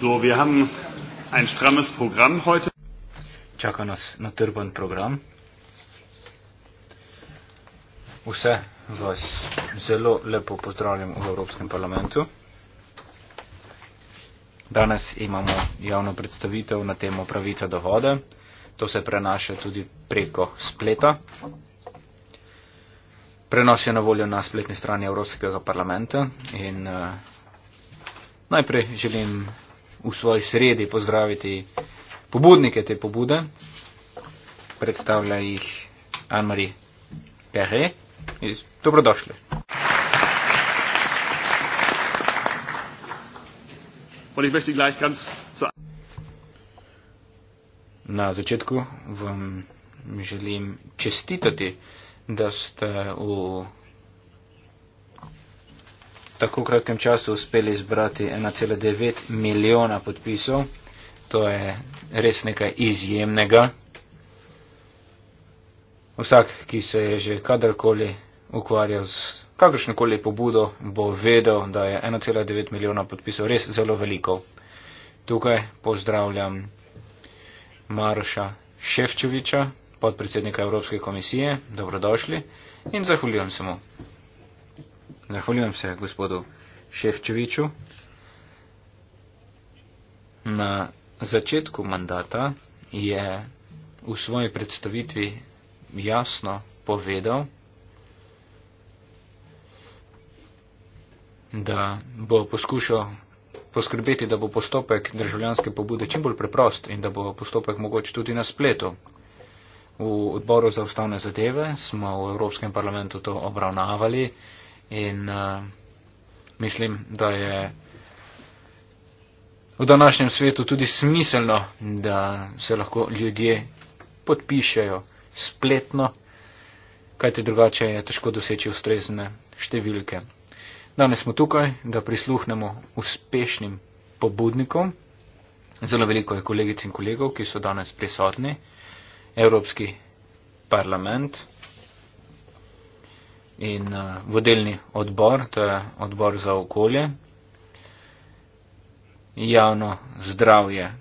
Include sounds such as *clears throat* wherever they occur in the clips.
So, wir haben ein strammes Programm heute. Чака нас натрупан програм. Усе вас zelo lepo pozdravljam v Evropskem parlamentu. Danes imamo javno predstavitev na temo pravica do vode. To se prenaša tudi preko spleta. Prenos je na voljo na spletni strani Evropskega parlamenta in uh, najprej želim v svoji sredi pozdraviti pobudnike te pobude. Predstavlja jih Anne-Marie Perret. Dobrodošli. Na začetku vam želim čestitati, da ste v tako kratkem času uspeli zbrati 1,9 milijona podpisov. To je res nekaj izjemnega. Vsak, ki se je že kadarkoli ukvarjal z kakršnokoli pobudo, bo vedel, da je 1,9 milijona podpisov res zelo veliko. Tukaj pozdravljam Maroša Ševčoviča, podpredsednika Evropske komisije, dobrodošli in zahvaljujem se mu. Zahvaljujem se gospodu Ševčeviču. Na začetku mandata je v svoji predstavitvi jasno povedal, da bo poskušal poskrbeti, da bo postopek državljanske pobude čim bolj preprost in da bo postopek mogoče tudi na spletu. V odboru za ustavne zadeve smo v Evropskem parlamentu to obravnavali. In uh, mislim, da je v današnjem svetu tudi smiselno, da se lahko ljudje podpišejo spletno, kajte drugače je težko doseči ustrezne številke. Danes smo tukaj, da prisluhnemo uspešnim pobudnikom. Zelo veliko je kolegic in kolegov, ki so danes prisotni. Evropski parlament, in eh, vodilni odbor, to je odbor za okolje, javno zdravje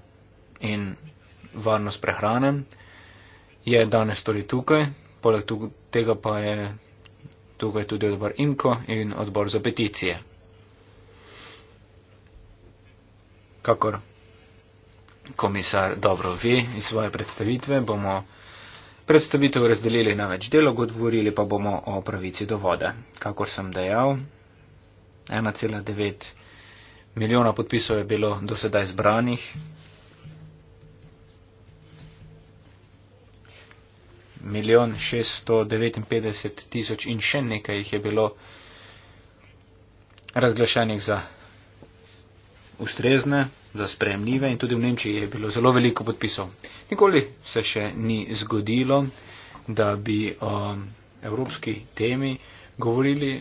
in varnost prehrane, je danes tudi tukaj, poleg tega pa je tukaj tudi odbor Inko in odbor za peticije. Kakor komisar dobro ve iz svoje predstavitve, bomo predstavitev razdelili na več delov, govorili pa bomo o pravici do vode. Kakor sem dejal, 1,9 milijona podpisov je bilo do sedaj zbranih. Milijon 659 tisoč in še nekaj jih je bilo razglašenih za ustrezne za spremljive in tudi v Nemčiji je bilo zelo veliko podpisov. Nikoli se še ni zgodilo, da bi o evropski temi govorili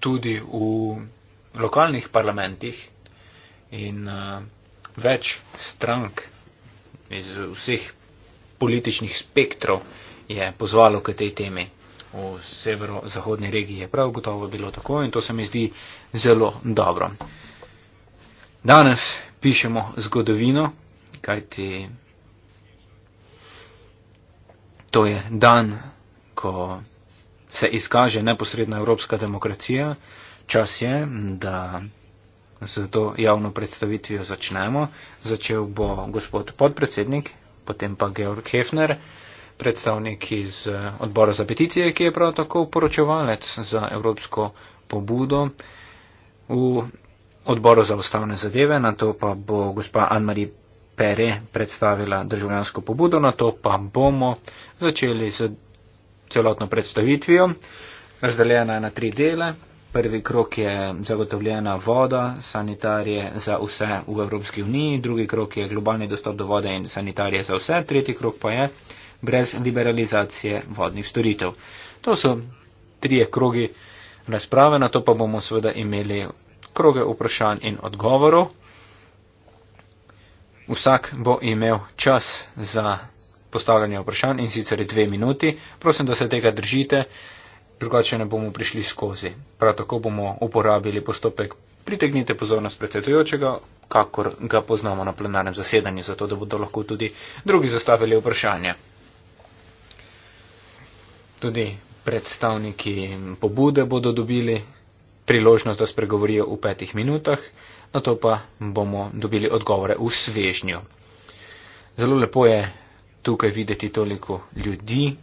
tudi v lokalnih parlamentih in uh, več strank iz vseh političnih spektrov je pozvalo k tej temi. V severozahodni regiji je prav gotovo bilo tako in to se mi zdi zelo dobro. Danes pišemo zgodovino, kajti to je dan, ko se izkaže neposredna evropska demokracija. Čas je, da z to javno predstavitvijo začnemo. Začel bo gospod podpredsednik, potem pa Georg Hefner, predstavnik iz eh, odbora za peticije, ki je prav tako poročevalec za evropsko pobudo. V odboru za ustavne zadeve, na to pa bo gospa Anmarie Pere predstavila državljansko pobudo, na to pa bomo začeli z celotno predstavitvijo. Razdeljena je na tri dele. Prvi krok je zagotovljena voda, sanitarije za vse v Evropski uniji, drugi krok je globalni dostop do vode in sanitarije za vse, tretji krok pa je brez liberalizacije vodnih storitev. To so trije krogi razprave, na to pa bomo seveda imeli kroge vprašanj in odgovorov. Vsak bo imel čas za postavljanje vprašanj in sicer dve minuti. Prosim, da se tega držite, drugače ne bomo prišli skozi. Prav tako bomo uporabili postopek pritegnite pozornost predsedujočega, kakor ga poznamo na plenarnem zasedanju, zato da bodo lahko tudi drugi zastavili vprašanje. Tudi predstavniki pobude bodo dobili priložnost, da spregovorijo v petih minutah, na to pa bomo dobili odgovore v svežnju. Zelo lepo je tukaj videti toliko ljudi.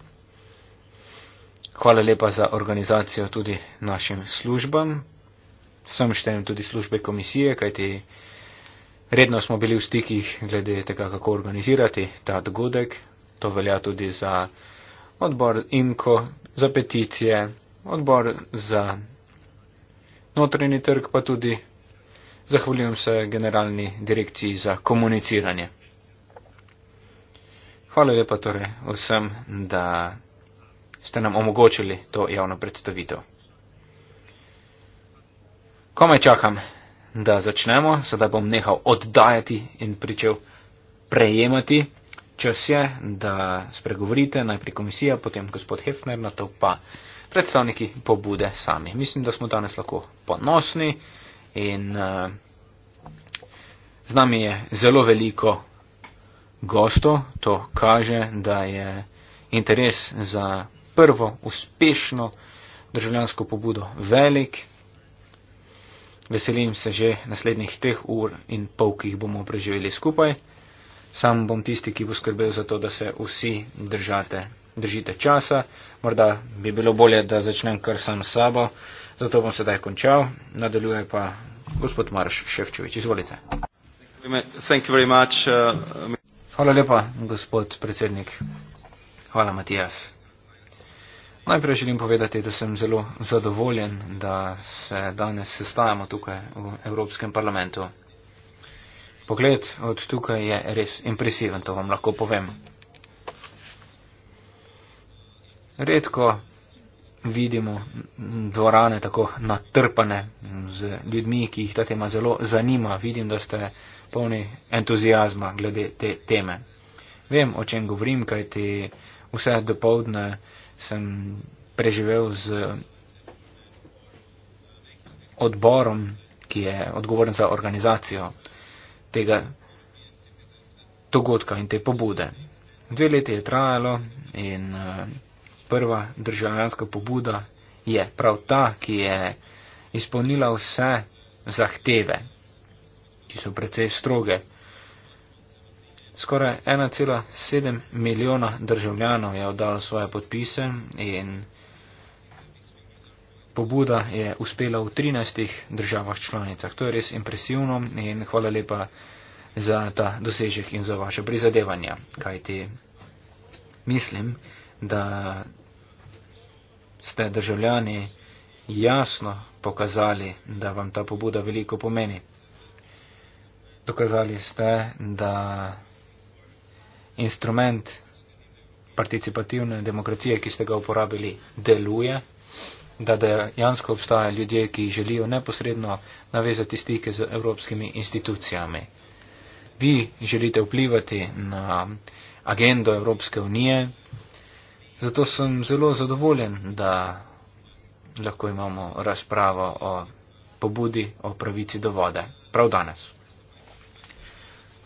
Hvala lepa za organizacijo tudi našim službam. Sem štejem tudi službe komisije, kajti redno smo bili v stikih glede tega, kako organizirati ta dogodek. To velja tudi za odbor INKO, za peticije, odbor za notreni trg, pa tudi zahvaljujem se generalni direkciji za komuniciranje. Hvala lepa torej vsem, da ste nam omogočili to javno predstavitev. Komaj čakam, da začnemo, sedaj bom nehal oddajati in pričel prejemati. Čas je, da spregovorite, najprej komisija, potem gospod Hefner, na to pa predstavniki pobude sami. Mislim, da smo danes lahko ponosni in eh, z nami je zelo veliko gostov. To kaže, da je interes za prvo uspešno državljansko pobudo velik. Veselim se že naslednjih teh ur in pol, ki jih bomo preživeli skupaj. Sam bom tisti, ki bo skrbel za to, da se vsi držate držite časa. Morda bi bilo bolje, da začnem kar sam s sabo. Zato bom sedaj končal. Nadaljuje pa gospod Marš Ševčevič. Izvolite. Uh, Hvala lepa, gospod predsednik. Hvala, Matijas. Najprej želim povedati, da sem zelo zadovoljen, da se danes sestajamo tukaj v Evropskem parlamentu. Pogled od tukaj je res impresiven, to vam lahko povem redko vidimo dvorane tako natrpane z ljudmi, ki jih ta tema zelo zanima. Vidim, da ste polni entuzijazma glede te teme. Vem, o čem govorim, kajti vse dopoldne sem preživel z odborom, ki je odgovoren za organizacijo tega dogodka in te pobude. Dve leti je trajalo in uh, prva državljanska pobuda je prav ta, ki je izpolnila vse zahteve, ki so precej stroge. Skoraj 1,7 milijona državljanov je oddalo svoje podpise in pobuda je uspela v 13 državah članicah. To je res impresivno in hvala lepa za ta dosežek in za vaše prizadevanja, kajti mislim, da ste državljani jasno pokazali, da vam ta pobuda veliko pomeni. Dokazali ste, da instrument participativne demokracije, ki ste ga uporabili, deluje, da dejansko obstajajo ljudje, ki želijo neposredno navezati stike z evropskimi institucijami. Vi želite vplivati na agendo Evropske unije, Zato sem zelo zadovoljen, da lahko imamo razpravo o pobudi o pravici do vode. Prav danes.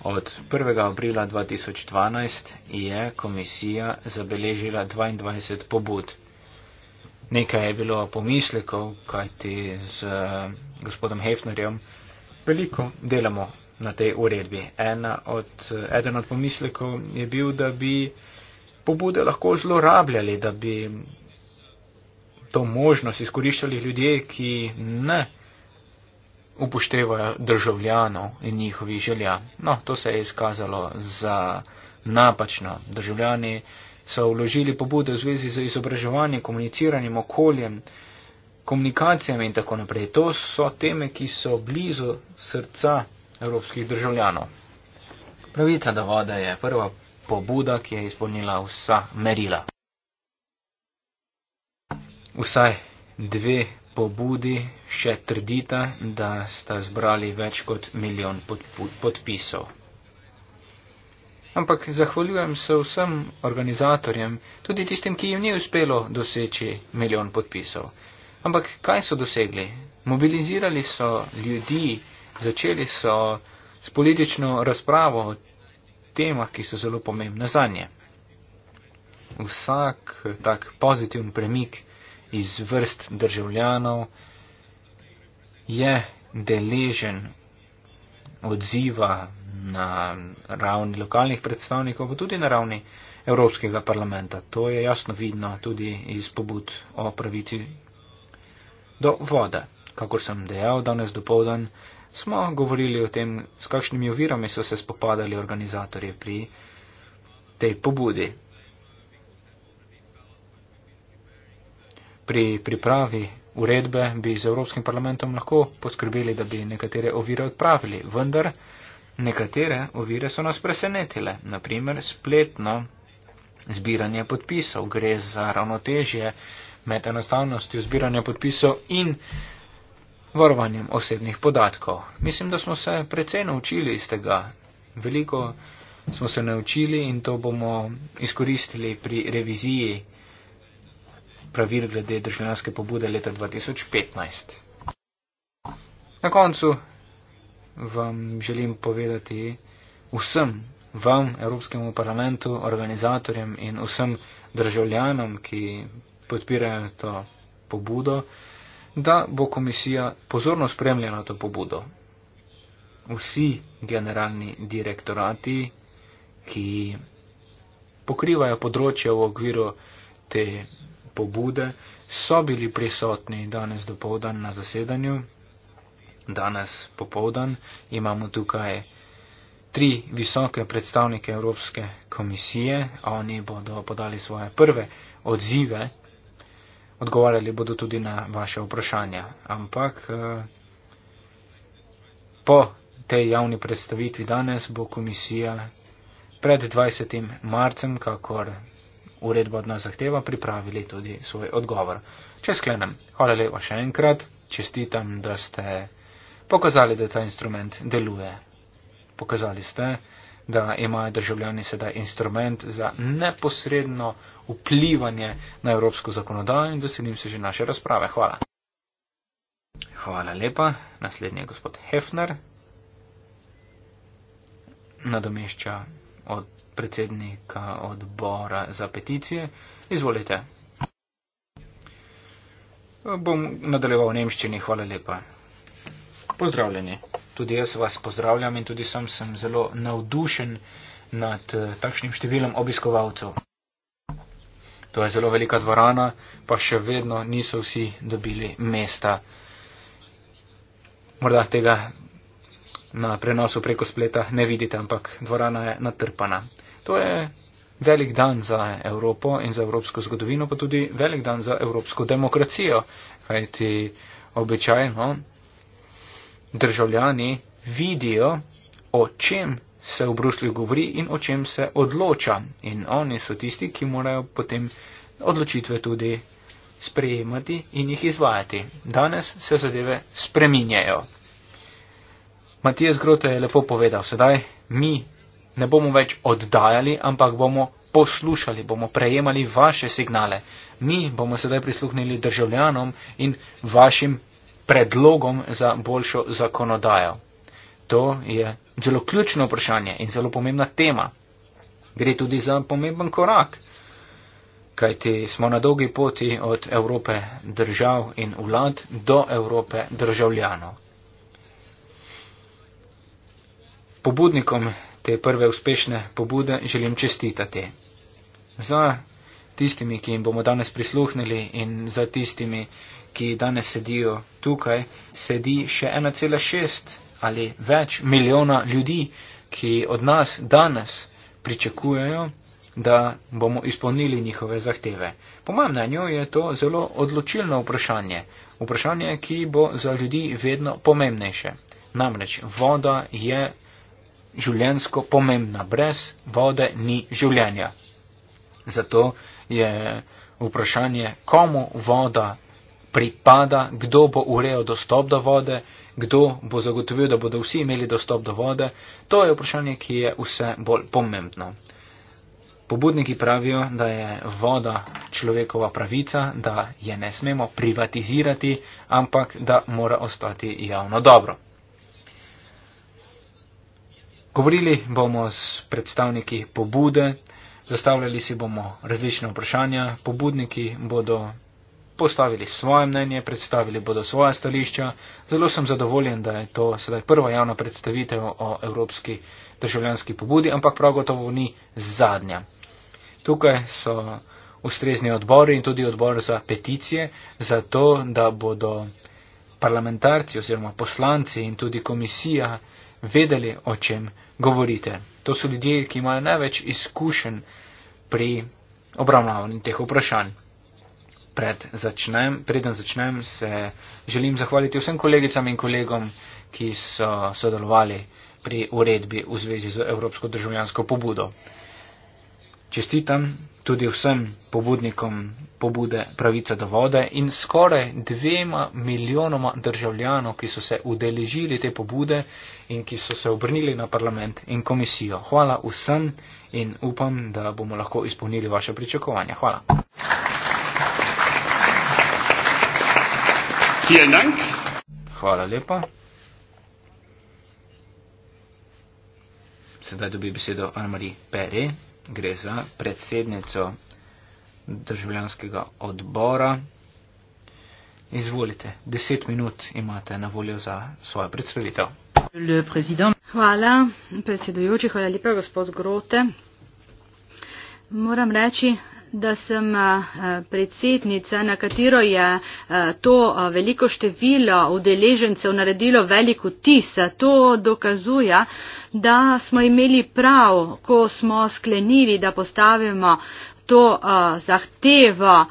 Od 1. aprila 2012 je komisija zabeležila 22 pobud. Nekaj je bilo pomislekov, kajti z gospodom Hefnerjem veliko delamo na tej uredbi. Ena od, eden od pomislekov je bil, da bi pobude lahko zlorabljali, da bi to možnost izkoriščali ljudje, ki ne upoštevajo državljanov in njihovih želja. No, to se je izkazalo za napačno. Državljani so vložili pobude v zvezi z izobraževanjem, komuniciranjem, okoljem, komunikacijami in tako naprej. To so teme, ki so blizu srca evropskih državljanov. Pravica do vode je prva pobuda, ki je izpolnila vsa merila. Vsaj dve pobudi še trdita, da sta zbrali več kot milijon podpisov. Ampak zahvaljujem se vsem organizatorjem, tudi tistim, ki jim ni uspelo doseči milijon podpisov. Ampak kaj so dosegli? Mobilizirali so ljudi, začeli so s politično razpravo o temah, ki so zelo pomembne za nje. Vsak tak pozitiven premik iz vrst državljanov je deležen odziva na ravni lokalnih predstavnikov, pa tudi na ravni Evropskega parlamenta. To je jasno vidno tudi iz pobud o pravici do vode. Kakor sem dejal danes dopovdan, smo govorili o tem, s kakšnimi ovirami so se spopadali organizatorji pri tej pobudi. Pri pripravi uredbe bi z Evropskim parlamentom lahko poskrbeli, da bi nekatere ovire odpravili, vendar nekatere ovire so nas presenetile, naprimer spletno zbiranje podpisov. Gre za ravnotežje med enostavnostjo zbiranja podpisov in varovanjem osebnih podatkov. Mislim, da smo se precej naučili iz tega. Veliko smo se naučili in to bomo izkoristili pri reviziji pravil glede državljanske pobude leta 2015. Na koncu vam želim povedati vsem, vam, Evropskemu parlamentu, organizatorjem in vsem državljanom, ki podpirajo to pobudo, da bo komisija pozorno spremljala to pobudo. Vsi generalni direktorati, ki pokrivajo področje v okviru te pobude, so bili prisotni danes dopovdan na zasedanju. Danes popovdan imamo tukaj tri visoke predstavnike Evropske komisije. Oni bodo podali svoje prve odzive odgovarjali bodo tudi na vaše vprašanja. Ampak eh, po tej javni predstavitvi danes bo komisija pred 20. marcem, kakor uredba od nas zahteva, pripravili tudi svoj odgovor. Če sklenem, hvala lepa še enkrat, čestitam, da ste pokazali, da ta instrument deluje. Pokazali ste, da imajo državljani sedaj instrument za neposredno vplivanje na evropsko zakonodajo in veselim se že naše razprave. Hvala. Hvala lepa. Naslednji je gospod Hefner. Nadomešča od predsednika odbora za peticije. Izvolite. Bom nadaljeval v nemščini. Hvala lepa. Pozdravljeni tudi jaz vas pozdravljam in tudi sam sem zelo navdušen nad eh, takšnim številom obiskovalcev. To je zelo velika dvorana, pa še vedno niso vsi dobili mesta. Morda tega na prenosu preko spleta ne vidite, ampak dvorana je natrpana. To je velik dan za Evropo in za evropsko zgodovino, pa tudi velik dan za evropsko demokracijo, kajti običajno državljani vidijo, o čem se v Bruslju govori in o čem se odloča. In oni so tisti, ki morajo potem odločitve tudi sprejemati in jih izvajati. Danes se zadeve spreminjajo. Matijas Grote je lepo povedal, sedaj mi ne bomo več oddajali, ampak bomo poslušali, bomo prejemali vaše signale. Mi bomo sedaj prisluhnili državljanom in vašim predlogom za boljšo zakonodajo. To je zelo ključno vprašanje in zelo pomembna tema. Gre tudi za pomemben korak, kajti smo na dolgi poti od Evrope držav in vlad do Evrope državljanov. Pobudnikom te prve uspešne pobude želim čestitati. Za tistimi, ki jim bomo danes prisluhnili in za tistimi, ki danes sedijo tukaj, sedi še 1,6 ali več milijona ljudi, ki od nas danes pričakujejo, da bomo izpolnili njihove zahteve. Po mojem mnenju je to zelo odločilno vprašanje. Vprašanje, ki bo za ljudi vedno pomembnejše. Namreč voda je življensko pomembna. Brez vode ni življenja. Zato je vprašanje, komu voda pripada, kdo bo urejal dostop do vode, kdo bo zagotovil, da bodo vsi imeli dostop do vode, to je vprašanje, ki je vse bolj pomembno. Pobudniki pravijo, da je voda človekova pravica, da je ne smemo privatizirati, ampak da mora ostati javno dobro. Govorili bomo s predstavniki pobude, zastavljali si bomo različne vprašanja, pobudniki bodo postavili svoje mnenje, predstavili bodo svoja stališča. Zelo sem zadovoljen, da je to sedaj prva javna predstavitev o evropski državljanski pobudi, ampak prav gotovo ni zadnja. Tukaj so ustrezni odbori in tudi odbor za peticije, zato da bodo parlamentarci oziroma poslanci in tudi komisija vedeli, o čem govorite. To so ljudje, ki imajo največ izkušenj pri obravnavanju teh vprašanj pred začnem, preden začnem, se želim zahvaliti vsem kolegicam in kolegom, ki so sodelovali pri uredbi v zvezi z Evropsko državljansko pobudo. Čestitam tudi vsem pobudnikom pobude pravica do vode in skoraj dvema milijonoma državljanov, ki so se udeležili te pobude in ki so se obrnili na parlament in komisijo. Hvala vsem in upam, da bomo lahko izpolnili vaše pričakovanja. Hvala. Vielen Dank. Hvala lepa. Sedaj dobi besedo Anne-Marie Pere, gre za predsednico državljanskega odbora. Izvolite, deset minut imate na voljo za svojo predstavitev. Hvala, predsedujoči, hvala lepa, gospod Grote. Moram reči, da sem eh, predsednica, na katero je eh, to eh, veliko število udeležencev naredilo veliko tisa. To dokazuje, da smo imeli prav, ko smo sklenili, da postavimo to zahtevo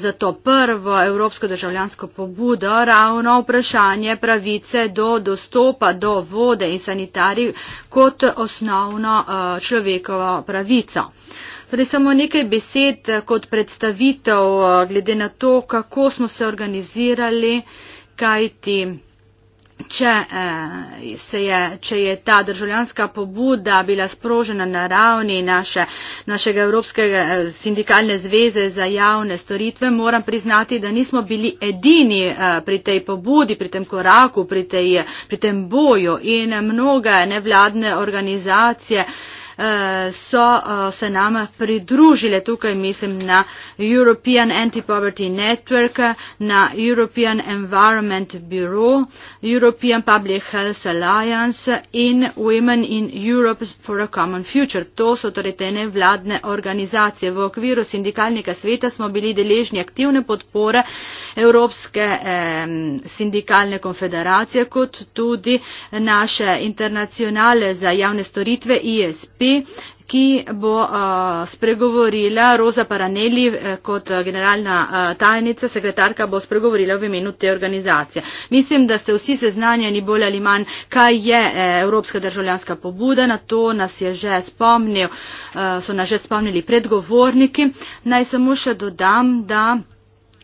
za to prvo evropsko državljansko pobudo, ravno vprašanje pravice do dostopa do vode in sanitarij kot osnovno človekovo pravico. Torej samo nekaj besed eh, kot predstavitev, eh, glede na to, kako smo se organizirali, kajti. Če, eh, se je, če je ta državljanska pobuda bila sprožena na ravni naše, našega Evropskega sindikalne zveze za javne storitve, moram priznati, da nismo bili edini pri tej pobudi, pri tem koraku, pri, tej, pri tem boju in mnoge nevladne organizacije. Eh, so eh, se nam pridružile. Tukaj mislim na European Anti-Poverty Network, na European Environment Bureau, European Public Health Alliance in Women in Europe for a Common Future. To so torej te nevladne organizacije. V okviru sindikalnega sveta smo bili deležni aktivne podpore Evropske eh, sindikalne konfederacije kot tudi naše internacionale za javne storitve ISP ki bo uh, spregovorila Roza Paraneli eh, kot eh, generalna uh, tajnica, sekretarka bo spregovorila v imenu te organizacije. Mislim, da ste vsi seznanjeni bolj ali manj, kaj je eh, Evropska državljanska pobuda, na to nas je že spomnil, uh, so nas že spomnili predgovorniki. Naj samo še dodam, da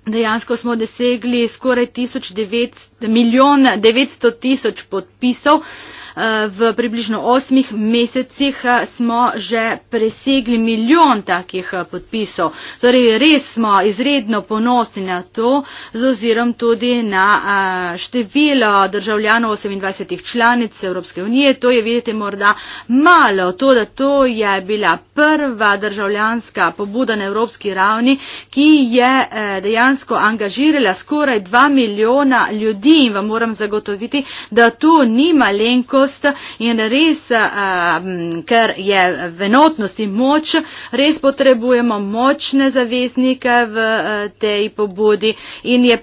dejansko smo dosegli skoraj 1900 milijon devetsto tisoč podpisov eh, v približno osmih mesecih eh, smo že presegli milijon takih eh, podpisov. Torej, res smo izredno ponosni na to, z ozirom tudi na število državljanov 28 članic Evropske unije. To je videti morda malo, to, da to je bila prva državljanska pobuda na evropski ravni, ki je dejansko angažirala skoraj 2 milijona ljudi ljudi in vam moram zagotoviti, da tu ni malenkost in res, ehm, ker je venotnost in moč, res potrebujemo močne zaveznike v eh, tej pobudi in je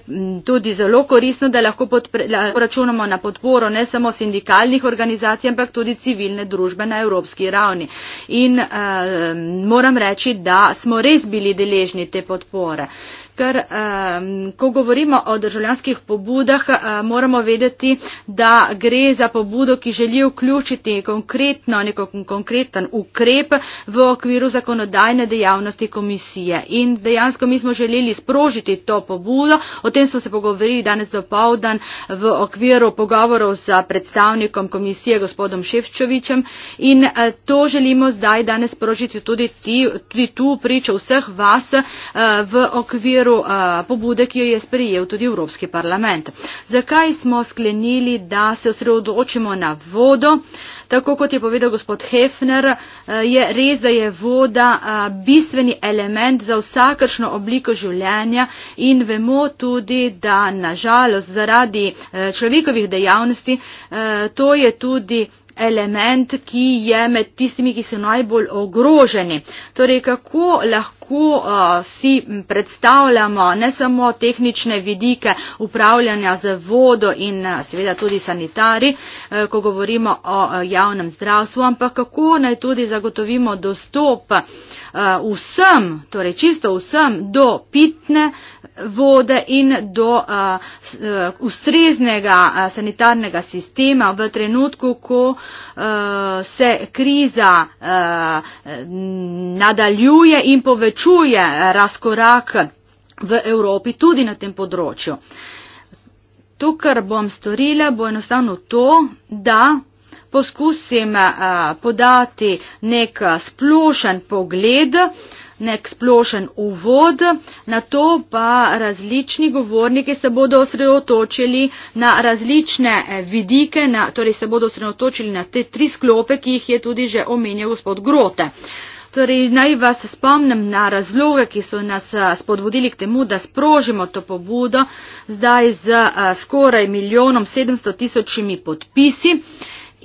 tudi zelo korisno, da lahko podpre, računamo na podporo ne samo sindikalnih organizacij, ampak tudi civilne družbe na evropski ravni. In ehm, moram reči, da smo res bili deležni te podpore ker um, ko govorimo o državljanskih pobudah, uh, moramo vedeti, da gre za pobudo, ki želi vključiti konkretno, neko konkreten ukrep v okviru zakonodajne dejavnosti komisije. In dejansko mi smo želeli sprožiti to pobudo, o tem smo se pogovorili danes do povdan v okviru pogovorov z predstavnikom komisije gospodom Ševčovičem in uh, to želimo zdaj danes sprožiti tudi, ti, tudi tu pričo vseh vas uh, v okviru okviru a, pobude, ki jo je sprejel tudi Evropski parlament. Zakaj smo sklenili, da se osredotočimo na vodo? Tako kot je povedal gospod Hefner, je res, da je voda bistveni element za vsakršno obliko življenja in vemo tudi, da nažalost zaradi človekovih dejavnosti to je tudi element, ki je med tistimi, ki so najbolj ogroženi. Torej, kako lahko težko eh, si predstavljamo ne samo tehnične vidike upravljanja z vodo in eh, seveda tudi sanitari, eh, ko govorimo o javnem zdravstvu, ampak kako naj tudi zagotovimo dostop Uh, vsem, torej čisto vsem, do pitne vode in do uh, uh, ustreznega sanitarnega sistema v trenutku, ko se kriza nadaljuje in povečuje razkorak v Evropi tudi na tem področju. To, kar bom storila, bo enostavno to, da poskusim a, eh, podati nek eh, splošen pogled, nek splošen uvod, na to pa različni govorniki se bodo osredotočili na različne eh, vidike, na, torej se bodo osredotočili na te tri sklope, ki jih je tudi že omenjal gospod Grote. Torej, naj vas spomnim na razloge, ki so nas spodbudili k temu, da sprožimo to pobudo zdaj z skoraj milijonom sedemsto tisočimi podpisi.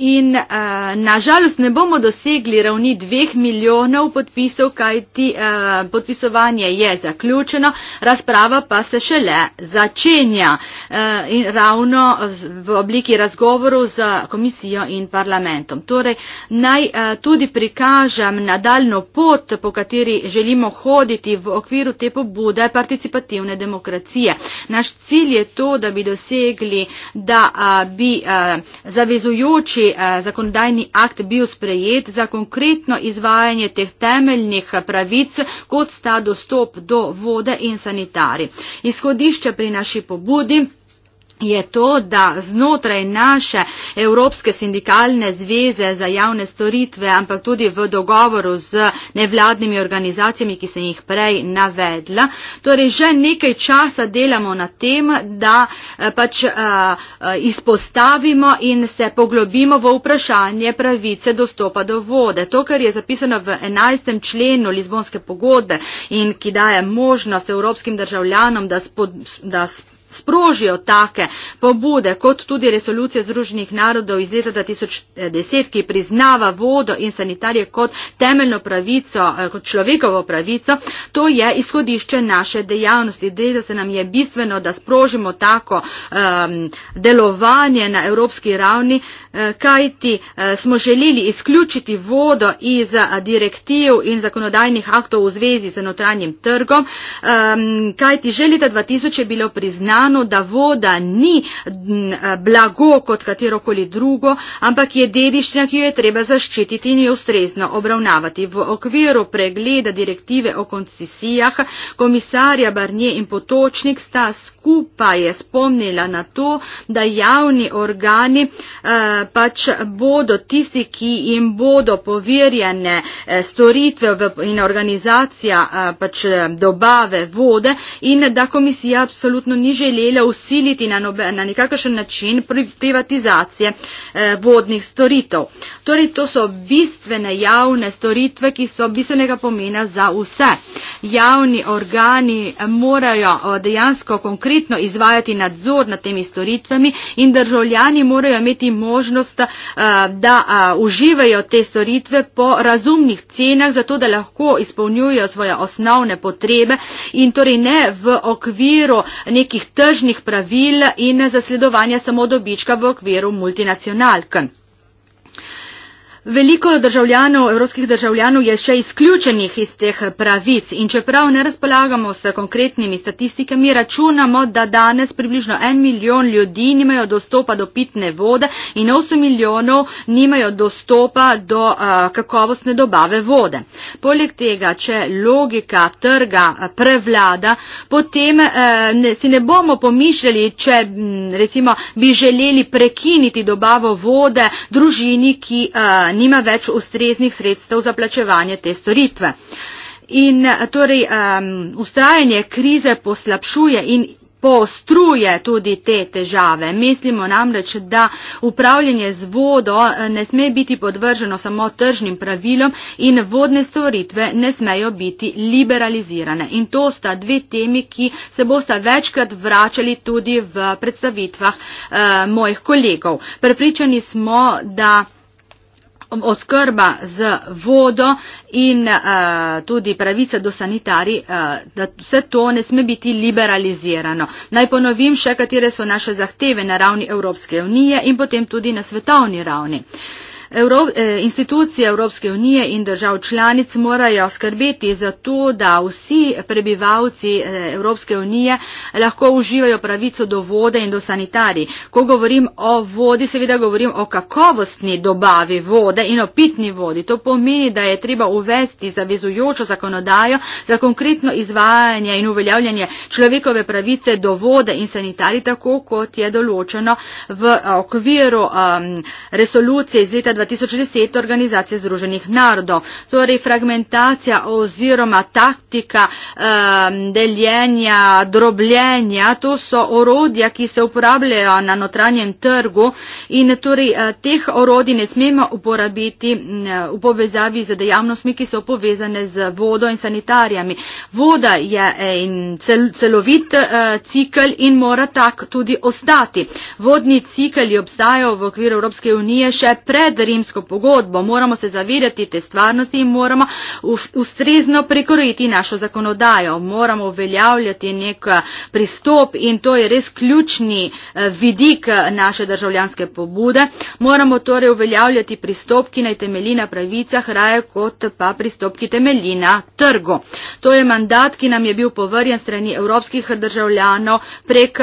In uh, eh, nažalost ne bomo dosegli ravni dveh milijonov podpisov, kaj ti uh, eh, podpisovanje je zaključeno, razprava pa se šele začenja uh, in ravno v obliki razgovorov z komisijo in parlamentom. Torej, naj uh, tudi prikažem nadaljno pot, po kateri želimo hoditi v okviru te pobude participativne demokracije. Naš cilj je to, da bi dosegli, da uh, bi uh, zavezujoči Eh, zakonodajni akt bil sprejet za konkretno izvajanje teh temeljnih pravic, kot sta dostop do vode in sanitari. Izhodišče pri naši pobudi je to, da znotraj naše Evropske sindikalne zveze za javne storitve, ampak tudi v dogovoru z nevladnimi organizacijami, ki sem jih prej navedla, torej že nekaj časa delamo na tem, da eh, pač eh, eh, izpostavimo in se poglobimo v vprašanje pravice dostopa do vode. To, kar je zapisano v 11. členu Lizbonske pogodbe in ki daje možnost evropskim državljanom, da, spod, da spod sprožijo take pobude, kot tudi resolucija Združenih narodov iz leta 2010, ki priznava vodo in sanitarije kot temeljno pravico, eh, kot človekovo pravico, to je izhodišče naše dejavnosti. Dejda se nam je bistveno, da sprožimo tako um, delovanje na evropski ravni, eh, kajti eh, smo želeli izključiti vodo iz direktiv in zakonodajnih aktov v zvezi z notranjim trgom, um, kajti že leta 2000 je bilo priznano, znano, da voda ni blago kot katerokoli drugo, ampak je dediščina, ki jo je treba zaščititi in jo ustrezno obravnavati. V okviru pregleda direktive o koncesijah komisarja Barnje in Potočnik sta skupaj spomnila na to, da javni organi eh, pač bodo tisti, ki jim bodo povirjene eh, storitve in organizacija eh, pač dobave vode in da komisija absolutno ni želela želela usiliti na, nobe, na nekakšen način privatizacije eh, vodnih storitev. Torej, to so bistvene javne storitve, ki so bistvenega pomena za vse. Javni organi morajo eh, dejansko konkretno izvajati nadzor nad temi storitvami in državljani morajo imeti možnost, eh, da eh, uživajo te storitve po razumnih cenah, zato da lahko izpolnjujejo svoje osnovne potrebe in torej ne v okviru nekih tržnih pravil in zasledovanja samo dobička v okviru multinacionalk. Veliko državljanov, evropskih državljanov je še izključenih iz teh pravic in čeprav ne razpolagamo s konkretnimi statistikami, računamo, da danes približno en milijon ljudi nimajo dostopa do pitne vode in 8 milijonov nimajo dostopa do uh, kakovostne dobave vode. Poleg tega, če logika trga prevlada, potem uh, ne, si ne bomo pomišljali, če m, recimo bi želeli prekiniti dobavo vode družini, ki uh, nima več ustreznih sredstev za plačevanje te storitve. In torej um, ustrajanje krize poslabšuje in postruje tudi te težave. Mislimo namreč, da upravljanje z vodo eh, ne sme biti podvrženo samo tržnim pravilom in vodne storitve ne smejo biti liberalizirane. In to sta dve temi, ki se bosta večkrat vračali tudi v predstavitvah uh, mojih kolegov. Prepričani smo, da. Um, oskrba z vodo in uh, tudi pravica do sanitari, uh, da vse to ne sme biti liberalizirano. Naj ponovim še, katere so naše zahteve na ravni Evropske unije in potem tudi na svetovni ravni. Evrop, eh, institucije Evropske unije in držav članic morajo skrbeti za to, da vsi prebivalci eh, Evropske unije lahko uživajo pravico do vode in do sanitarij. Ko govorim o vodi, seveda govorim o kakovostni dobavi vode in o pitni vodi. To pomeni, da je treba uvesti zavezujočo zakonodajo za konkretno izvajanje in uveljavljanje človekove pravice do vode in sanitarij, tako kot je določeno v okviru um, resolucije iz leta 2020. 2010 Organizacije združenih narodov. Torej fragmentacija oziroma taktika deljenja, drobljenja, to so orodja, ki se uporabljajo na notranjem trgu in torej eh, teh orodij ne smemo uporabiti v povezavi z dejavnostmi, ki so povezane z vodo in sanitarijami. Voda je celovit eh, cikl in mora tak tudi ostati. Vodni cikl je obstajal v okviru Evropske unije še pred rimsko pogodbo, moramo se zavedati te stvarnosti in moramo ustrezno prikoriti našo zakonodajo, moramo uveljavljati nek eh, pristop in to je res ključni eh, vidik eh, naše državljanske pobude. Moramo torej uveljavljati pristop, ki naj temelji na pravicah raje kot pa pristop, ki temelji na trgu. To je mandat, ki nam je bil povrjen strani evropskih državljanov prek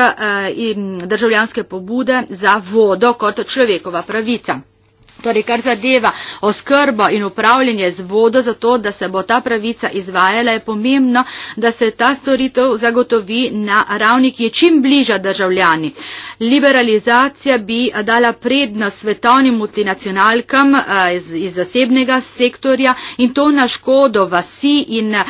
državljanske pobude za vodo kot človekova pravica torej kar zadeva oskrbo in upravljanje z vodo, zato da se bo ta pravica izvajala, je pomembno, da se ta storitev zagotovi na ravni, ki je čim bliža državljani. Liberalizacija bi dala prednost svetovnim multinacionalkam eh, iz, iz zasebnega sektorja in to na škodo vasi in eh,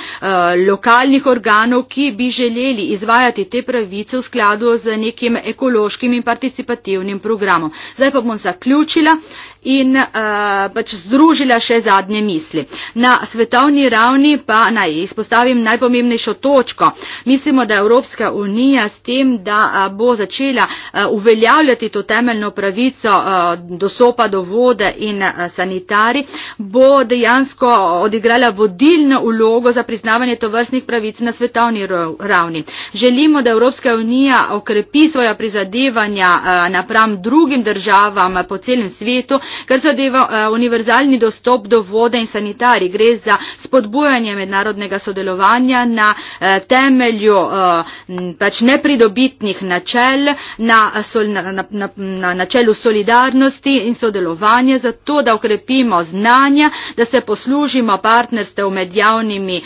lokalnih organov, ki bi želeli izvajati te pravice v skladu z nekim ekološkim in participativnim programom. Zdaj pa bom zaključila in uh, pač združila še zadnje misli. Na svetovni ravni pa naj izpostavim najpomembnejšo točko. Mislimo, da Evropska unija s tem, da uh, bo začela uh, uveljavljati to temeljno pravico uh, dosopa do vode in uh, sanitari, bo dejansko odigrala vodilno ulogo za priznavanje tovrstnih pravic na svetovni ravni. Želimo, da Evropska unija okrepi svoja prizadevanja uh, napram drugim državam po celem svetu, Kar zadeva eh, univerzalni dostop do vode in sanitari, gre za spodbujanje mednarodnega sodelovanja na eh, temelju eh, pač nepridobitnih načel, na, sol, na, na, na, na načelu solidarnosti in sodelovanja, zato da okrepimo znanja, da se poslužimo partnerstev med javnimi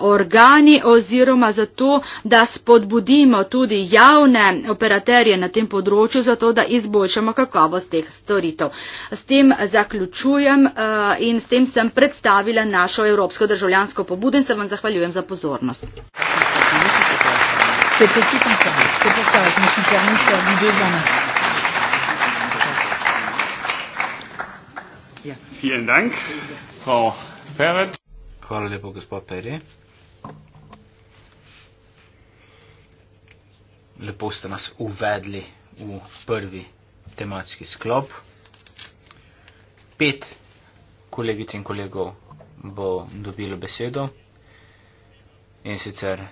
organi oziroma zato, da spodbudimo tudi javne operaterje na tem področju, zato da izboljšamo kakovost teh storitev s tem zaključujem eh, in s tem sem predstavila našo evropsko državljansko pobudo in se vam zahvaljujem za pozornost. Ja. Hvala lepo, gospod Peri. Lepo ste nas uvedli v prvi tematski sklop pet kolegic in kolegov bo dobilo besedo in sicer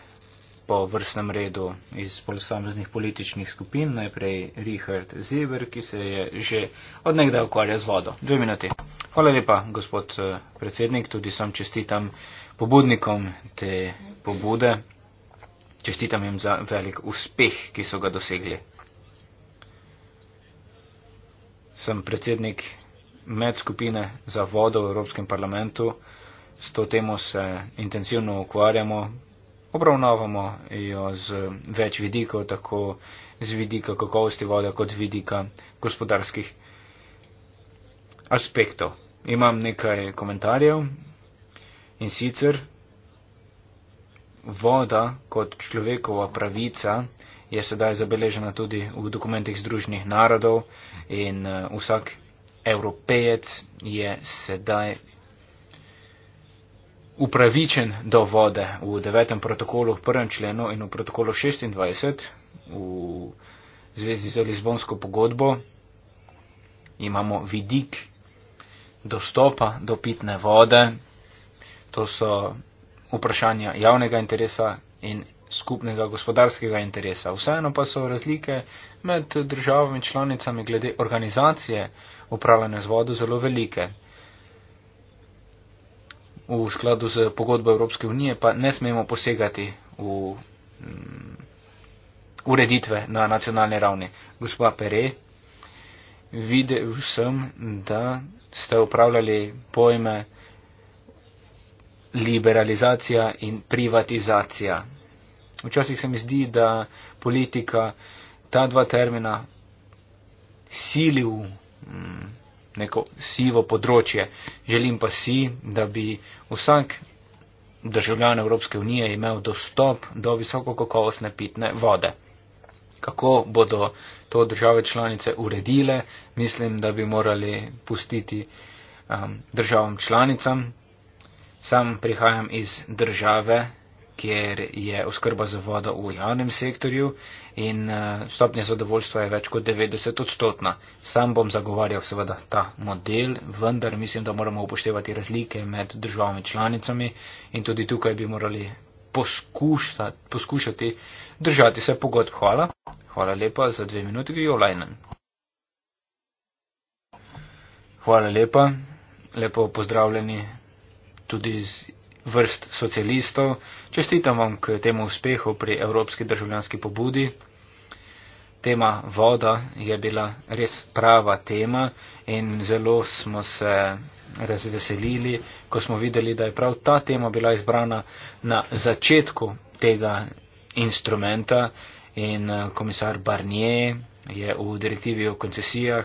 po vrstnem redu iz posameznih političnih skupin, najprej Richard Zeber, ki se je že odnegdaj ukvarjal z vodo. Dve minuti. Hvala lepa, gospod eh, predsednik, tudi sam čestitam pobudnikom te pobude, čestitam jim za velik uspeh, ki so ga dosegli. Sem predsednik medskupine za vodo v Evropskem parlamentu. S to temo se intenzivno ukvarjamo, obravnavamo jo z več vidikov, tako z vidika kakovosti vode, kot z vidika gospodarskih aspektov. Imam nekaj komentarjev in sicer voda kot človekova pravica je sedaj zabeležena tudi v dokumentih Združenih narodov in eh, vsak evropejec je sedaj upravičen do vode v devetem protokolu, v prvem členu in v protokolu 26 v zvezi z Lizbonsko pogodbo imamo vidik dostopa do pitne vode. To so vprašanja javnega interesa in skupnega gospodarskega interesa. Vseeno pa so razlike med državami članicami glede organizacije upravljanja z vodo zelo velike. V skladu z pogodbo Evropske unije pa ne smemo posegati v mm, ureditve na nacionalni ravni. Gospa Pere, videl sem, da ste upravljali pojme liberalizacija in privatizacija. Včasih se mi zdi, da politika ta dva termina sili v mm, neko sivo področje. Želim pa si, da bi vsak državljan Evropske unije imel dostop do visoko kakovostne pitne vode. Kako bodo to države članice uredile, mislim, da bi morali pustiti um, državam članicam. Sam prihajam iz države kjer je oskrba za vodo v javnem sektorju in eh, stopnja zadovoljstva je več kot 90 odstotna. Sam bom zagovarjal seveda ta model, vendar mislim, da moramo upoštevati razlike med državami članicami in tudi tukaj bi morali poskušati, poskušati držati se pogodb. Hvala. Hvala lepa za dve minuti, Jolajnen. Hvala lepa. Lepo pozdravljeni tudi iz vrst socialistov. Čestitam vam k temu uspehu pri Evropski državljanski pobudi. Tema voda je bila res prava tema in zelo smo se razveselili, ko smo videli, da je prav ta tema bila izbrana na začetku tega instrumenta in eh, komisar Barnier je v direktivi o koncesijah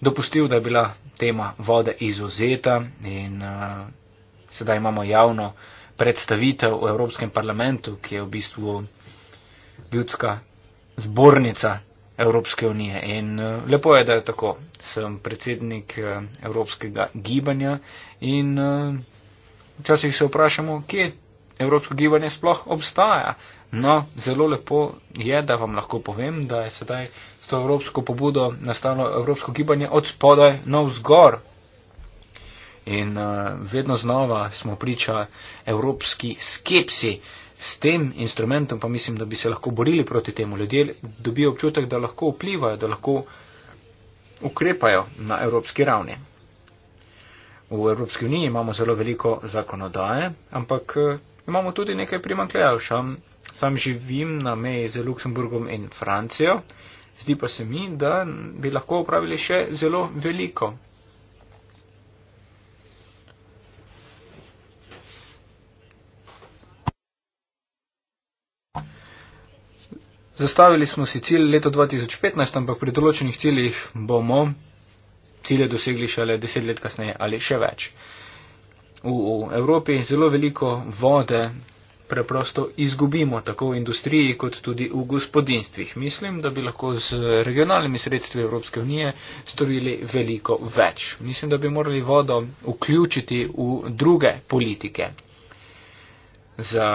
dopustil, da je bila tema vode izuzeta in uh, Sedaj imamo javno predstavitev v Evropskem parlamentu, ki je v bistvu ljudska zbornica Evropske unije. In eh, lepo je, da je tako. Sem predsednik eh, Evropskega gibanja in eh, včasih se vprašamo, kje Evropsko gibanje sploh obstaja. No, zelo lepo je, da vam lahko povem, da je sedaj s to evropsko pobudo nastalo Evropsko gibanje od spodaj na vzgor. In uh, vedno znova smo priča evropski skepsi. S tem instrumentom pa mislim, da bi se lahko borili proti temu. Ljudje dobijo občutek, da lahko vplivajo, da lahko ukrepajo na evropski ravni. V Evropski uniji imamo zelo veliko zakonodaje, ampak eh, imamo tudi nekaj primankljajev. Sam živim na meji z Luksemburgom in Francijo, zdi pa se mi, da bi lahko upravili še zelo veliko. Zastavili smo si cilj leto 2015, ampak pri določenih ciljih bomo cilje dosegli šele deset let kasneje ali še več. V Evropi zelo veliko vode preprosto izgubimo, tako v industriji kot tudi v gospodinstvih. Mislim, da bi lahko z regionalnimi sredstvi Evropske unije storili veliko več. Mislim, da bi morali vodo vključiti v druge politike. Za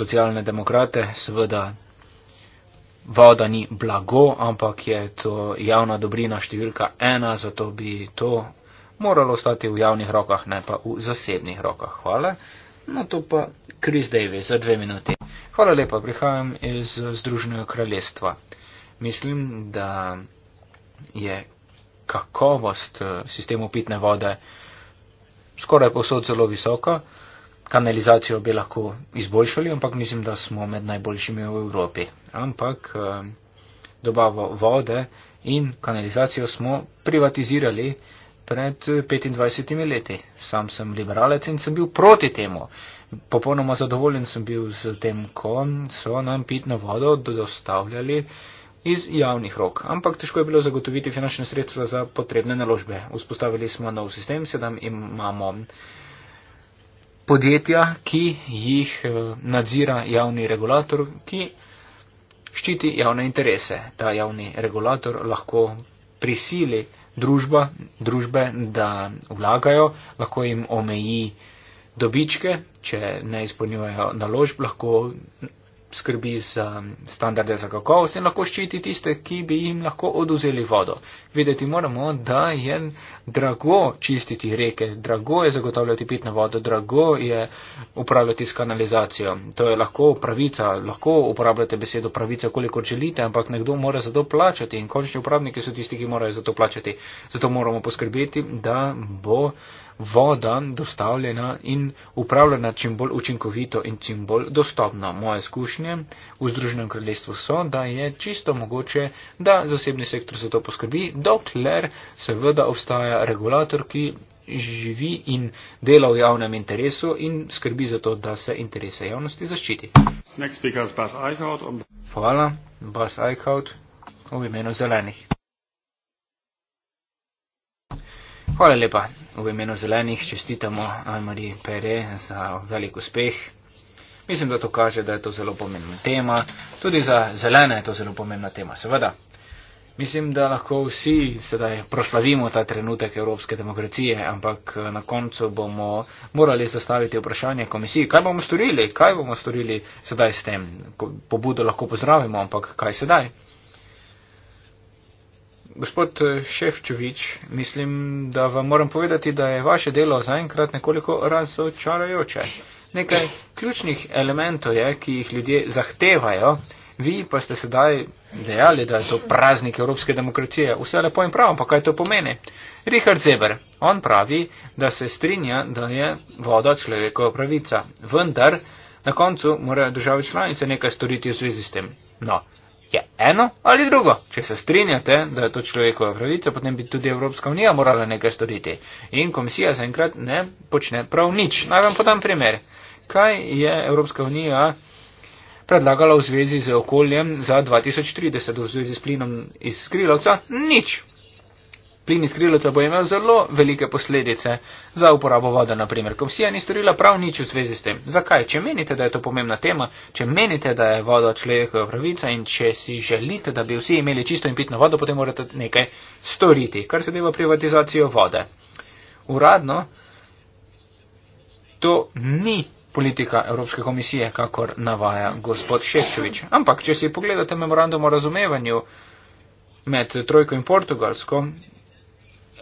socialne demokrate seveda voda ni blago, ampak je to javna dobrina številka ena, zato bi to moralo ostati v javnih rokah, ne pa v zasebnih rokah. Hvala. No to pa Chris Davis za dve minuti. Hvala lepa, prihajam iz Združenega kraljestva. Mislim, da je kakovost eh, sistemu pitne vode skoraj posod zelo visoka kanalizacijo bi lahko izboljšali, ampak mislim, da smo med najboljšimi v Evropi. Ampak eh, dobavo vode in kanalizacijo smo privatizirali pred 25 eh, leti. Sam sem liberalec in sem bil proti temu. Popolnoma zadovoljen sem bil z tem, ko so nam pitno vodo dostavljali iz javnih rok. Ampak težko je bilo zagotoviti finančne sredstva za potrebne naložbe. Vzpostavili smo nov sistem, sedaj imamo podjetja, ki jih eh, nadzira javni regulator, ki ščiti javne interese. Ta javni regulator lahko prisili družba, družbe, da vlagajo, lahko jim omeji dobičke, če ne izpolnjujejo naložb, lahko skrbi za standarde za kakovost in lahko ščiti tiste, ki bi jim lahko oduzeli vodo. Vedeti moramo, da je drago čistiti reke, drago je zagotavljati pitno vodo, drago je upravljati s kanalizacijo. To je lahko pravica, lahko uporabljate besedo pravica, koliko želite, ampak nekdo mora za to plačati in končni upravniki so tisti, ki morajo za to plačati. Zato moramo poskrbeti, da bo voda dostavljena in upravljena čim bolj učinkovito in čim bolj dostopno. Moje izkušnje v Združenem kraljestvu so, da je čisto mogoče, da zasebni sektor za to poskrbi, dokler seveda obstaja regulator, ki živi in dela v javnem interesu in skrbi za to, da se interese javnosti zaščiti. Hvala, Bas Eichhout, v imenu zelenih. Hvala lepa. V imenu zelenih čestitamo Almariji Pere za velik uspeh. Mislim, da to kaže, da je to zelo pomembna tema. Tudi za zelene je to zelo pomembna tema, seveda. Mislim, da lahko vsi sedaj proslavimo ta trenutek evropske demokracije, ampak eh, na koncu bomo morali zastaviti vprašanje komisiji, kaj bomo storili, kaj bomo storili sedaj s tem. Pobudo lahko pozdravimo, ampak kaj sedaj? Gospod Ševčevič, mislim, da vam moram povedati, da je vaše delo zaenkrat nekoliko razočarajoče. Nekaj ključnih elementov je, ki jih ljudje zahtevajo, vi pa ste sedaj dejali, da je to praznik evropske demokracije. Vse lepo in prav, pa kaj to pomeni? Richard Zeber, on pravi, da se strinja, da je voda človekova pravica, vendar na koncu morajo države članice nekaj storiti v zvezi s tem. No je eno ali drugo. Če se strinjate, da je to človekova pravica, potem bi tudi Evropska unija morala nekaj storiti. In komisija zaenkrat ne počne prav nič. Naj vam podam primer. Kaj je Evropska unija predlagala v zvezi z okoljem za 2030, v zvezi s plinom iz skrilovca? Nič. Plin iz krilca bo imel zelo velike posledice za uporabo vode, naprimer. Komisija ni storila prav nič v zvezi s tem. Zakaj? Če menite, da je to pomembna tema, če menite, da je voda človekova pravica in če si želite, da bi vsi imeli čisto in pitno vodo, potem morate nekaj storiti, kar se deva privatizacijo vode. Uradno to ni politika Evropske komisije, kakor navaja gospod Šepčovič. Ampak, če si pogledate memorandum o razumevanju med Trojko in Portugalsko,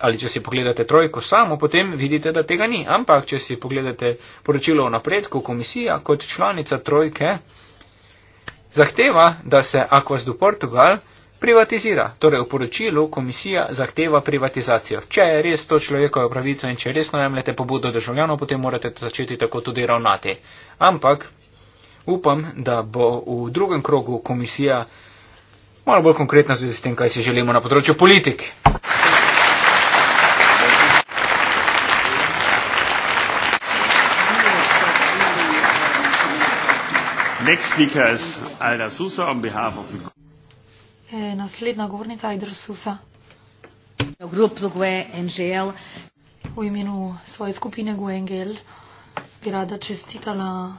ali če si pogledate trojko samo, potem vidite, da tega ni. Ampak, če si pogledate poročilo o napredku, komisija kot članica trojke zahteva, da se Aquas do Portugal privatizira. Torej, v poročilu komisija zahteva privatizacijo. Če je res to človekova pravica in če resno jemljete pobudo državljanov, potem morate začeti tako tudi ravnati. Ampak, upam, da bo v drugem krogu komisija. Malo bolj konkretno zvezi s tem, kaj si želimo na področju politik. Next speaker is Alda Sousa on behalf of the e, Naslednja govornica Aida Sousa. V imenu svoje skupine GUNGL bi rada čestitala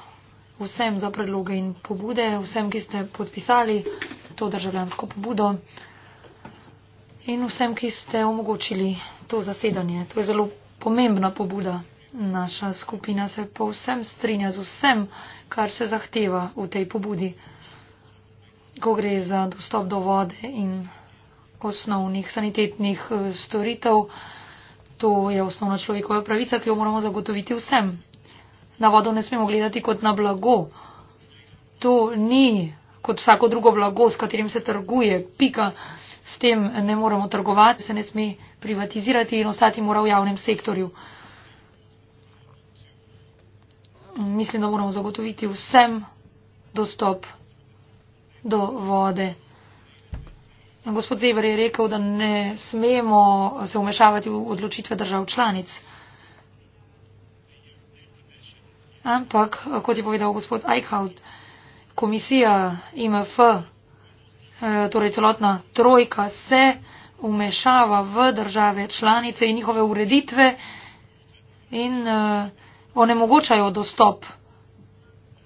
vsem za predloge in pobude, vsem, ki ste podpisali to državljansko pobudo in vsem, ki ste omogočili to zasedanje. To je zelo pomembna pobuda. Naša skupina se povsem strinja z vsem, kar se zahteva v tej pobudi, ko gre za dostop do vode in osnovnih sanitetnih eh, storitev. To je osnovna človekova pravica, ki jo moramo zagotoviti vsem. Na vodo ne smemo gledati kot na blago. To ni kot vsako drugo blago, s katerim se trguje. Pika, s tem ne moramo trgovati, se ne sme privatizirati in ostati mora v javnem sektorju. mislim, da moramo zagotoviti vsem dostop do vode. Gospod Zeber je rekel, da ne smemo se umešavati v odločitve držav članic. Ampak, kot je povedal gospod Eichhout, komisija IMF, eh, torej celotna trojka, se umešava v države članice in njihove ureditve in uh, onemogočajo dostop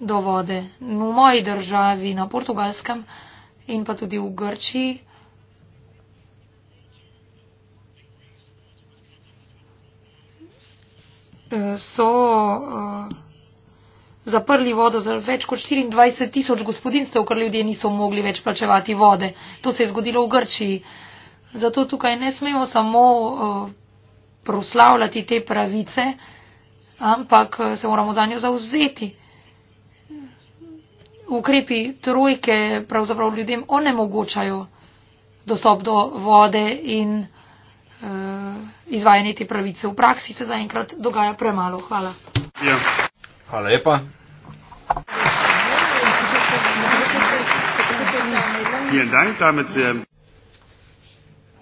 do vode. V moji državi, na portugalskem in pa tudi v Grčiji. so uh, zaprli vodo za več kot 24 tisoč gospodinstev, ker ljudje niso mogli več plačevati vode. To se je zgodilo v Grčiji. Zato tukaj ne smemo samo uh, proslavljati te pravice, uh, ampak se moramo za njo zauzeti. Ukrepi trojke pravzaprav ljudem onemogočajo dostop do vode in uh, izvajanje te pravice. V praksi se zaenkrat dogaja premalo. Hvala. Ja. Hvala lepa.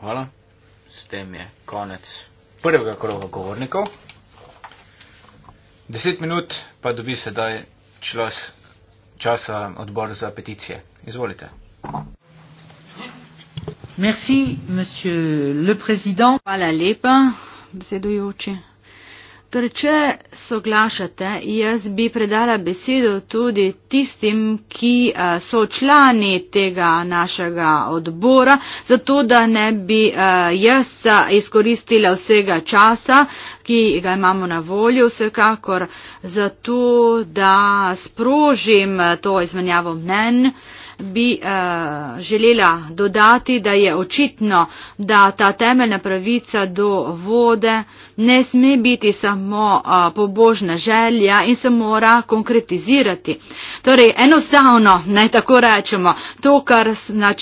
Hvala. S tem je konec prvega kroga govornikov. Deset minut pa dobi sedaj člos časa odbor za peticije. Izvolite. Merci, monsieur le président. Hvala lepa, predsedujoči. Torej, če soglašate, jaz bi predala besedo tudi tistim, ki eh, so člani tega našega odbora, zato da ne bi eh, jaz eh, izkoristila vsega časa, ki ga imamo na voljo vsekakor, zato da sprožim to izmenjavo mnen bi uh, želela dodati, da je očitno, da ta temeljna pravica do vode ne sme biti samo uh, pobožna želja in se mora konkretizirati. Torej, enostavno, naj tako rečemo, to, kar,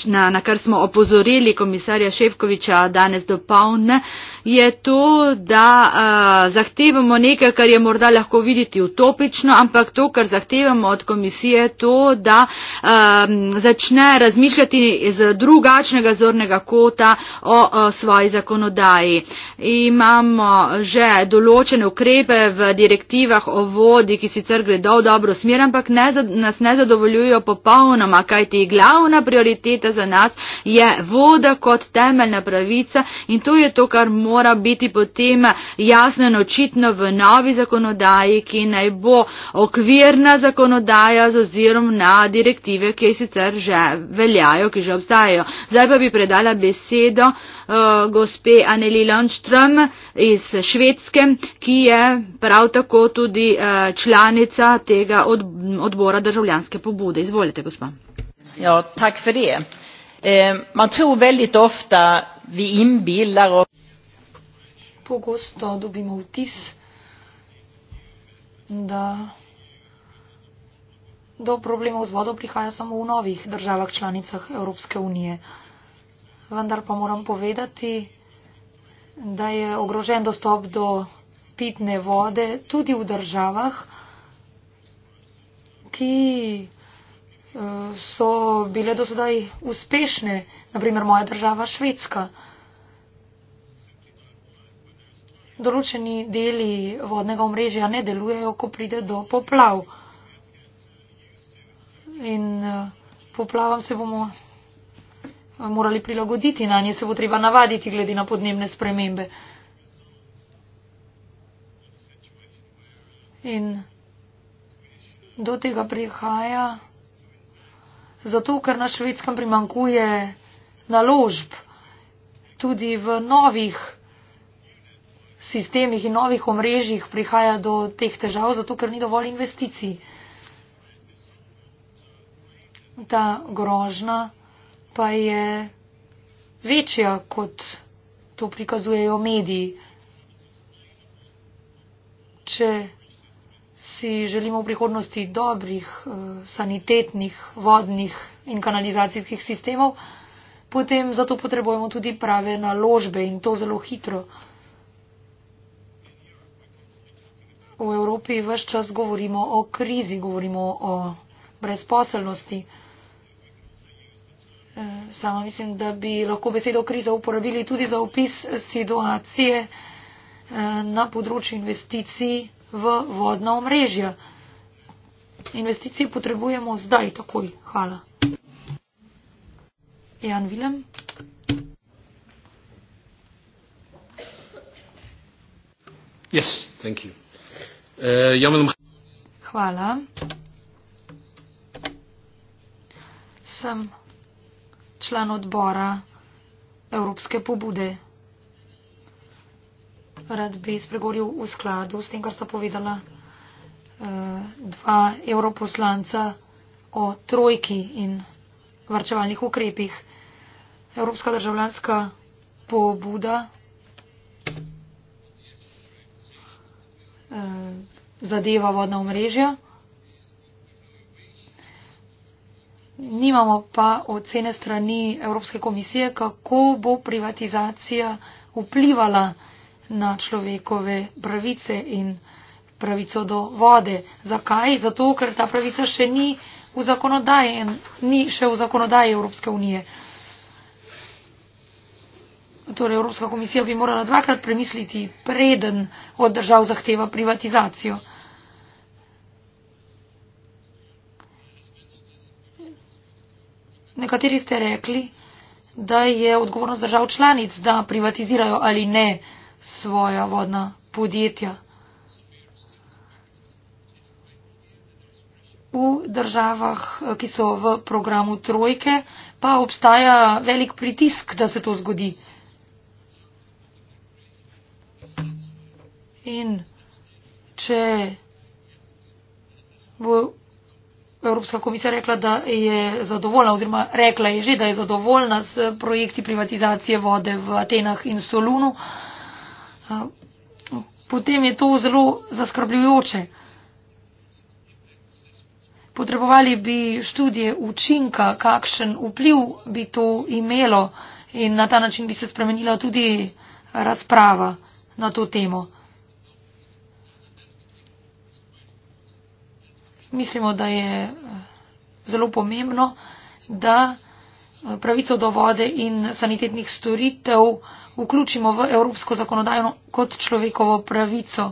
na, na kar smo opozorili komisarja Ševkoviča danes dopolne, je to, da a, eh, zahtevamo nekaj, kar je morda lahko videti utopično, ampak to, kar zahtevamo od komisije, je to, da a, ehm, začne razmišljati z drugačnega zornega kota o a, svoji zakonodaji. Imamo že določene ukrepe v direktivah o vodi, ki sicer gredo v dobro smer, ampak ne, nas ne zadovoljujo popolnoma, kajti glavna prioriteta za nas je voda kot temeljna pravica in to je to, kar moramo mora biti potem jasno in očitno v novi zakonodaji, ki naj bo okvirna zakonodaja z ozirom na direktive, ki sicer že veljajo, ki že obstajajo. Zdaj pa bi predala besedo uh, gospe Aneli Lundström iz Švedske, ki je prav tako tudi uh, članica tega od, odbora državljanske pobude. Izvolite, gospa. Ja, tak for det. Eh, man tror väldigt ofta, vi inbillar oss. Och pogosto dobimo vtis, da do problemov z vodo prihaja samo v novih državah članicah Evropske unije. Vendar pa moram povedati, da je ogrožen dostop do pitne vode tudi v državah, ki eh, so bile do sedaj uspešne, naprimer moja država Švedska. določeni deli vodnega omrežja ne delujejo, ko pride do poplav. In eh, poplavam se bomo eh, morali prilagoditi, na nje se bo treba navaditi glede na podnebne spremembe. In do tega prihaja zato, ker na švedskem primankuje naložb tudi v novih sistemih in novih omrežjih prihaja do teh težav, zato ker ni dovolj investicij. Ta grožna pa je večja, kot to prikazujejo mediji. Če si želimo v prihodnosti dobrih eh, sanitetnih, vodnih in kanalizacijskih sistemov, potem zato potrebujemo tudi prave naložbe in to zelo hitro. v Evropi vse čas govorimo o krizi, govorimo o brezposelnosti. E, sama mislim, da bi lahko besedo kriza uporabili tudi za opis situacije e, na področju investicij v vodna omrežja. Investicije potrebujemo zdaj, takoj. Hvala. Jan Vilem. Yes, thank you. Uh, eh, jammer. Hvala. Sem član odbora Evropske pobude. Rad bi spregovoril v skladu s tem, kar sta povedala uh, dva evroposlanca o trojki in varčevalnih ukrepih. Evropska državljanska pobuda Eh, zadeva vodna omrežja. Nimamo pa ocene strani Evropske komisije, kako bo privatizacija vplivala na človekove pravice in pravico do vode. Zakaj? Zato, ker ta pravica še ni v zakonodaji, ni še v zakonodaji Evropske unije. Uh, torej Evropska komisija bi morala dvakrat premisliti, preden od držav zahteva privatizacijo. Nekateri ste rekli, da je odgovornost držav članic, da privatizirajo ali ne svoja vodna podjetja. V državah, ki so v programu Trojke, pa obstaja velik pritisk, da se to zgodi. In če bo Evropska komisija rekla, da je zadovoljna, oziroma rekla je že, da je zadovoljna z projekti privatizacije vode v Atenah in Solunu, eh, potem je to zelo zaskrbljujoče. Potrebovali bi študije učinka, kakšen vpliv bi to imelo in na ta način bi se spremenila tudi razprava na to temo. mislimo, da je eh, zelo pomembno, da eh, pravico do vode in sanitetnih storitev vključimo v evropsko zakonodajno kot človekovo pravico.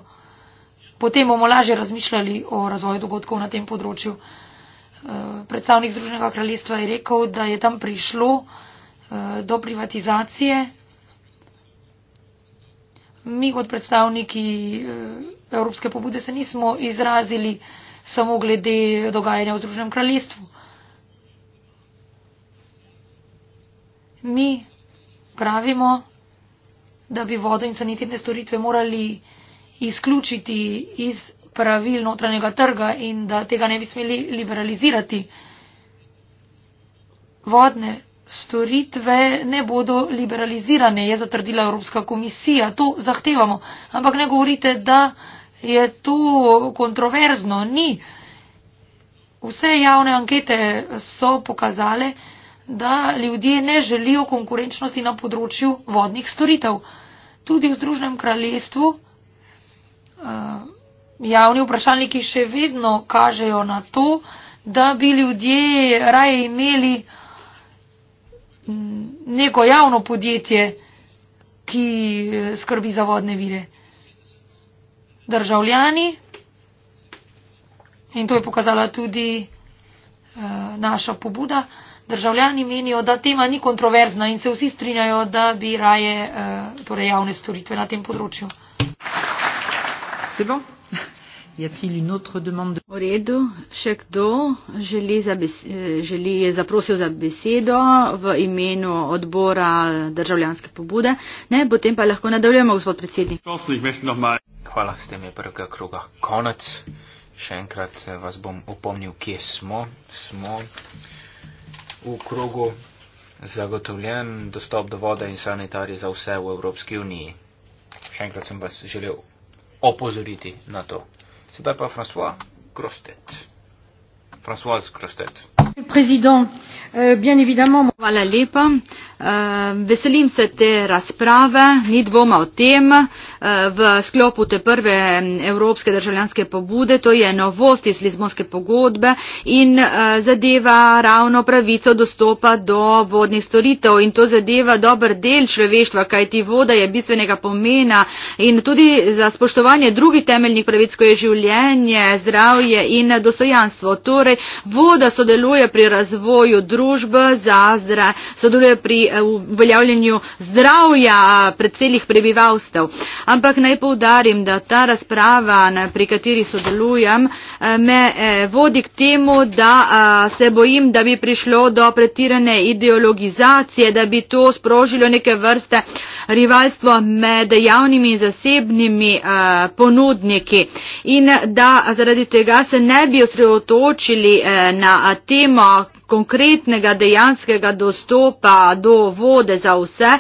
Potem bomo lažje razmišljali o razvoju dogodkov na tem področju. Eh, predstavnik Združenega kraljestva je rekel, da je tam prišlo do privatizacije. Mi kot predstavniki evropske pobude se nismo izrazili, samo glede dogajanja v Združenem kraljestvu. Mi pravimo, da bi vodo in sanitetne storitve morali izključiti iz pravil notranjega trga in da tega ne bi smeli liberalizirati. Vodne storitve ne bodo liberalizirane, je zatrdila Evropska komisija. To zahtevamo. Ampak ne govorite, da je tu kontroverzno? Ni. Vse javne ankete so pokazale, da ljudje ne želijo konkurenčnosti na področju vodnih storitev. Tudi v Združenem kraljestvu eh, javni vprašalniki še vedno kažejo na to, da bi ljudje raje imeli mm, neko javno podjetje, ki eh, skrbi za vodne vire državljani in to je pokazala tudi e, naša pobuda. Državljani menijo, da tema ni kontroverzna in se vsi strinjajo, da bi raje e, torej javne storitve na tem področju. Sebo? Y a-t-il une autre demande de... Au redu, še kdo želi, eh, želi zaprosil za besedo v imenu odbora državljanske pobude? Ne, potem pa lahko nadaljujemo, gospod predsednik. Hvala, ste mi prvega kroga. Konec. Še enkrat eh, vas bom opomnil, kje smo. Smo v krogu zagotovljen dostop do vode in sanitari za vse v Evropski uniji. Še enkrat sem vas želel opozoriti na to. Sedaj pa François Grostet. François Grostet. Predsednik. Eh, bien évidemment voilà les eh, Veselim se te razprave, ni dvoma o tem, eh, v sklopu te prve mm, evropske državljanske pobude, to je novost iz Lizbonske pogodbe in zadeva ravno pravico dostopa do vodnih storitev in to zadeva dober del človeštva, kaj ti voda je bistvenega pomena in tudi za spoštovanje drugih temeljnih pravic, ko je življenje, zdravje in dostojanstvo. Torej, voda sodeluje pri razvoju drugih družba za zdra, sodeluje pri eh, uveljavljanju zdravja eh, pred celih prebivalstev. Ampak naj povdarim, da ta razprava, pri kateri sodelujem, eh, me vodi k temu, da se bojim, da bi prišlo do pretirane ideologizacije, da bi to sprožilo neke vrste rivalstvo med javnimi in zasebnimi ponudniki. In da zaradi tega se ne bi osredotočili na temo, konkretnega dejanskega dostopa do vode za vse eh,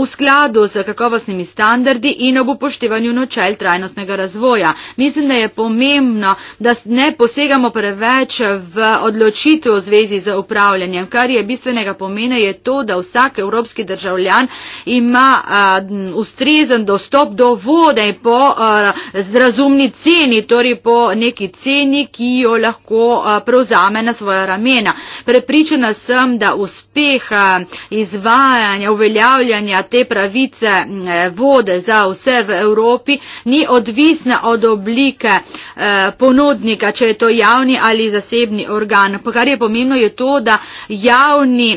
v skladu z kakovostnimi standardi in ob upoštevanju načel trajnostnega razvoja. Mislim, da je pomembno, da ne posegamo preveč v odločitev v zvezi z upravljanjem. Kar je bistvenega pomena je to, da vsak evropski državljan ima eh, ustrezen dostop do vode po eh, razumni ceni, torej po neki ceni, ki jo lahko prevzame na svoje ramena. Prepričana sem, da uspeh izvajanja, uveljavljanja te pravice eh, vode za vse v Evropi ni odvisna od oblike eh, ponudnika, če je to javni ali zasebni organ. Pa kar je pomembno, je to, da javni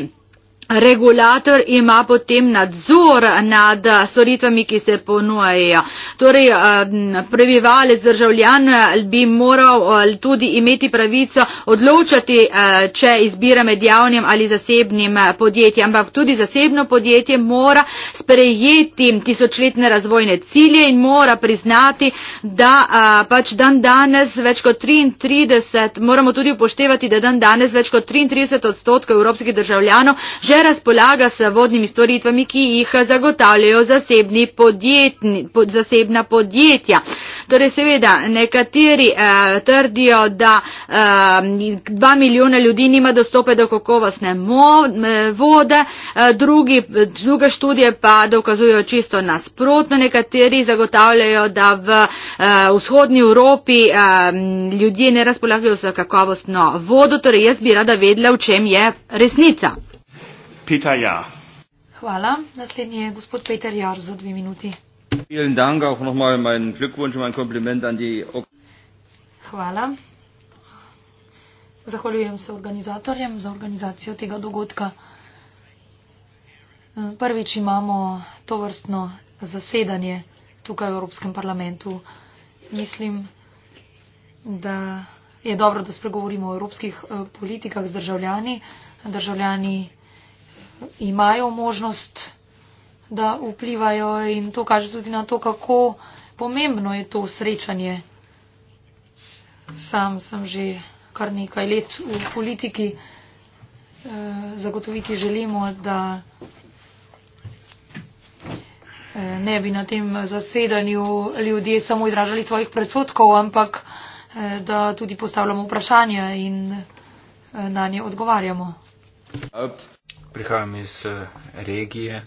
regulator ima potem nadzor nad eh, storitvami, ki se ponujajo. Torej, eh, prebivalec državljan eh, bi moral tudi imeti pravico odločati, če izbira med javnim ali zasebnim podjetjem, ampak tudi zasebno podjetje mora sprejeti tisočletne razvojne cilje in mora priznati, da pač dan danes več kot 33, moramo tudi upoštevati, da dan danes več kot 33 odstotkov evropskih državljanov že razpolaga s vodnimi storitvami, ki jih zagotavljajo zasebni podjetni, pod, zasebna podjetja. Torej seveda nekateri eh, trdijo, da eh, dva milijona ljudi nima dostope do kakovostne eh, vode, eh, drugi, druge študije pa dokazujejo čisto nasprotno. Nekateri zagotavljajo, da v eh, vzhodni Evropi eh, ljudje ne razpolagajo s kakovostno vodo. Torej jaz bi rada vedela, v čem je resnica. Peter Jahr. Hvala. Naslednji je gospod Peter Jahr za dve minuti. Vielen Dank auch nochmal mein Glückwunsch und mein Kompliment an die Hvala. Zahvaljujem se organizatorjem za organizacijo tega dogodka. Prvič imamo to vrstno zasedanje tukaj v Evropskem parlamentu. Mislim, da je dobro, da spregovorimo o evropskih eh, politikah z državljani. Državljani imajo možnost, da vplivajo in to kaže tudi na to, kako pomembno je to srečanje. Sam sem že kar nekaj let v politiki. Eh, zagotoviti želimo, da eh, ne bi na tem zasedanju ljudje samo izražali svojih predsotkov, ampak eh, da tudi postavljamo vprašanja in na nje odgovarjamo prihajam iz eh, regije,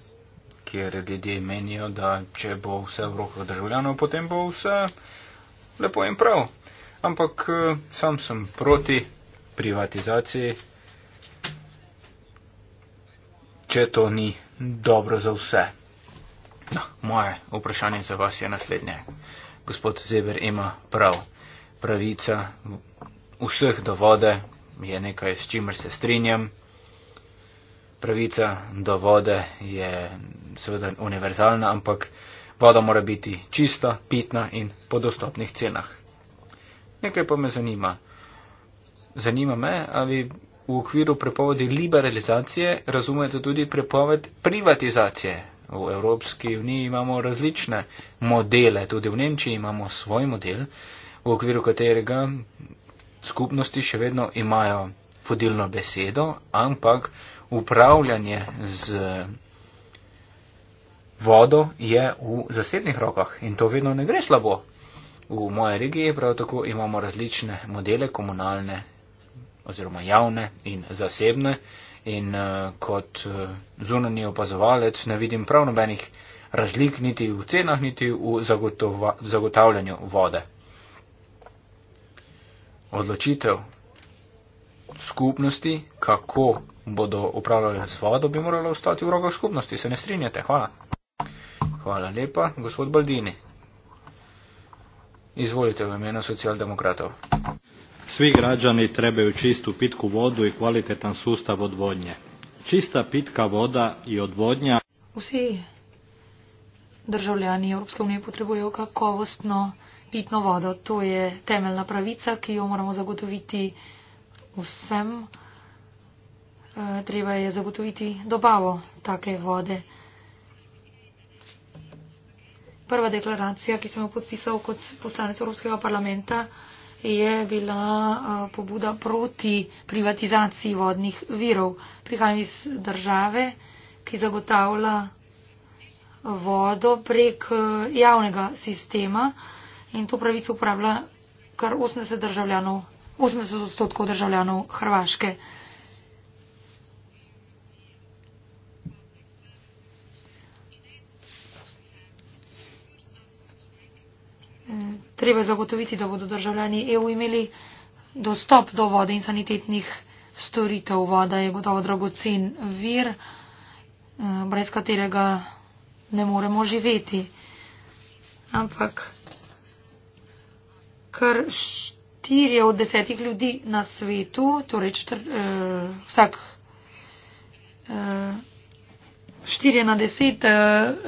kjer ljudje menijo, da če bo vse v rokah državljanov, potem bo vse lepo in prav. Ampak eh, sam sem proti privatizaciji, če to ni dobro za vse. No, moje vprašanje za vas je naslednje. Gospod Zeber ima prav. Pravica vseh do vode je nekaj, s čimer se strinjam pravica do vode je seveda univerzalna, ampak voda mora biti čista, pitna in po dostopnih cenah. Nekaj pa me zanima. Zanima me, ali v okviru prepovedi liberalizacije razumete tudi prepoved privatizacije. V Evropski uniji imamo različne modele, tudi v Nemčiji imamo svoj model, v okviru katerega skupnosti še vedno imajo vodilno besedo, ampak upravljanje z vodo je v zasebnih rokah in to vedno ne gre slabo. V moje regiji prav tako imamo različne modele komunalne oziroma javne in zasebne in eh, kot eh, zunani opazovalec ne vidim prav nobenih razlik niti v cenah, niti v zagotova, zagotavljanju vode. Odločitev skupnosti, kako bodo upravljali z vodo, bi moralo ostati v rokah skupnosti. Se ne strinjate? Hvala. Hvala lepa, gospod Baldini. Izvolite v imenu socialdemokratov. Svi građani trebaju čistu pitku vodu i kvalitetan sustav odvodnje. Čista pitka voda i odvodnja... Vsi državljani Evropske unije potrebujejo kakovostno pitno vodo. To je temeljna pravica, ki jo moramo zagotoviti vsem državljanom. Eh, treba je zagotoviti dobavo take vode. Prva deklaracija, ki sem jo podpisal kot poslanec Evropskega parlamenta, je bila eh, pobuda proti privatizaciji vodnih virov. Prihajam iz države, ki zagotavlja vodo prek eh, javnega sistema in to pravico uporablja kar 80, 80 odstotkov državljanov Hrvaške. treba zagotoviti, da bodo državljani EU imeli dostop do vode in sanitetnih storitev. Voda je gotovo dragocen vir, eh, brez katerega ne moremo živeti. Ampak kar štirje od desetih ljudi na svetu, torej četr, eh, vsak eh, štirje na deset eh,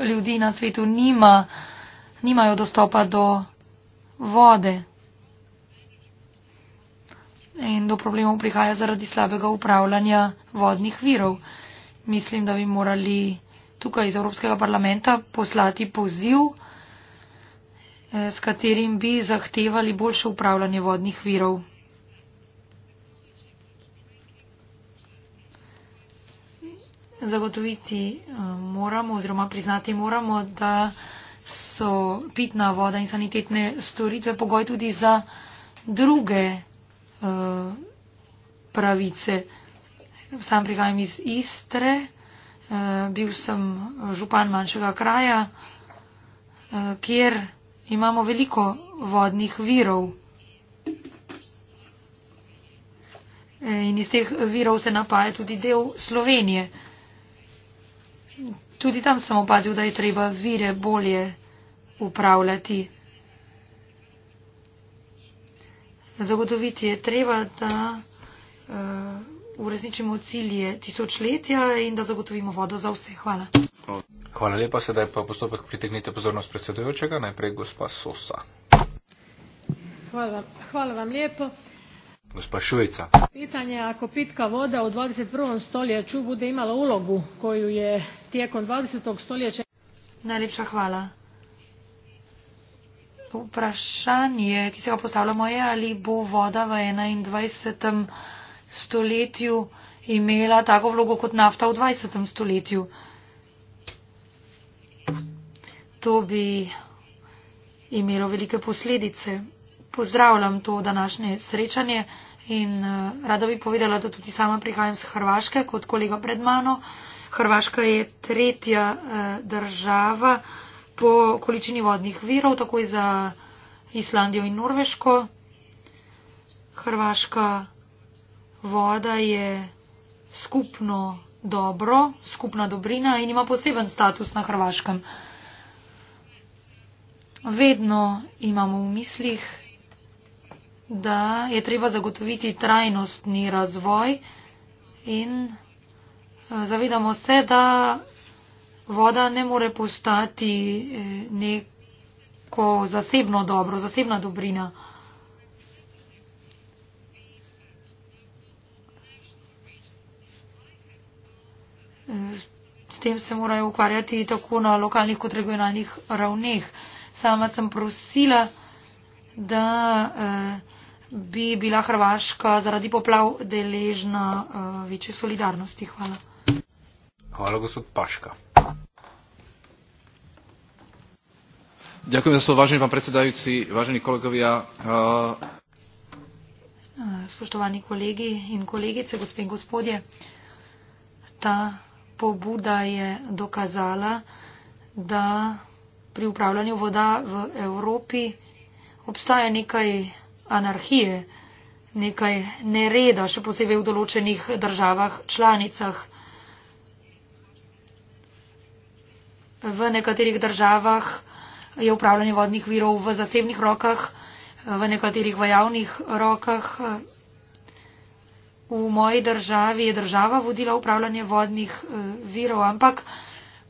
ljudi na svetu nima, nimajo dostopa do vode. In do problemov prihaja zaradi slabega upravljanja vodnih virov. Mislim, da bi morali tukaj iz Evropskega parlamenta poslati poziv, eh, s katerim bi zahtevali boljše upravljanje vodnih virov. Zagotoviti eh, moramo oziroma priznati moramo, da so pitna voda in sanitetne storitve pogoj tudi za druge uh, pravice. Sam prihajam iz Istre, uh, bil sem župan manjšega kraja, uh, kjer imamo veliko vodnih virov. In iz teh virov se napaja tudi del Slovenije. Uh, Tudi tam sem opazil, da je treba vire bolje upravljati. Zagotoviti je treba, da uh, uresničimo cilje tisočletja in da zagotovimo vodo za vse. Hvala. Hvala lepa. Sedaj pa postopek pritegnite pozornost predsedujočega. Najprej gospa Sosa. Hvala, hvala vam lepo pitanje je ako pitka voda u. twenty one stoljeu bude imala ulogu koju je tijekom. twenty stoljea. najlepša hvala. vprašanje ki se ga postavljamo je ali bo voda v. enaindvajset stoletju imela tako vlogo kot nafta v. dvajset stoletju. to bi imelo velike posledice pozdravljam to današnje srečanje in uh, rada bi povedala, da tudi sama prihajam z Hrvaške kot kolega pred mano. Hrvaška je tretja uh, država po količini vodnih virov, takoj za Islandijo in Norveško. Hrvaška voda je skupno dobro, skupna dobrina in ima poseben status na Hrvaškem. Vedno imamo v mislih da je treba zagotoviti trajnostni razvoj in eh, zavedamo se, da voda ne more postati eh, neko zasebno dobro, zasebna dobrina. Eh, s tem se morajo ukvarjati tako na lokalnih kot regionalnih ravneh. Sama sem prosila, da eh, bi bila Hrvaška zaradi poplav deležna uh, večje solidarnosti. Hvala. Hvala, gospod Paška. Ďakujem za slovo, vážený pán predsedajúci, vážení kolegovia. Eh, spoštovani kolegi in kolegice, gospe in gospodje, ta pobuda je dokazala, da pri upravljanju voda v Evropi obstaja nekaj anarhije, nekaj nereda, še posebej v določenih državah članicah. V nekaterih državah je upravljanje vodnih virov v zasebnih rokah, v nekaterih v javnih rokah. V moji državi je država vodila upravljanje vodnih eh, virov, ampak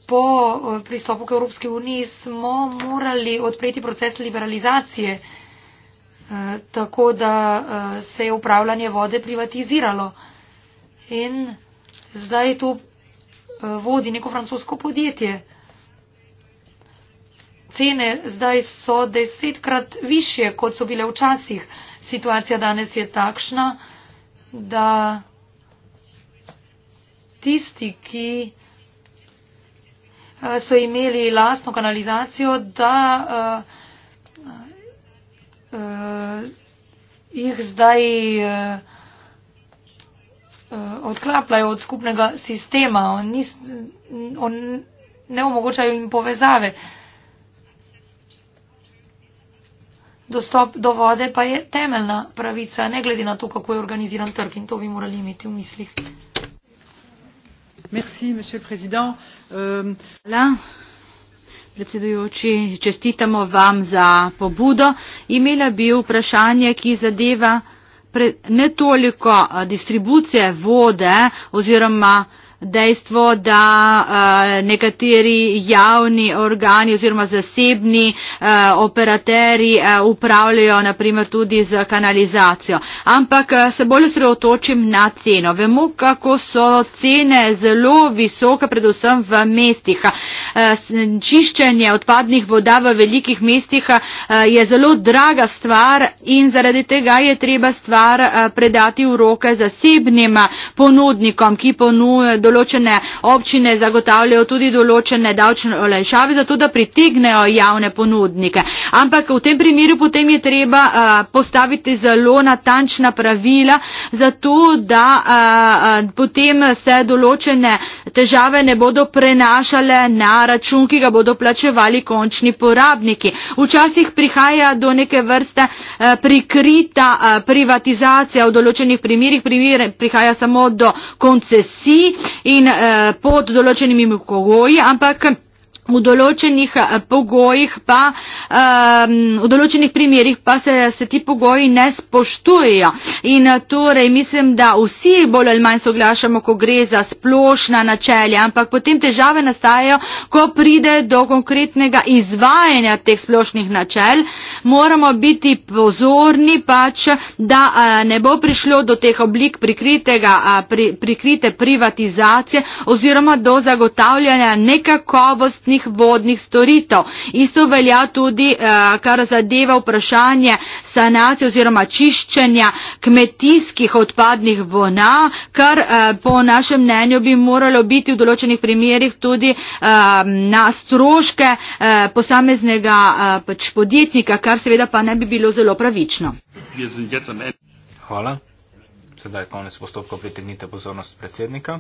po eh, pristopu k Evropski uniji smo morali odpreti proces liberalizacije. Eh, tako da eh, se je upravljanje vode privatiziralo. In zdaj to eh, vodi neko francosko podjetje. Cene zdaj so desetkrat više, kot so bile včasih. Situacija danes je takšna, da tisti, ki so imeli lastno kanalizacijo, da uh, uh, jih zdaj uh, odklapljajo od skupnega sistema, on nis, on ne omogočajo jim povezave. Dostop do vode pa je temeljna pravica, ne glede na to, kako je organiziran trg in to bi morali imeti v mislih. Merci, monsieur le président. Euh... Predsedujoči, čestitamo vam za pobudo. Imela bi vprašanje, ki zadeva ne toliko eh, distribucije vode oziroma dejstvo, da eh, nekateri javni organi oziroma zasebni eh, operateri eh, upravljajo naprimer tudi z kanalizacijo. Ampak se bolj sredotočim na ceno. Vemo, kako so cene zelo visoke, predvsem v mestih. Čiščenje odpadnih voda v velikih mestih je zelo draga stvar in zaradi tega je treba stvar predati v roke zasebnim ponudnikom, ki ponujajo določene občine zagotavljajo tudi določene davčne olajšave, zato da pritegnejo javne ponudnike. Ampak v tem primeru potem je treba a, postaviti zelo natančna pravila, zato da a, a, potem se določene težave ne bodo prenašale na račun, ki ga bodo plačevali končni porabniki. Včasih prihaja do neke vrste a, prikrita a, privatizacija v določenih primerih, primer prihaja samo do koncesij in eh, pod določenimi pogoji ampak v določenih eh, pogojih pa, ehm, v določenih primerjih pa se, se ti pogoji ne spoštujejo. In eh, torej mislim, da vsi bolj ali manj soglašamo, ko gre za splošna načelja, ampak potem težave nastajajo, ko pride do konkretnega izvajanja teh splošnih načel. Moramo biti pozorni pač, da eh, ne bo prišlo do teh oblik prikritega, pri, prikrite privatizacije oziroma do zagotavljanja nekakovostnih raznih vodnih storitev. Isto velja tudi, eh, kar zadeva vprašanje sanacije oziroma čiščenja kmetijskih odpadnih vona, kar eh, po našem mnenju bi moralo biti v določenih primerjih tudi eh, na stroške posameznega pač podjetnika, kar seveda pa ne bi bilo zelo pravično. Hvala. Sedaj konec postopka pritegnite pozornost predsednika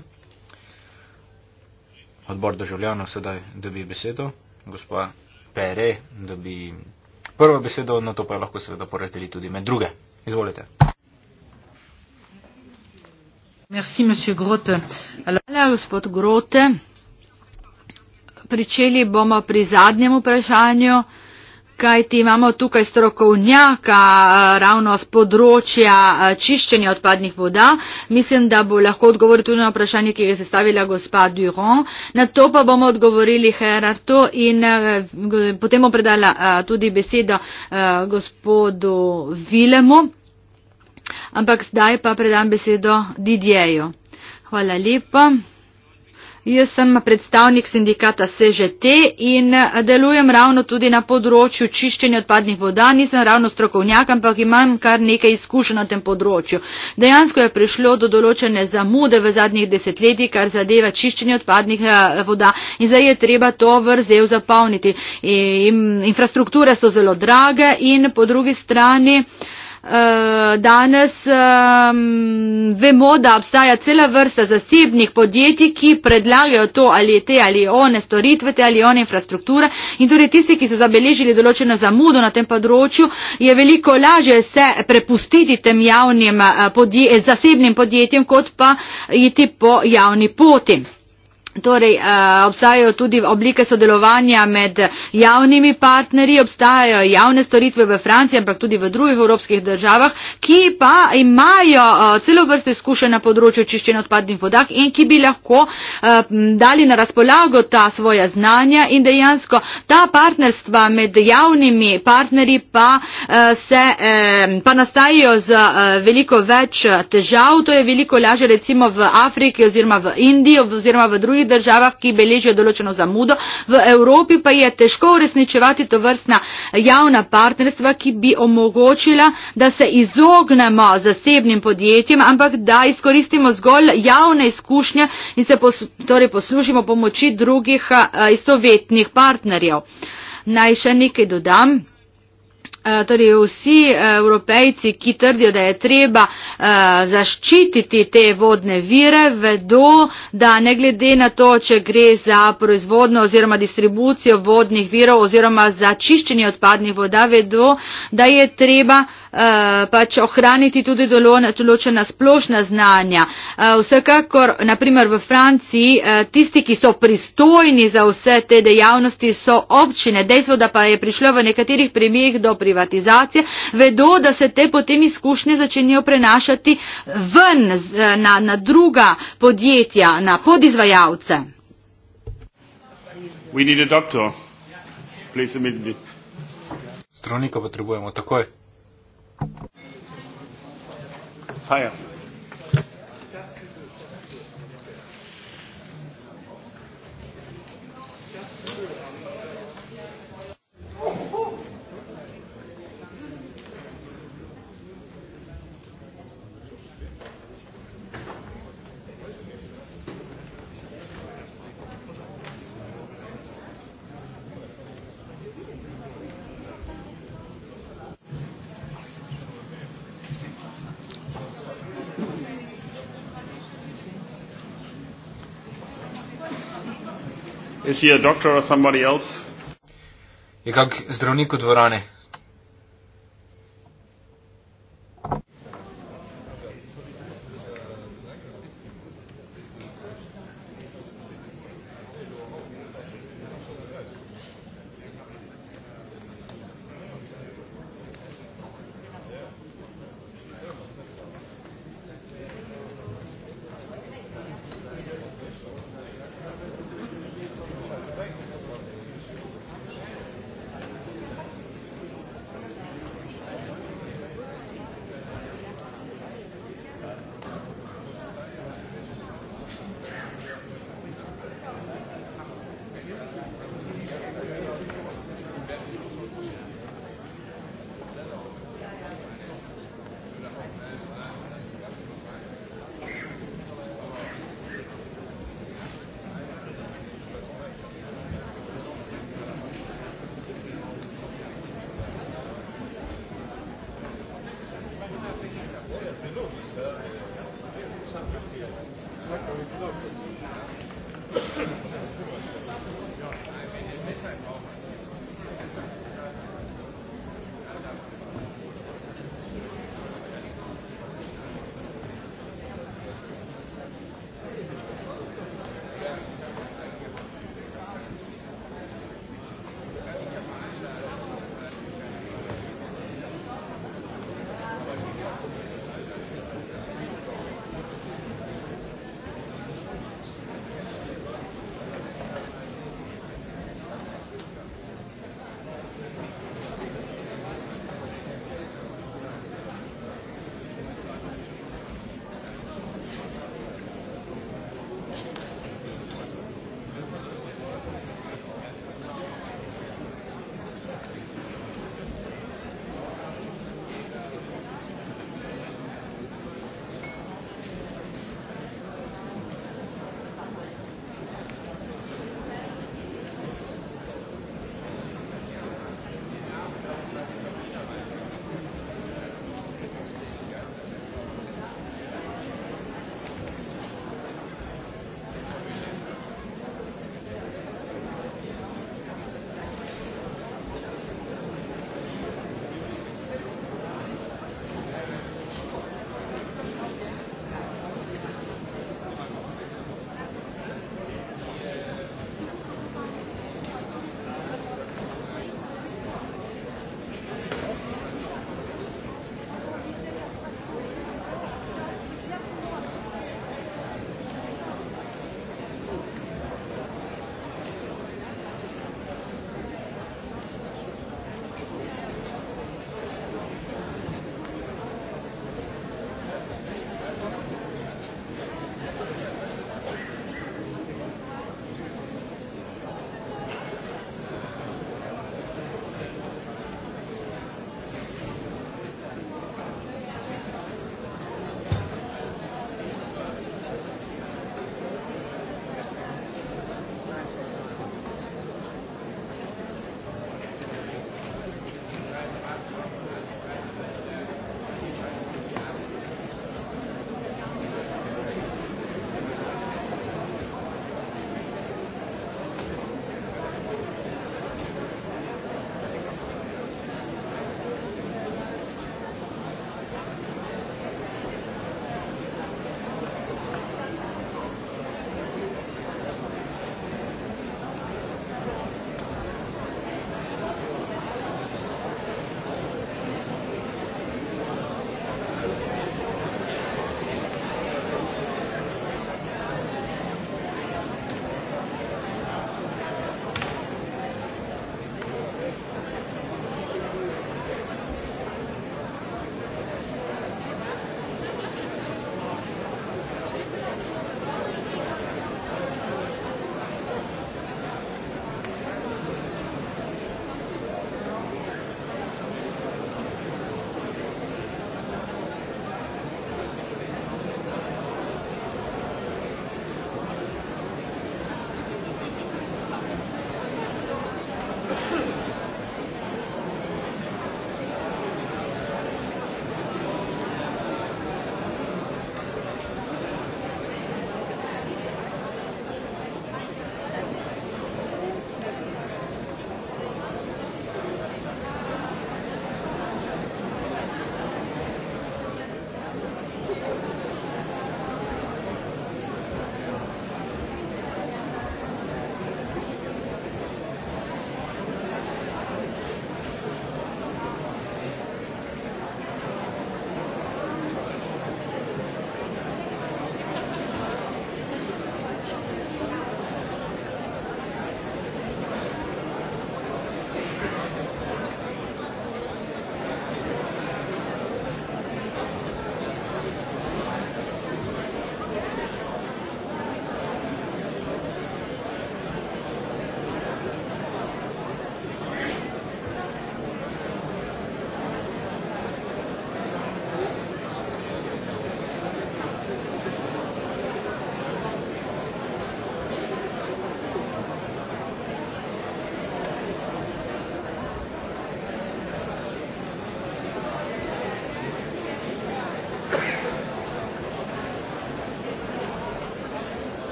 odbor državljanov sedaj dobi besedo. Gospa Pere dobi prvo besedo, na to pa lahko seveda porazdeli tudi med druge. Izvolite. Merci, monsieur Grote. Hvala, gospod Grote. Pričeli bomo pri zadnjem vprašanju kaj ti imamo tukaj strokovnjaka eh, ravno z področja eh, čiščenja odpadnih voda. Mislim, da bo lahko odgovoril tudi na vprašanje, ki je zastavila gospa Duron. Na to pa bomo odgovorili Herartu in eh, potem bom predala tudi besedo gospodu Vilemu. Ampak zdaj pa predam besedo Didjeju. Hvala lepa. Jaz sem predstavnik sindikata SŽT in eh, delujem ravno tudi na področju čiščenja odpadnih voda. Nisem ravno strokovnjak, ampak imam kar nekaj izkušenj na tem področju. Dejansko je prišlo do določene zamude v zadnjih desetletjih, kar zadeva čiščenje odpadnih eh, voda in zdaj je treba to vrzel zapolniti. Infrastrukture so zelo drage in po drugi strani. Eh, danes um, vemo, da obstaja cela vrsta zasebnih podjetij, ki predlagajo to ali te ali one storitve, te ali one infrastrukture in torej tisti, ki so zabeležili določeno zamudo na tem področju, je veliko lažje se prepustiti tem javnim eh, podje zasebnim podjetjem, kot pa iti po javni poti. Torej, uh, obstajajo tudi oblike sodelovanja med javnimi partnerji, obstajajo javne storitve v Franciji, ampak tudi v drugih evropskih državah, ki pa imajo uh, celo vrsto izkušenj na področju čiščenja odpadnih vodah in ki bi lahko uh, dali na razpolago ta svoja znanja in dejansko ta partnerstva med javnimi partnerji pa, uh, se, uh, pa nastajajo z uh, veliko več težav. To je veliko lažje recimo v Afriki oziroma v Indiji oziroma v drugih drugih državah, ki beležijo določeno zamudo, v Evropi pa je težko uresničevati to vrstna javna partnerstva, ki bi omogočila, da se izognemo zasebnim podjetjem, ampak da izkoristimo zgolj javne izkušnje in se pos, torej poslužimo pomoči drugih eh, istovetnih partnerjev. Naj še nekaj dodam. Eh, torej vsi eh, evropejci, ki trdijo, da je treba eh, zaščititi te vodne vire, vedo, da ne glede na to, če gre za proizvodno oziroma distribucijo vodnih virov oziroma za čiščenje odpadnih voda, vedo, da je treba Eh, pač ohraniti tudi določena splošna znanja. Eh, vsekakor, naprimer v Franciji, eh, tisti, ki so pristojni za vse te dejavnosti, so občine. Dejstvo, da pa je prišlo v nekaterih primerjih do privatizacije, vedo, da se te potem izkušnje začenjajo prenašati ven na, na druga podjetja, na podizvajalce. Zdravnika potrebujemo takoj feiern. Is he a doctor or somebody else? Je kak zdravnik v dvorani?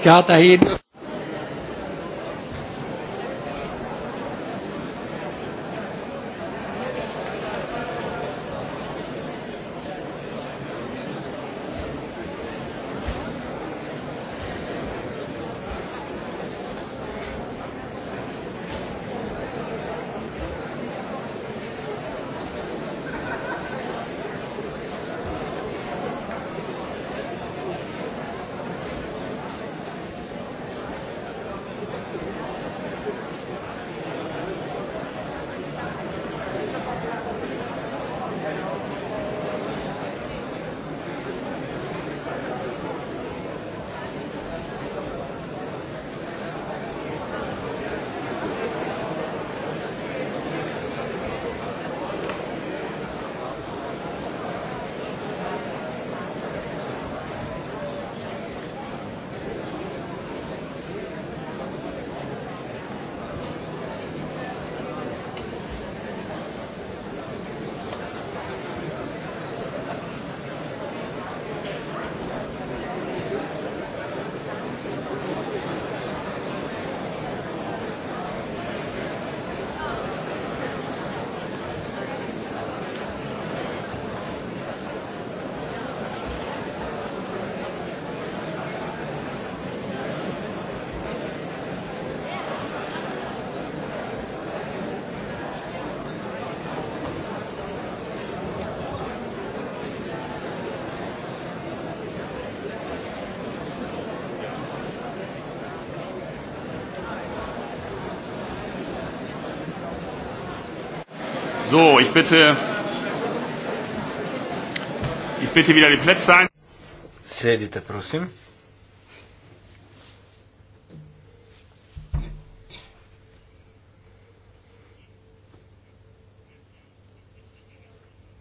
Gaat daarheen. So, ich bitte, ich bitte wieder die Plätze ein. Sedite, prosim.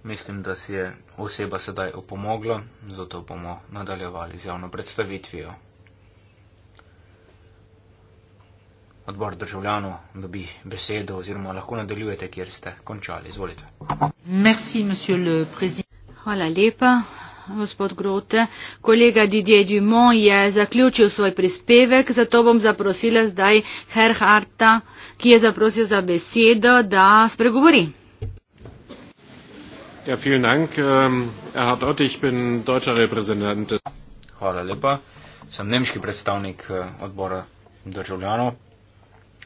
Mislim, da si je oseba sedaj opomogla, zato bomo nadaljevali z javno predstavitvijo. odbor državljanov dobi besedo oziroma lahko nadaljujete, kjer ste končali. Izvolite. Merci, Hvala lepa, gospod Grote. Kolega Didier Dumont je zaključil svoj prispevek, zato bom zaprosila zdaj Herharta, ki je zaprosil za besedo, da spregovori. Ja, vielen Dank. Um, Herr Ott, ich bin deutscher Repräsentant. Hvala lepa. Sem nemški predstavnik äh, odbora državljanov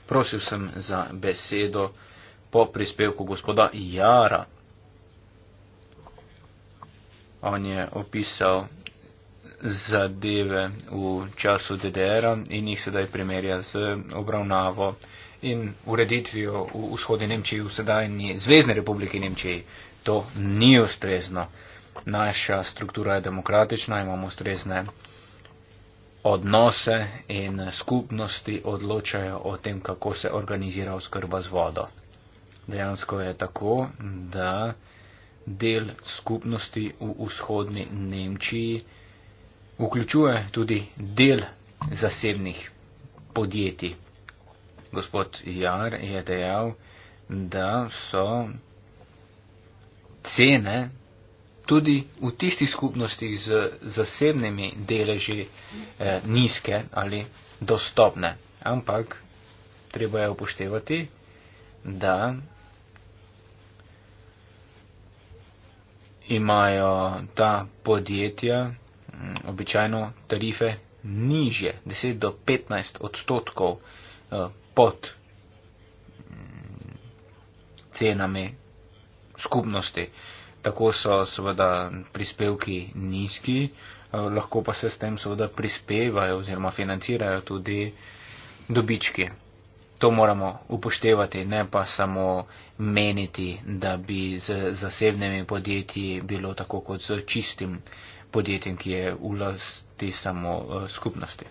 prosil sem za besedo po prispevku gospoda Jara. On je opisal zadeve v času DDR-a in jih sedaj primerja z obravnavo in ureditvijo v vzhodni Nemčiji, v sedajni Zvezdne republike Nemčiji. To ni ustrezno. Naša struktura je demokratična, imamo ustrezne odnose in skupnosti odločajo o tem, kako se organizira oskrba z vodo. Dejansko je tako, da del skupnosti v vzhodni Nemčiji vključuje tudi del zasebnih podjetij. Gospod Jar je dejal, da so cene tudi v tistih skupnostih z zasebnimi deleži eh, nizke ali dostopne. Ampak treba je upoštevati, da imajo ta podjetja mm, običajno tarife niže, 10 do 15 odstotkov eh, pod mm, cenami skupnosti. Eh, tako so seveda prispevki nizki, eh, lahko pa se s tem seveda prispevajo oziroma financirajo tudi dobički. To moramo upoštevati, ne pa samo meniti, da bi z zasebnimi podjetji bilo tako kot z čistim podjetjem, ki je v lasti samo eh, skupnosti.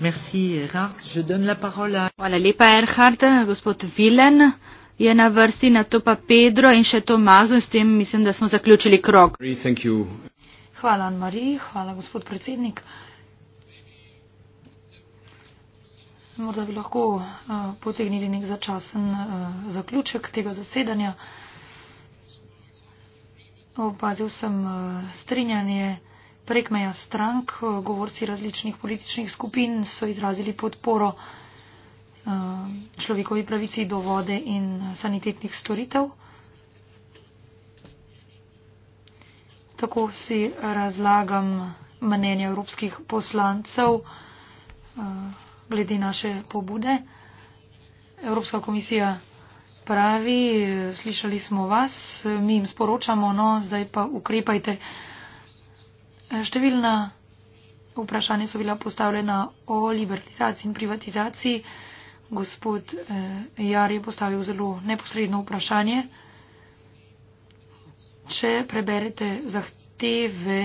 Merci, Erhard. Je donne la parole à... Voilà, lepa, Erhard, gospod Willen. Je na vrsti na to pa Pedro in še Tomazo in s tem mislim, da smo zaključili krok. Hvala, Anne-Marie, hvala, gospod predsednik. Morda bi lahko uh, potegnili nek začasen uh, zaključek tega zasedanja. Opazil sem uh, strinjanje prek meja strank, govorci različnih političnih skupin so izrazili podporo eh, človekovi pravici do vode in sanitetnih storitev. Tako si razlagam mnenje evropskih poslancev eh, glede naše pobude. Evropska komisija pravi, slišali smo vas, mi jim sporočamo, no, zdaj pa ukrepajte. Številna vprašanja so bila postavljena o liberalizaciji in privatizaciji. Gospod eh, Jar je postavil zelo neposredno vprašanje. Če preberete zahteve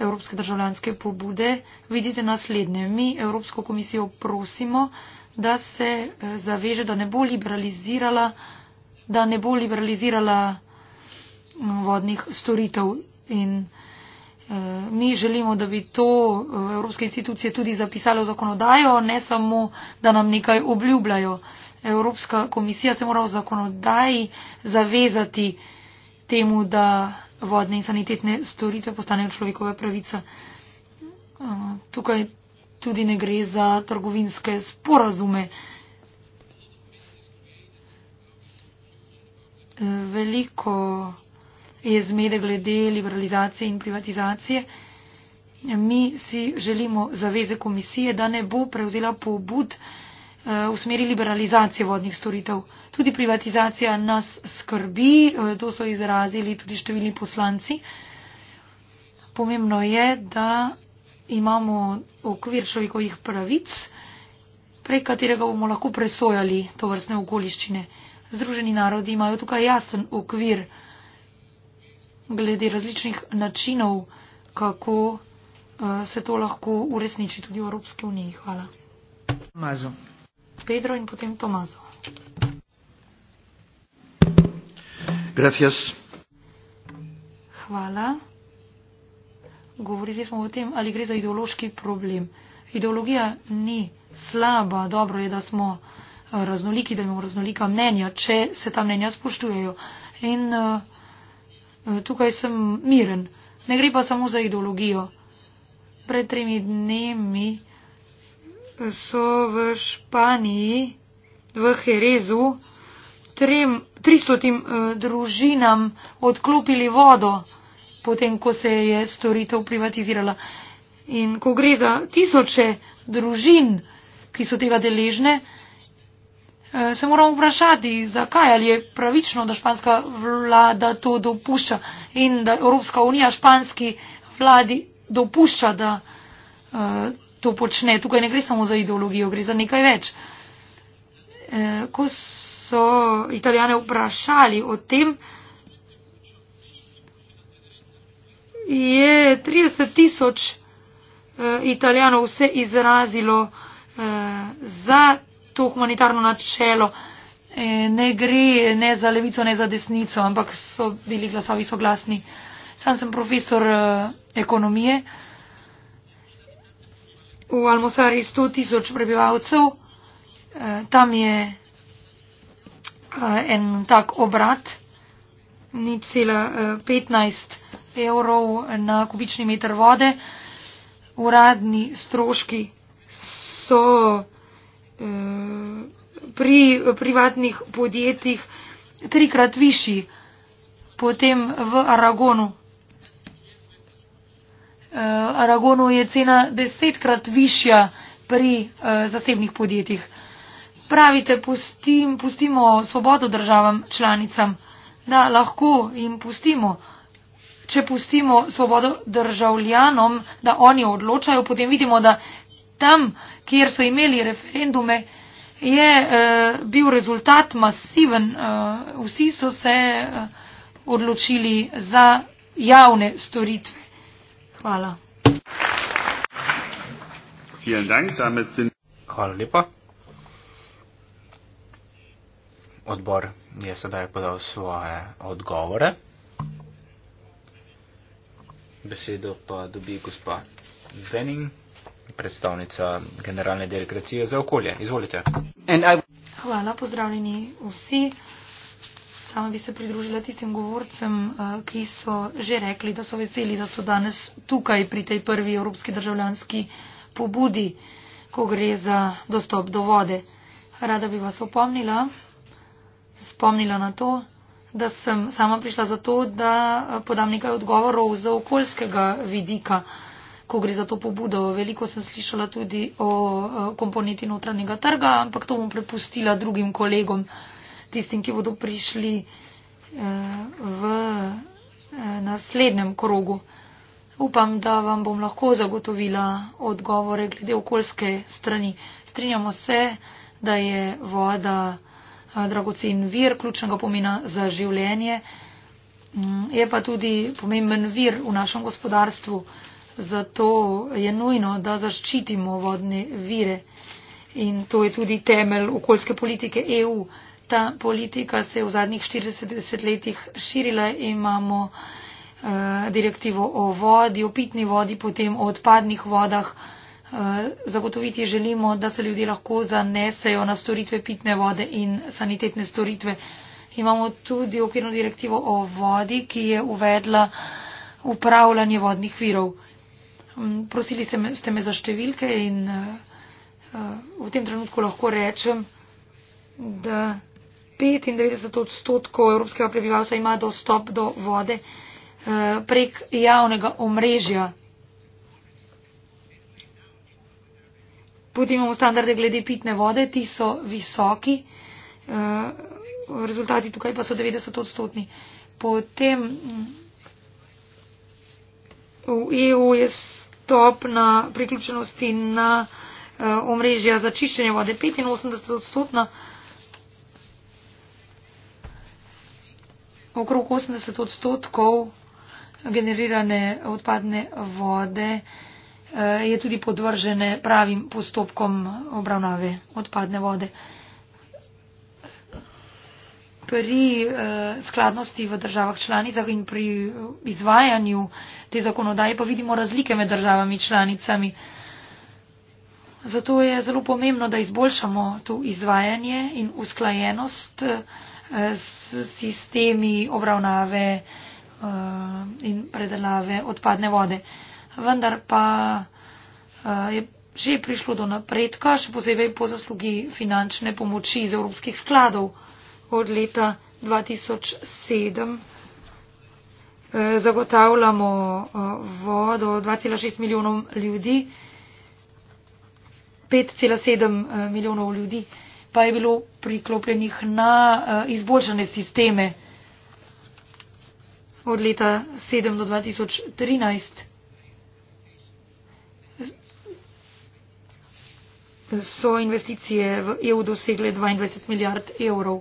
Evropske državljanske pobude, vidite naslednje. Mi Evropsko komisijo prosimo, da se eh, zaveže, da ne bo liberalizirala, da ne bo liberalizirala mm, vodnih storitev in storitev. Eh, mi želimo, da bi to eh, evropske institucije tudi zapisalo v zakonodajo, ne samo, da nam nekaj obljubljajo. Evropska komisija se mora v zakonodaji zavezati temu, da vodne in sanitetne storitve postanejo človekove pravice. Eh, tukaj tudi ne gre za trgovinske sporazume. Veliko je zmede glede liberalizacije in privatizacije. Mi si želimo zaveze komisije, da ne bo prevzela pobud eh, v smeri liberalizacije vodnih storitev. Tudi privatizacija nas skrbi, eh, to so izrazili tudi številni poslanci. Pomembno je, da imamo okvir človekovih pravic, prek katerega bomo lahko presojali to vrstne okoliščine. Združeni narodi imajo tukaj jasen okvir glede različnih načinov, kako eh, se to lahko uresniči tudi v Evropski uniji. Hvala. Tomazo. Pedro in potem Tomazo. Gracias. Hvala. Govorili smo o tem, ali gre za ideološki problem. Ideologija ni slaba, dobro je, da smo eh, raznoliki, da imamo raznolika mnenja, če se ta mnenja spoštujejo. In, uh, Eh, tukaj sem miren, ne gre pa samo za ideologijo. Pred tremi dnemi so v Španiji, v Jerezu, 300 eh, družinam odklopili vodo, potem ko se je storitev privatizirala. In ko gre za tisoče družin, ki so tega deležne, Eh, se moramo vprašati, zakaj ali je pravično, da španska vlada to dopušča in da Evropska unija španski vladi dopušča, da uh, to počne. Tukaj ne gre samo za ideologijo, gre za nekaj več. E, ko so italijane vprašali o tem, je 30 tisoč uh, italijanov vse izrazilo uh, za to humanitarno načelo eh, ne gre ne za levico, ne za desnico, ampak so bili glasovi soglasni. Sam sem profesor eh, ekonomije v Almosari 100 tisoč prebivalcev. Eh, tam je en tak obrat, nič cela 15 evrov na kubični meter vode. Uradni stroški so Mm, pri privatnih podjetjih trikrat višji, potem v Aragonu. Eh, Aragonu je cena desetkrat višja pri eh, zasebnih podjetjih. Pravite, pustim, pustimo svobodo državam članicam, da lahko jim pustimo. Če pustimo svobodo državljanom, da oni odločajo, potem vidimo, da tam uh, kjer so imeli referendume, je eh, bil rezultat masiven. Eh, vsi so se eh, odločili za javne storitve. Hvala. Hvala lepa. Odbor je sedaj podal svoje odgovore. Besedo pa dobi gospa Benning predstavnica generalne delegacije za okolje. Izvolite. Hvala, pozdravljeni vsi. Sama bi se pridružila tistim govorcem, eh, ki so že rekli, da so veseli, da so danes tukaj pri tej prvi evropski državljanski pobudi, ko gre za dostop do vode. Rada bi vas opomnila, spomnila na to, da sem sama prišla zato, da eh, podam nekaj odgovorov za okoljskega vidika ko gre za to pobudo. Veliko sem slišala tudi o komponenti notranjega trga, ampak to bom prepustila drugim kolegom, tistim, ki bodo prišli eh, v eh, naslednjem krogu. Upam, da vam bom lahko zagotovila odgovore glede okoljske strani. Strinjamo se, da je voda eh, dragocen vir ključnega pomena za življenje. Mm, je pa tudi pomemben vir v našem gospodarstvu. Zato je nujno, da zaščitimo vodne vire in to je tudi temelj okoljske politike EU. Ta politika se je v zadnjih 40 letih širila, imamo uh, direktivo o vodi, o pitni vodi, potem o odpadnih vodah. Uh, zagotoviti želimo, da se ljudje lahko zanesejo na storitve pitne vode in sanitetne storitve. Imamo tudi okvirno direktivo o vodi, ki je uvedla upravljanje vodnih virov. Um, prosili ste me, ste me za številke in uh, uh, v tem trenutku lahko rečem, da 95 odstotkov evropskega prebivalstva ima dostop do vode uh, prek javnega omrežja. Potem imamo standarde glede pitne vode, ti so visoki, rezultati tukaj pa so 90 odstotni. Potem v EU je stopna priključenosti na uh, omrežja za čiščenje vode 85 odstotna. Okrog 80 odstotkov generirane odpadne vode uh, je tudi podvržene pravim postopkom obravnave odpadne vode. Uh, pri eh, skladnosti v državah članicah in pri eh, izvajanju te zakonodaje pa vidimo razlike med državami članicami. Zato je zelo pomembno, da izboljšamo to izvajanje in usklajenost eh, s sistemi obravnave eh, in predelave odpadne vode. Vendar pa eh, je že prišlo do napredka, še posebej po zaslugi finančne pomoči iz evropskih skladov od leta 2007. Eh, zagotavljamo eh, vodo 2,6 milijonom ljudi, 5,7 eh, milijonov ljudi pa je bilo priklopljenih na izboljšane sisteme od leta 2007 do 2013. So investicije v EU dosegle 22 milijard evrov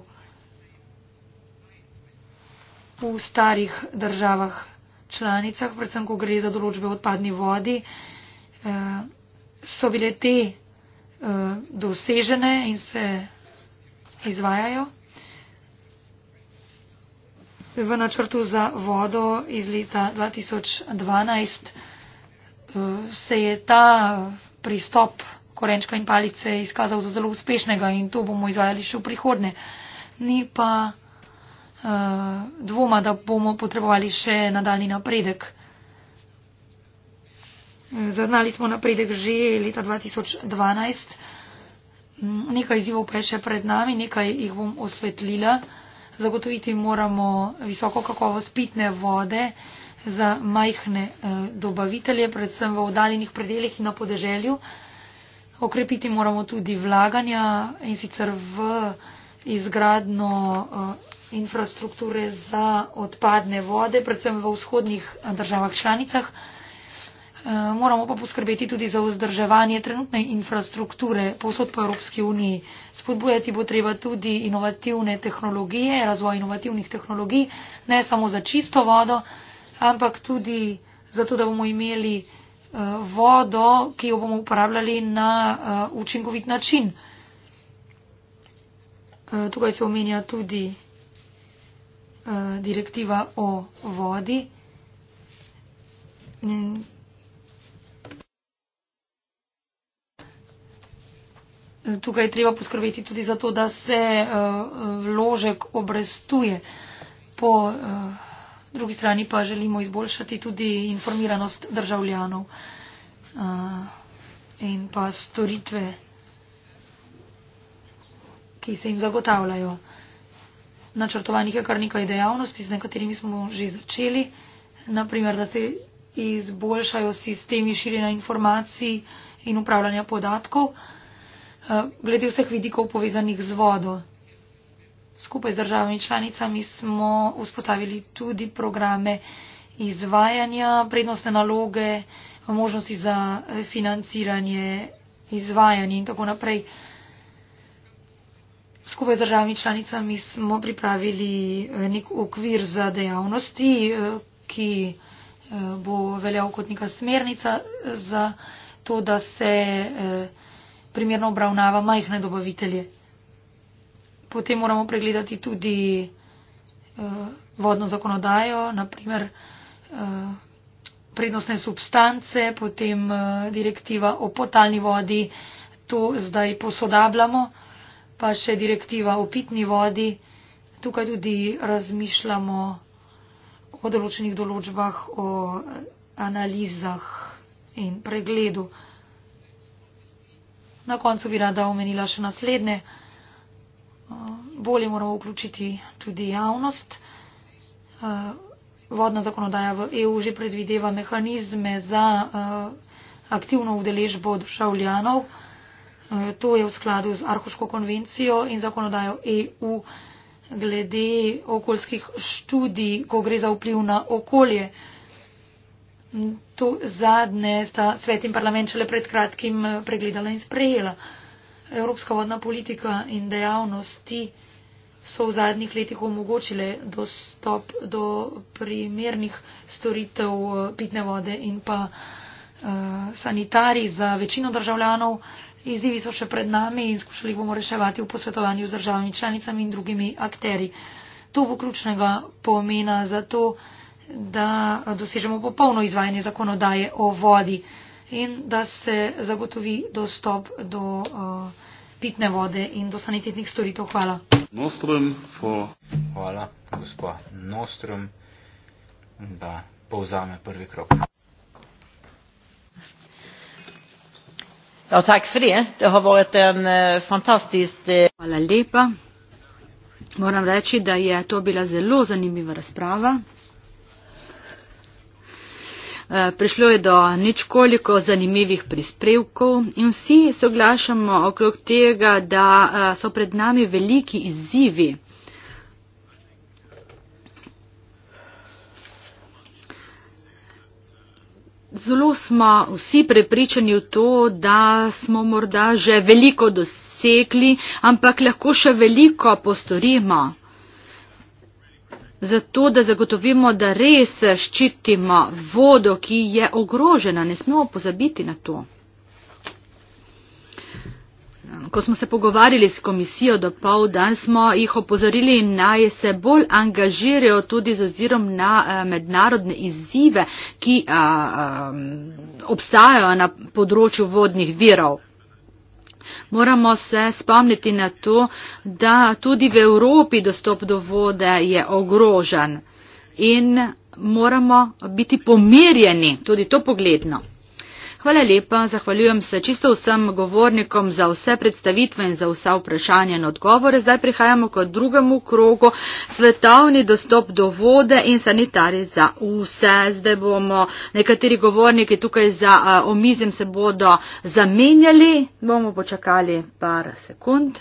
v starih državah članicah, predvsem ko gre za določbe v odpadni vodi, eh, so bile te eh, dosežene in se izvajajo. V načrtu za vodo iz leta 2012 eh, se je ta pristop korenčka in palice izkazal za zelo uspešnega in to bomo izvajali še v prihodne. Ni pa Eh, dvoma, da bomo potrebovali še nadaljni napredek. Eh, zaznali smo napredek že leta 2012, mm, nekaj izzivov pa je še pred nami, nekaj jih bom osvetlila. Zagotoviti moramo visoko kakovost pitne vode za majhne eh, dobavitelje, predvsem v oddaljenih predeljih in na podeželju. Okrepiti moramo tudi vlaganja in sicer v izgradno infrastrukture za odpadne vode, predvsem v vzhodnih eh, državah članicah. Eh, moramo pa poskrbeti tudi za vzdrževanje trenutne infrastrukture posod po Evropski uniji. Spodbujati bo treba tudi inovativne tehnologije, razvoj inovativnih tehnologij, ne samo za čisto vodo, ampak tudi zato, da bomo imeli eh, vodo, ki jo bomo uporabljali na učinkovit način. Tukaj se omenja tudi Eh, direktiva o vodi. Tukaj je treba poskrbeti tudi za to, da se eh, vložek obrestuje. Po eh, drugi strani pa želimo izboljšati tudi informiranost državljanov in pa storitve, ki se jim zagotavljajo načrtovanih je kar nekaj dejavnosti, z nekaterimi smo že začeli, naprimer, da se izboljšajo sistemi širjenja informacij in upravljanja podatkov, eh, glede vseh vidikov povezanih z vodo. Skupaj z državami članicami smo vzpostavili tudi programe izvajanja, prednostne naloge, možnosti za financiranje, izvajanje in tako naprej. Skupaj z državami članicami smo pripravili eh, nek okvir za dejavnosti, eh, ki eh, bo veljal kot neka smernica za to, da se primerno obravnava majhne dobavitelje. Potem moramo pregledati tudi vodno zakonodajo, naprimer prednostne substance, potem direktiva o potalni vodi, to zdaj posodabljamo pa še direktiva o pitni vodi. Tukaj tudi razmišljamo o določenih določbah, o analizah in pregledu. Na koncu bi rada omenila še naslednje. Bolje moramo vključiti tudi javnost. Vodna zakonodaja v EU že predvideva mehanizme za aktivno udeležbo državljanov. To je v skladu z Arhuško konvencijo in zakonodajo EU glede okoljskih študij, ko gre za vpliv na okolje. To zadnje sta svet in parlament šele pred kratkim pregledala in sprejela. Evropska vodna politika in dejavnosti so v zadnjih letih omogočile dostop do primernih storitev pitne vode in pa uh, eh, sanitari za večino državljanov. Uh, Izzivi so še pred nami in skušali bomo reševati v posvetovanju z državami članicami in drugimi akteri. To bo ključnega pomena za to, da dosežemo popolno izvajanje zakonodaje o vodi in da se zagotovi dostop do uh, pitne vode in do sanitetnih storitev. Hvala. Hvala, gospod Nostrom, da povzame prvi krok. Ja, eh, eh, hvala lepa moram reči da je to bila zelo zanimiva razprava eh, prišlo je do ničkoliko zanimivih prispevkov in vsi soglašamo okrog tega da so pred nami veliki izzivi zelo smo vsi prepričani v to, da smo morda že veliko dosekli, ampak lahko še veliko postorimo. Zato, da zagotovimo, da res ščitimo vodo, ki je ogrožena, ne smemo pozabiti na to. Ko smo se pogovarjali s komisijo do pol dan, smo jih opozorili naj se bolj angažirajo tudi z ozirom na eh, mednarodne izzive, ki a, eh, a, eh, obstajajo na področju vodnih virov. Moramo se spomniti na to, da tudi v Evropi dostop do vode je ogrožen in moramo biti pomirjeni, tudi to pogledno. Hvala lepa, zahvaljujem se čisto vsem govornikom za vse predstavitve in za vsa vprašanja in odgovore. Zdaj prihajamo k drugemu krogu, svetovni dostop do vode in sanitari za vse. Zdaj bomo nekateri govorniki tukaj za eh, omizem se bodo zamenjali, bomo počakali par sekund.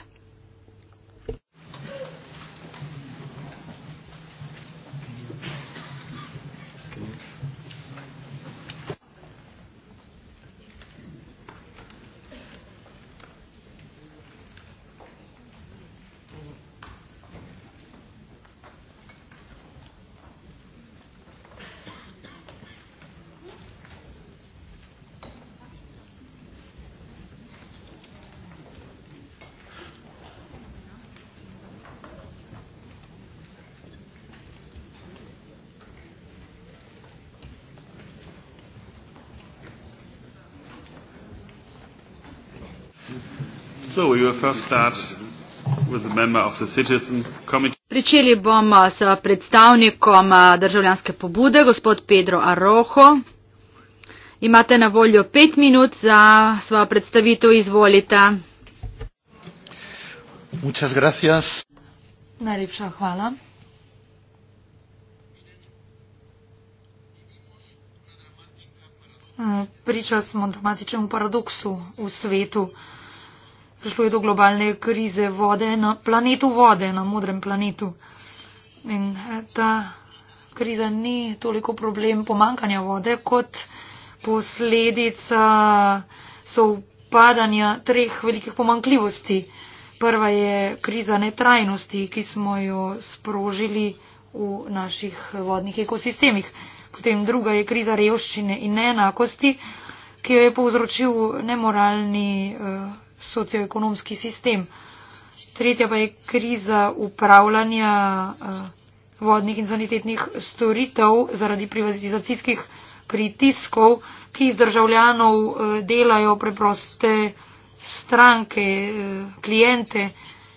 Pričeli bom eh, s predstavnikom eh, državljanske pobude, gospod Pedro Arojo. Imate na voljo pet minut za svojo predstavitev, izvolite. Najlepša hvala. Eh, priča smo dramatičnemu paradoksu v svetu prišlo je do globalne krize vode na planetu vode, na modrem planetu. In eh, ta kriza ni toliko problem pomankanja vode, kot posledica soupadanja treh velikih pomankljivosti. Prva je kriza netrajnosti, ki smo jo sprožili v naših vodnih ekosistemih. Potem druga je kriza revščine in neenakosti, ki jo je povzročil nemoralni. Uh, socioekonomski sistem. Tretja pa je kriza upravljanja eh, vodnih in sanitetnih storitev zaradi privatizacijskih pritiskov, ki iz državljanov eh, delajo preproste stranke, eh, klijente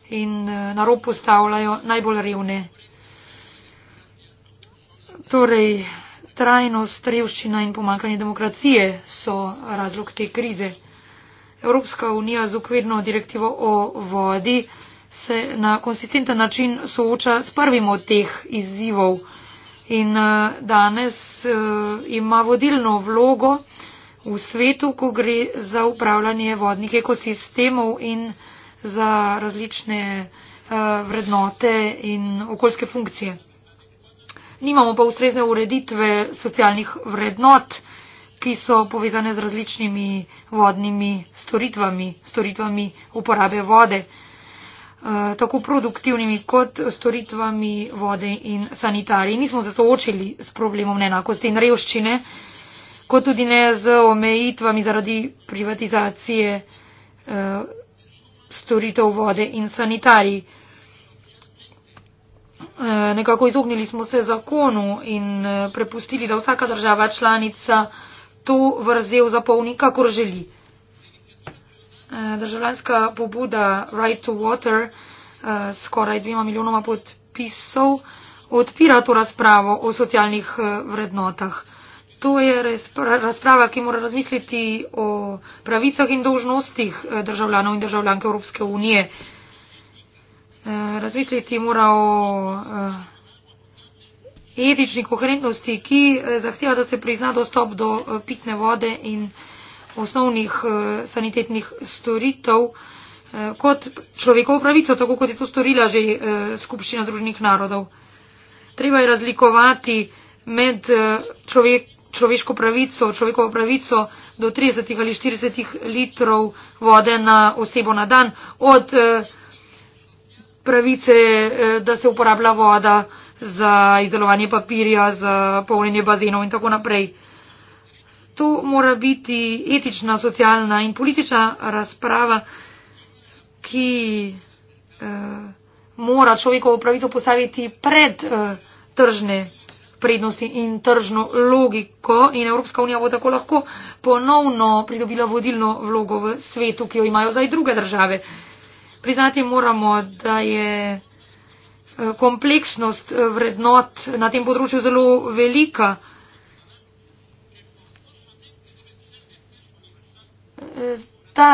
in na rob postavljajo najbolj revne. Torej, trajnost, revščina in pomankanje demokracije so razlog te krize. Evropska unija z okvirno direktivo o vodi se na konsistenten način sooča s prvim od teh izzivov in eh, danes eh, ima vodilno vlogo v svetu, ko gre za upravljanje vodnih ekosistemov in za različne eh, vrednote in okoljske funkcije. Nimamo pa ustrezne ureditve socialnih vrednot, ki so povezane z različnimi vodnimi storitvami, storitvami uporabe vode, eh, tako produktivnimi kot storitvami vode in sanitarij. Nismo se soočili s problemom neenakosti in revščine, kot tudi ne z omejitvami zaradi privatizacije eh, storitev vode in sanitarij. Eh, nekako izognili smo se zakonu in prepustili, da vsaka država članica to vrzel zapolni, kakor želi. Eh, državljanska pobuda Right to Water eh, skoraj dvima milijonoma podpisov odpira to razpravo o socialnih eh, vrednotah. To je razprava, ki mora razmisliti o pravicah in dožnostih državljanov in državljank Evropske unije. Razmisliti mora o etični koherentnosti, ki eh, zahteva, da se prizna dostop do eh, pitne vode in osnovnih eh, sanitetnih storitev kot človekovo pravico, tako kot je to storila že Skupščina Združenih narodov. Treba je razlikovati med človek, človeško pravico, človekovo pravico do 30 ali 40 litrov vode na osebo na dan od pravice, da se uporablja voda za izdelovanje papirja, za polnjenje bazenov in tako naprej. To mora biti etična, socialna in politična razprava, ki eh, mora človekovo pravico postaviti pred eh, tržne prednosti in tržno logiko in Evropska unija bo tako lahko ponovno pridobila vodilno vlogo v svetu, ki jo imajo zdaj druge države. Priznati moramo, da je. Eh, kompleksnost eh, vrednot na tem področju zelo velika. Eh, ta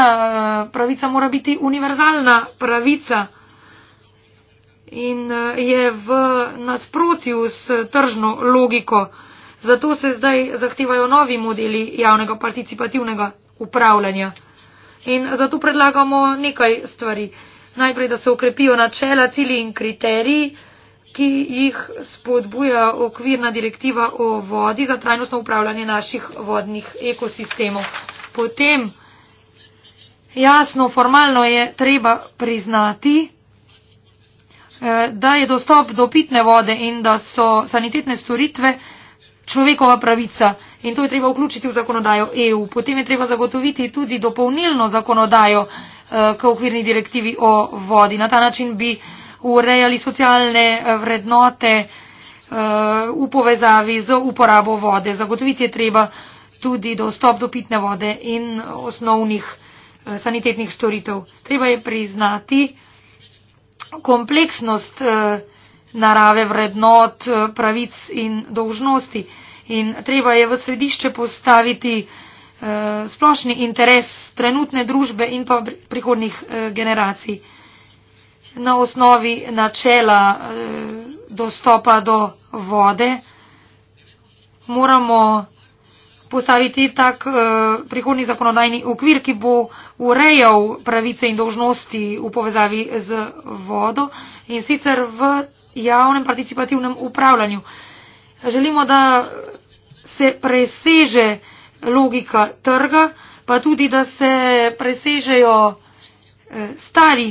pravica mora biti univerzalna pravica in je v nasprotju s tržno logiko. Zato se zdaj zahtevajo novi modeli javnega participativnega upravljanja. In zato predlagamo nekaj stvari najprej, da se okrepijo načela, cilji in kriteriji, ki jih spodbuja okvirna direktiva o vodi za trajnostno upravljanje naših vodnih ekosistemov. Potem, jasno, formalno je treba priznati, eh, da je dostop do pitne vode in da so sanitetne storitve človekova pravica in to je treba vključiti v zakonodajo EU. Potem je treba zagotoviti tudi dopolnilno zakonodajo Eh, k okvirni direktivi o vodi. Na ta način bi urejali socialne eh, vrednote eh, v povezavi z uporabo vode. Zagotoviti je treba tudi dostop do pitne vode in osnovnih sanitetnih storitev. Treba je priznati kompleksnost narave vrednot, pravic in dolžnosti. In treba je v središče postaviti uh, Eh, splošni interes trenutne družbe in pa prihodnih eh, generacij na osnovi načela eh, dostopa do vode. Moramo postaviti tak prihodni zakonodajni okvir, ki bo urejal pravice in dožnosti v povezavi z vodo in sicer v javnem participativnem upravljanju. Želimo, da se preseže logika trga, pa tudi, da se presežejo eh, stari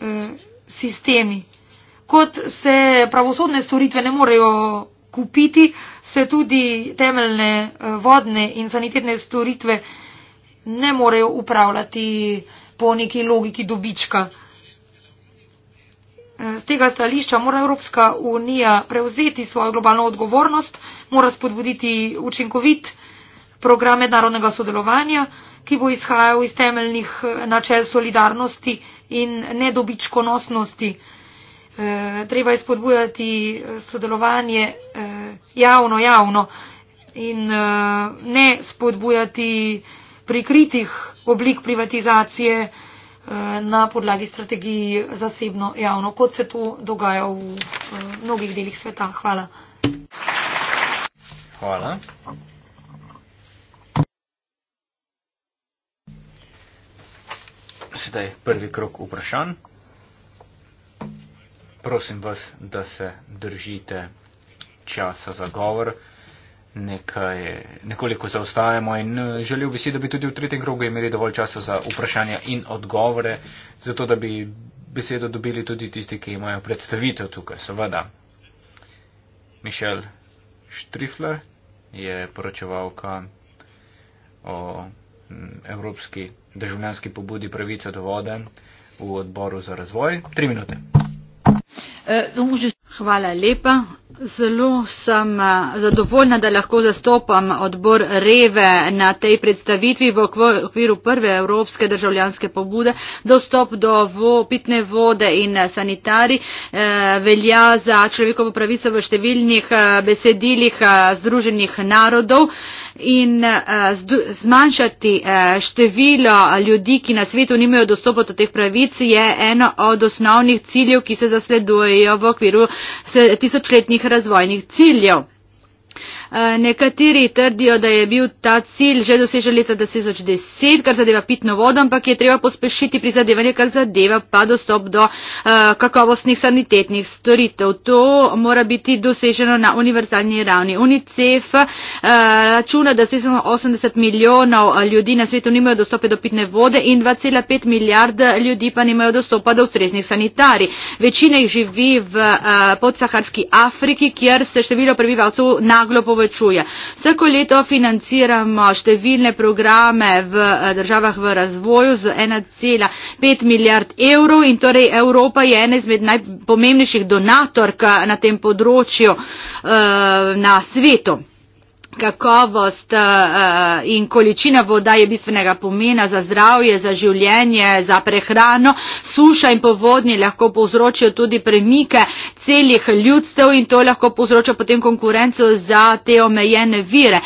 eh, sistemi. Kot se pravosodne storitve ne morejo kupiti, se tudi temeljne eh, vodne in sanitetne storitve ne morejo upravljati po neki logiki dobička. Z tega stališča mora Evropska unija prevzeti svojo globalno odgovornost, mora spodbuditi učinkovit program mednarodnega sodelovanja, ki bo izhajal iz temeljnih eh, načel solidarnosti in nedobičkonosnosti. Eh, treba je spodbujati eh, sodelovanje javno-javno in ne spodbujati prikritih oblik privatizacije na podlagi strategiji zasebno-javno, kot se to dogaja v mnogih delih sveta. Hvala. Hvala. sedaj prvi krok vprašanj. Prosim vas, da se držite časa za govor. Nekaj, nekoliko zaostajamo in eh, želel bi si, da bi tudi v tretjem krogu imeli dovolj časa za vprašanja in odgovore, zato da bi besedo dobili tudi tisti, ki imajo predstavitev tukaj, seveda. Mišel Štrifler je poročevalka o mm, Evropski državljanski pobudi pravice do vode v odboru za razvoj. Tri minute. Eh, Hvala lepa. Zelo sem eh, zadovoljna, da lahko zastopam odbor Reve na tej predstavitvi v okviru prve evropske državljanske pobude. Dostop do vo, pitne vode in eh, sanitari eh, velja za človekovo pravico v številnih besedilih Združenih narodov in zmanjšati število ljudi, ki na svetu nimajo dostopa do teh pravic, je eno od osnovnih ciljev, ki se zasledujejo v okviru tisočletnih razvojnih ciljev. Eh, nekateri trdijo, da je bil ta cilj že dosežen leta 2010, kar zadeva pitno vodo, ampak je treba pospešiti prizadevanje, kar zadeva pa dostop do eh, kakovostnih sanitetnih storitev. To mora biti doseženo na univerzalni ravni. UNICEF eh, računa, da 780 milijonov ljudi na svetu nimajo dostope do pitne vode in 2,5 milijard ljudi pa nimajo dostopa do ustreznih sanitari. Večina jih živi v podsaharski Afriki, kjer se število prebivalcev naglo povrne povečuje. Vsako leto financiramo številne programe v eh, državah v razvoju z 1,5 milijard evrov in torej Evropa je ena izmed najpomembnejših donatork eh, na tem področju eh, na svetu kakovost eh, in količina voda je bistvenega pomena za zdravje, za življenje, za prehrano. Suša in povodnje lahko povzročijo tudi premike celih ljudstev in to lahko povzroča potem konkurenco za te omejene vire.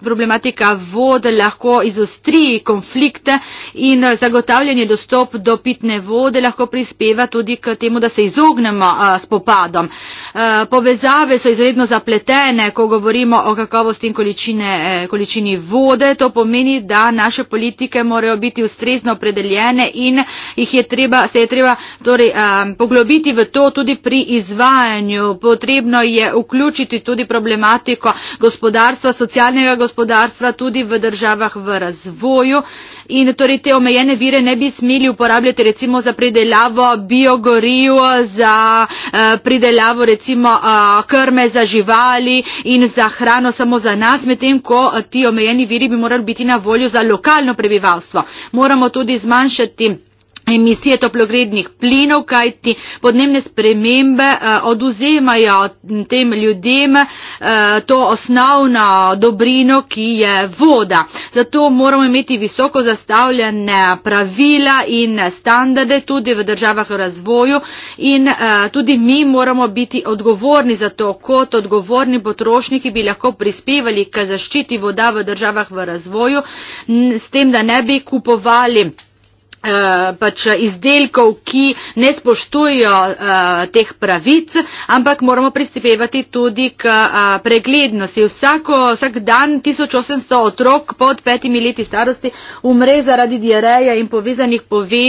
Problematika vod lahko izostri konflikte in zagotavljanje dostop do pitne vode lahko prispeva tudi k temu, da se izognemo eh, spopadom. Eh, povezave so izredno zapletene, ko govorimo o kakovosti zadostni eh, količini vode. To pomeni, da naše politike morajo biti ustrezno opredeljene in je treba, se je treba torej, um, poglobiti v to tudi pri izvajanju. Potrebno je vključiti tudi problematiko gospodarstva, socialnega gospodarstva tudi v državah v razvoju. In torej te omejene vire ne bi smeli uporabljati recimo za predelavo biogorijo, za eh, predelavo recimo eh, krme za živali in za hrano samo samo za nas, medtem ko eh, ti omejeni viri bi morali biti na voljo za lokalno prebivalstvo. Moramo tudi zmanjšati emisije toplogrednih plinov, kajti podnebne spremembe eh, oduzemajo tem ljudem eh, to osnovno dobrino, ki je voda. Zato moramo imeti visoko zastavljene pravila in standarde tudi v državah v razvoju in eh, tudi mi moramo biti odgovorni za to, kot odgovorni potrošniki bi lahko prispevali k zaščiti voda v državah v razvoju, s tem, da ne bi kupovali Eh, pač izdelkov, ki ne spoštujo eh, teh pravic, ampak moramo prispevati tudi k eh, preglednosti. Vsako, vsak dan 1800 otrok pod petimi leti starosti umre zaradi diareja in povezanih pove,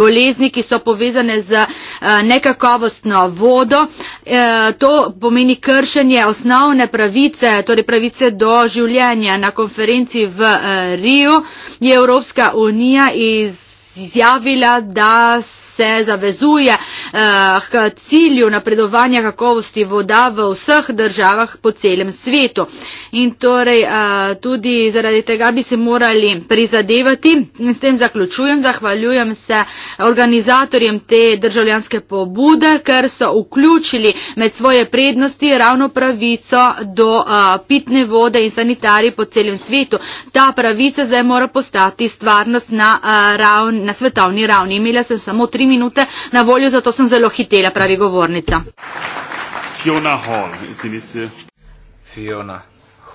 bolezni, ki so povezane z nekakovostno vodo. To pomeni kršenje osnovne pravice, torej pravice do življenja. Na konferenci v Riju je Evropska unija iz izjavila, da se zavezuje eh, k cilju napredovanja kakovosti voda v vseh državah po celem svetu. In torej eh, tudi zaradi tega bi se morali prizadevati. In s tem zaključujem. Zahvaljujem se organizatorjem te državljanske pobude, ker so vključili med svoje prednosti ravno pravico do eh, pitne vode in sanitarij po celem svetu. Ta pravica zdaj mora postati stvarnost na, eh, ravni, na svetovni ravni. Imela sem samo tri minute na voljo, zato sem zelo hitela, pravi govornica. Fiona Hall, izvinite. Fiona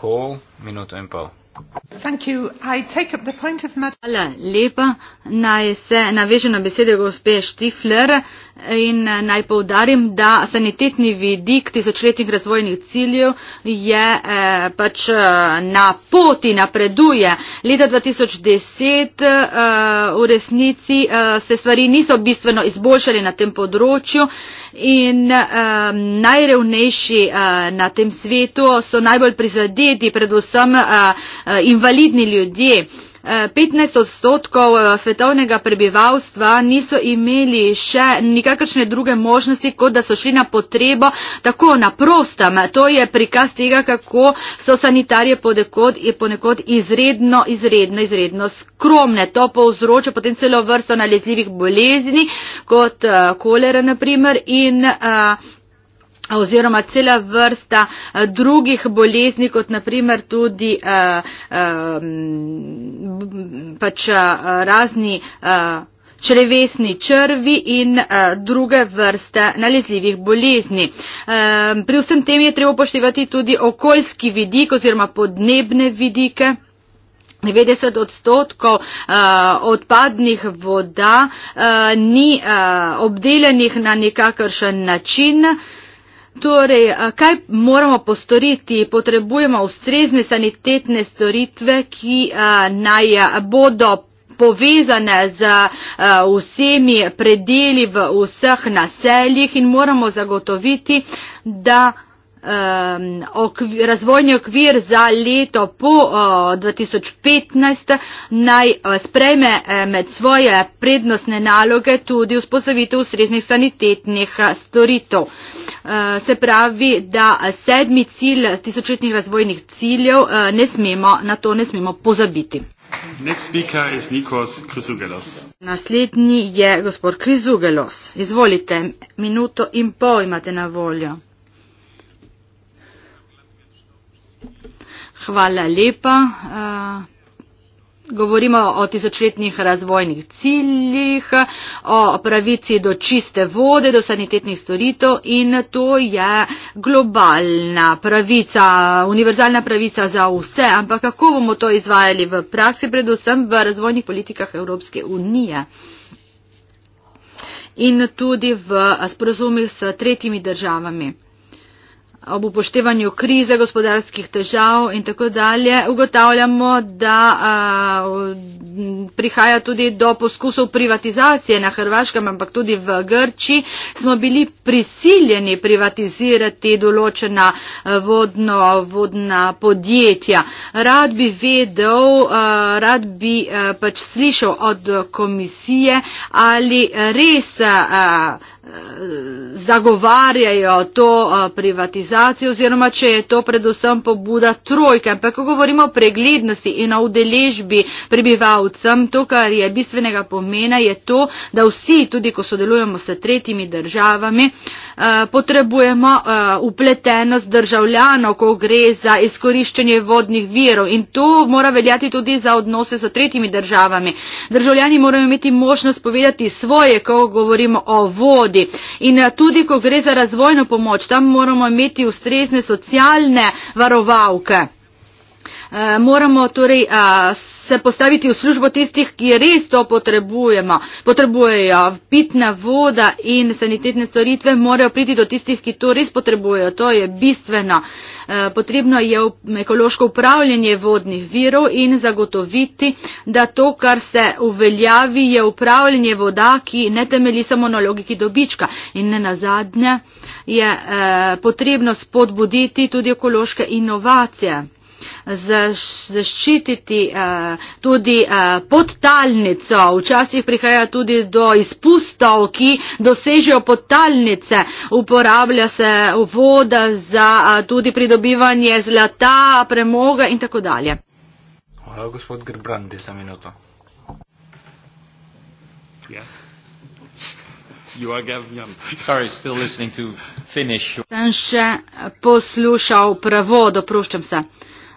Hall, minuto in pol. Hvala lepa. Naj se navežem na besede gospe Štifler. In eh, naj povdarim, da sanitetni vidik tisočletnih razvojnih ciljev je eh, pač eh, na poti, napreduje. Leta 2010 eh, v resnici eh, se stvari niso bistveno izboljšali na tem področju in eh, najrevnejši eh, na tem svetu so najbolj prizadeti, predvsem eh, eh invalidni ljudje. Eh, 15 odstotkov eh, svetovnega prebivalstva niso imeli še nikakršne druge možnosti, kot da so šli na potrebo tako na prostem. To je prikaz tega, kako so sanitarije ponekod, ponekod izredno, izredno, izredno skromne. To povzroča potem celo vrsto nalezljivih bolezni, kot eh, kolera naprimer in uh, oziroma cela vrsta eh, drugih bolezni, kot naprimer tudi eh, pač eh, razni črevesni črvi in uh, druge vrste nalezljivih bolezni. Uh, pri vsem tem je treba upoštevati tudi okoljski vidik oziroma podnebne vidike. 90 odstotkov uh, odpadnih voda uh, ni uh, obdelenih na nekakršen način. Uh, Torej, kaj moramo postoriti? Potrebujemo ustrezne sanitetne storitve, ki naj bodo povezane z vsemi predeli v vseh naseljih in moramo zagotoviti, da okvir, razvojni okvir za leto po 2015 naj sprejme e, med svoje prednostne naloge tudi vzpostavitev ustreznih sanitetnih storitev. Eh, se pravi, da sedmi cilj tisočletnih razvojnih ciljev eh, ne smemo, na to ne smemo pozabiti. Naslednji je gospod Krizugelos. Izvolite, minuto in pol imate na voljo. Hvala lepa. Eh, Govorimo o tisočletnih razvojnih ciljih, o pravici do čiste vode, do sanitetnih storitev in to je globalna pravica, univerzalna pravica za vse. Ampak kako bomo to izvajali v praksi, predvsem v razvojnih politikah Evropske unije? in tudi v sporozumih s tretjimi državami ob upoštevanju krize, gospodarskih težav in tako dalje, ugotavljamo, da prihaja tudi do poskusov privatizacije na Hrvaškem, ampak tudi v Grči smo bili prisiljeni privatizirati določena vodno, vodna podjetja. Rad bi vedel, rad bi pač slišal od komisije, ali res zagovarjajo to privatizacijo, organizacije oziroma če je to predvsem pobuda trojke. Ampak ko govorimo o preglednosti in o udeležbi prebivalcem, to, kar je bistvenega pomena, je to, da vsi, tudi ko sodelujemo s tretjimi državami, eh, potrebujemo eh, upletenost državljanov, ko gre za izkoriščanje vodnih virov. In to mora veljati tudi za odnose s tretjimi državami. Državljani morajo imeti možnost povedati svoje, ko govorimo o vodi. In eh, tudi, ko gre za razvojno pomoč, tam moramo imeti imeti ustrezne socialne varovalke. Eh, moramo torej eh, se postaviti v službo tistih, ki res to potrebujemo. Potrebujejo pitna voda in sanitetne storitve, morajo priti do tistih, ki to res potrebujejo. To je bistveno. Eh, potrebno je ekološko upravljanje vodnih virov in zagotoviti, da to, kar se uveljavi, je upravljanje voda, ki ne temeli samo na logiki dobička. In ne nazadnje je eh, potrebno spodbuditi tudi ekološke inovacije zaščititi eh, tudi eh, podtalnico. Včasih prihaja tudi do izpustov, ki dosežejo podtalnice. Uporablja se voda za eh, tudi pridobivanje zlata, premoga in tako dalje. Hvala, gospod Grbrandi, za minuto. you are giving him. *laughs* Sorry, still listening to finish. Sem še poslušal pravo, doproščam se.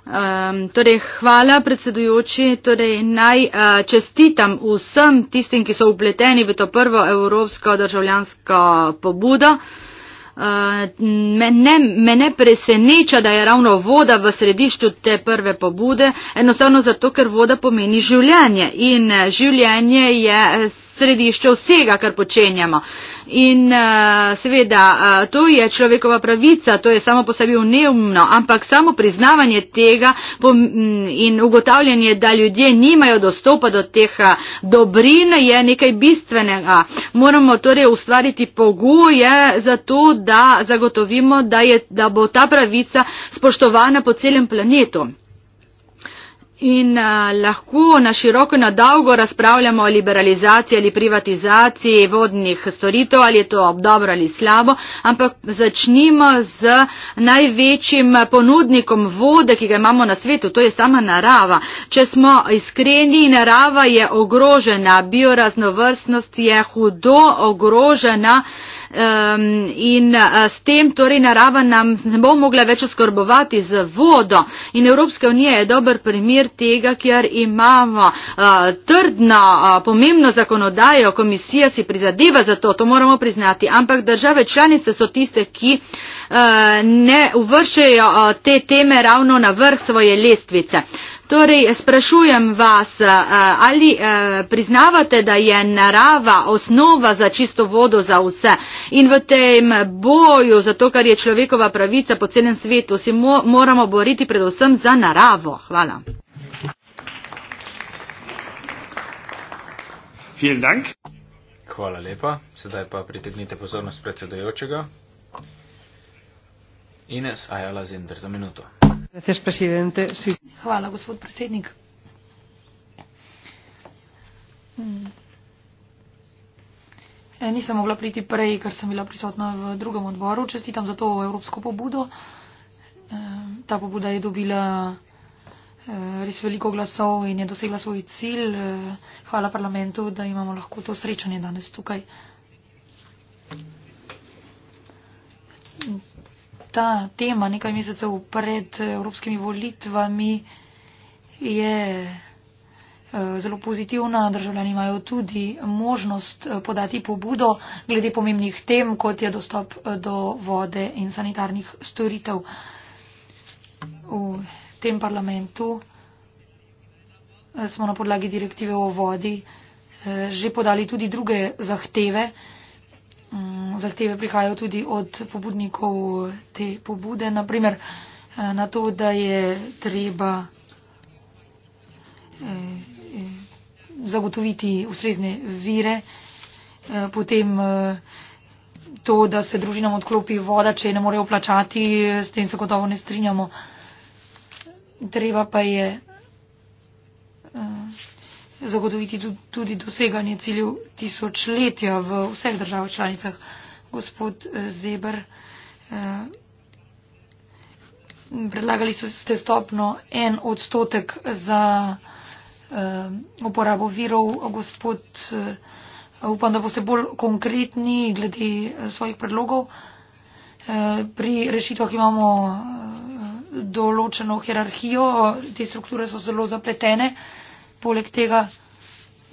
Um, torej, hvala predsedujoči, torej naj uh, čestitam vsem tistim, ki so upleteni v to prvo evropsko državljansko pobudo. Uh, ehm, mene, mene preseneča, da je ravno voda v središču te prve pobude, enostavno zato, ker voda pomeni življenje in eh, življenje je. S središče vsega, kar počenjamo. In uh, seveda, uh, to je človekova pravica, to je samo po sebi neumno, ampak samo priznavanje tega mm, in ugotavljanje, da ljudje nimajo dostopa do teh eh, dobrin, je nekaj bistvenega. Moramo torej ustvariti pogoje za to, da zagotovimo, da, je, da bo ta pravica spoštovana po celem planetu. In uh, lahko na široko in na dolgo razpravljamo o liberalizaciji ali privatizaciji vodnih storitev, ali je to dobro ali slabo, ampak začnimo z največjim ponudnikom vode, ki ga imamo na svetu, to je sama narava. Če smo iskreni, narava je ogrožena, bioraznovrstnost je hudo ogrožena in eh, s tem torej narava nam ne bo mogla več oskrbovati z vodo. In Evropska unija je dober primer tega, kjer imamo eh, trdno, eh, pomembno zakonodajo, komisija si prizadeva za to, to moramo priznati, ampak države članice so tiste, ki ne uvršajo te teme ravno na vrh svoje lestvice. Torej, sprašujem vas, eh, ali eh, priznavate, da je narava osnova za čisto vodo za vse in v tem boju, zato kar je človekova pravica po celem svetu, si mo moramo boriti predvsem za naravo. Hvala. Hvala lepa. Sedaj pa pritegnite pozornost predsedojočega. Ines Ajala Zinder za minuto. Hmm. E, nisem mogla priti prej, ker sem bila prisotna v drugem odboru. Čestitam za to evropsko pobudo. E, ta pobuda je dobila e, res veliko glasov in je dosegla svoj cilj. Hvala parlamentu, da imamo lahko to srečanje danes tukaj ta tema nekaj mesecev pred evropskimi volitvami je eh, zelo pozitivna. Državljani imajo tudi možnost eh, podati pobudo glede pomembnih tem, kot je dostop eh, do vode in sanitarnih storitev. V tem parlamentu smo na podlagi direktive o vodi že podali tudi druge zahteve. Mm, zahteve prihajajo tudi od pobudnikov te pobude, naprimer eh, na to, da je treba eh, eh, zagotoviti ustrezne vire, potem to, da se družinam odklopi voda, če je ne morejo plačati, s tem se gotovo ne strinjamo. Treba pa je zagotoviti tudi doseganje ciljev tisočletja v vseh državah članicah. Gospod eh, Zeber, eh, predlagali ste stopno en odstotek za eh, uporabo virov. Gospod, upam, da boste bolj konkretni glede svojih predlogov. Pri rešitvah imamo določeno hierarhijo, te strukture so zelo zapletene poleg tega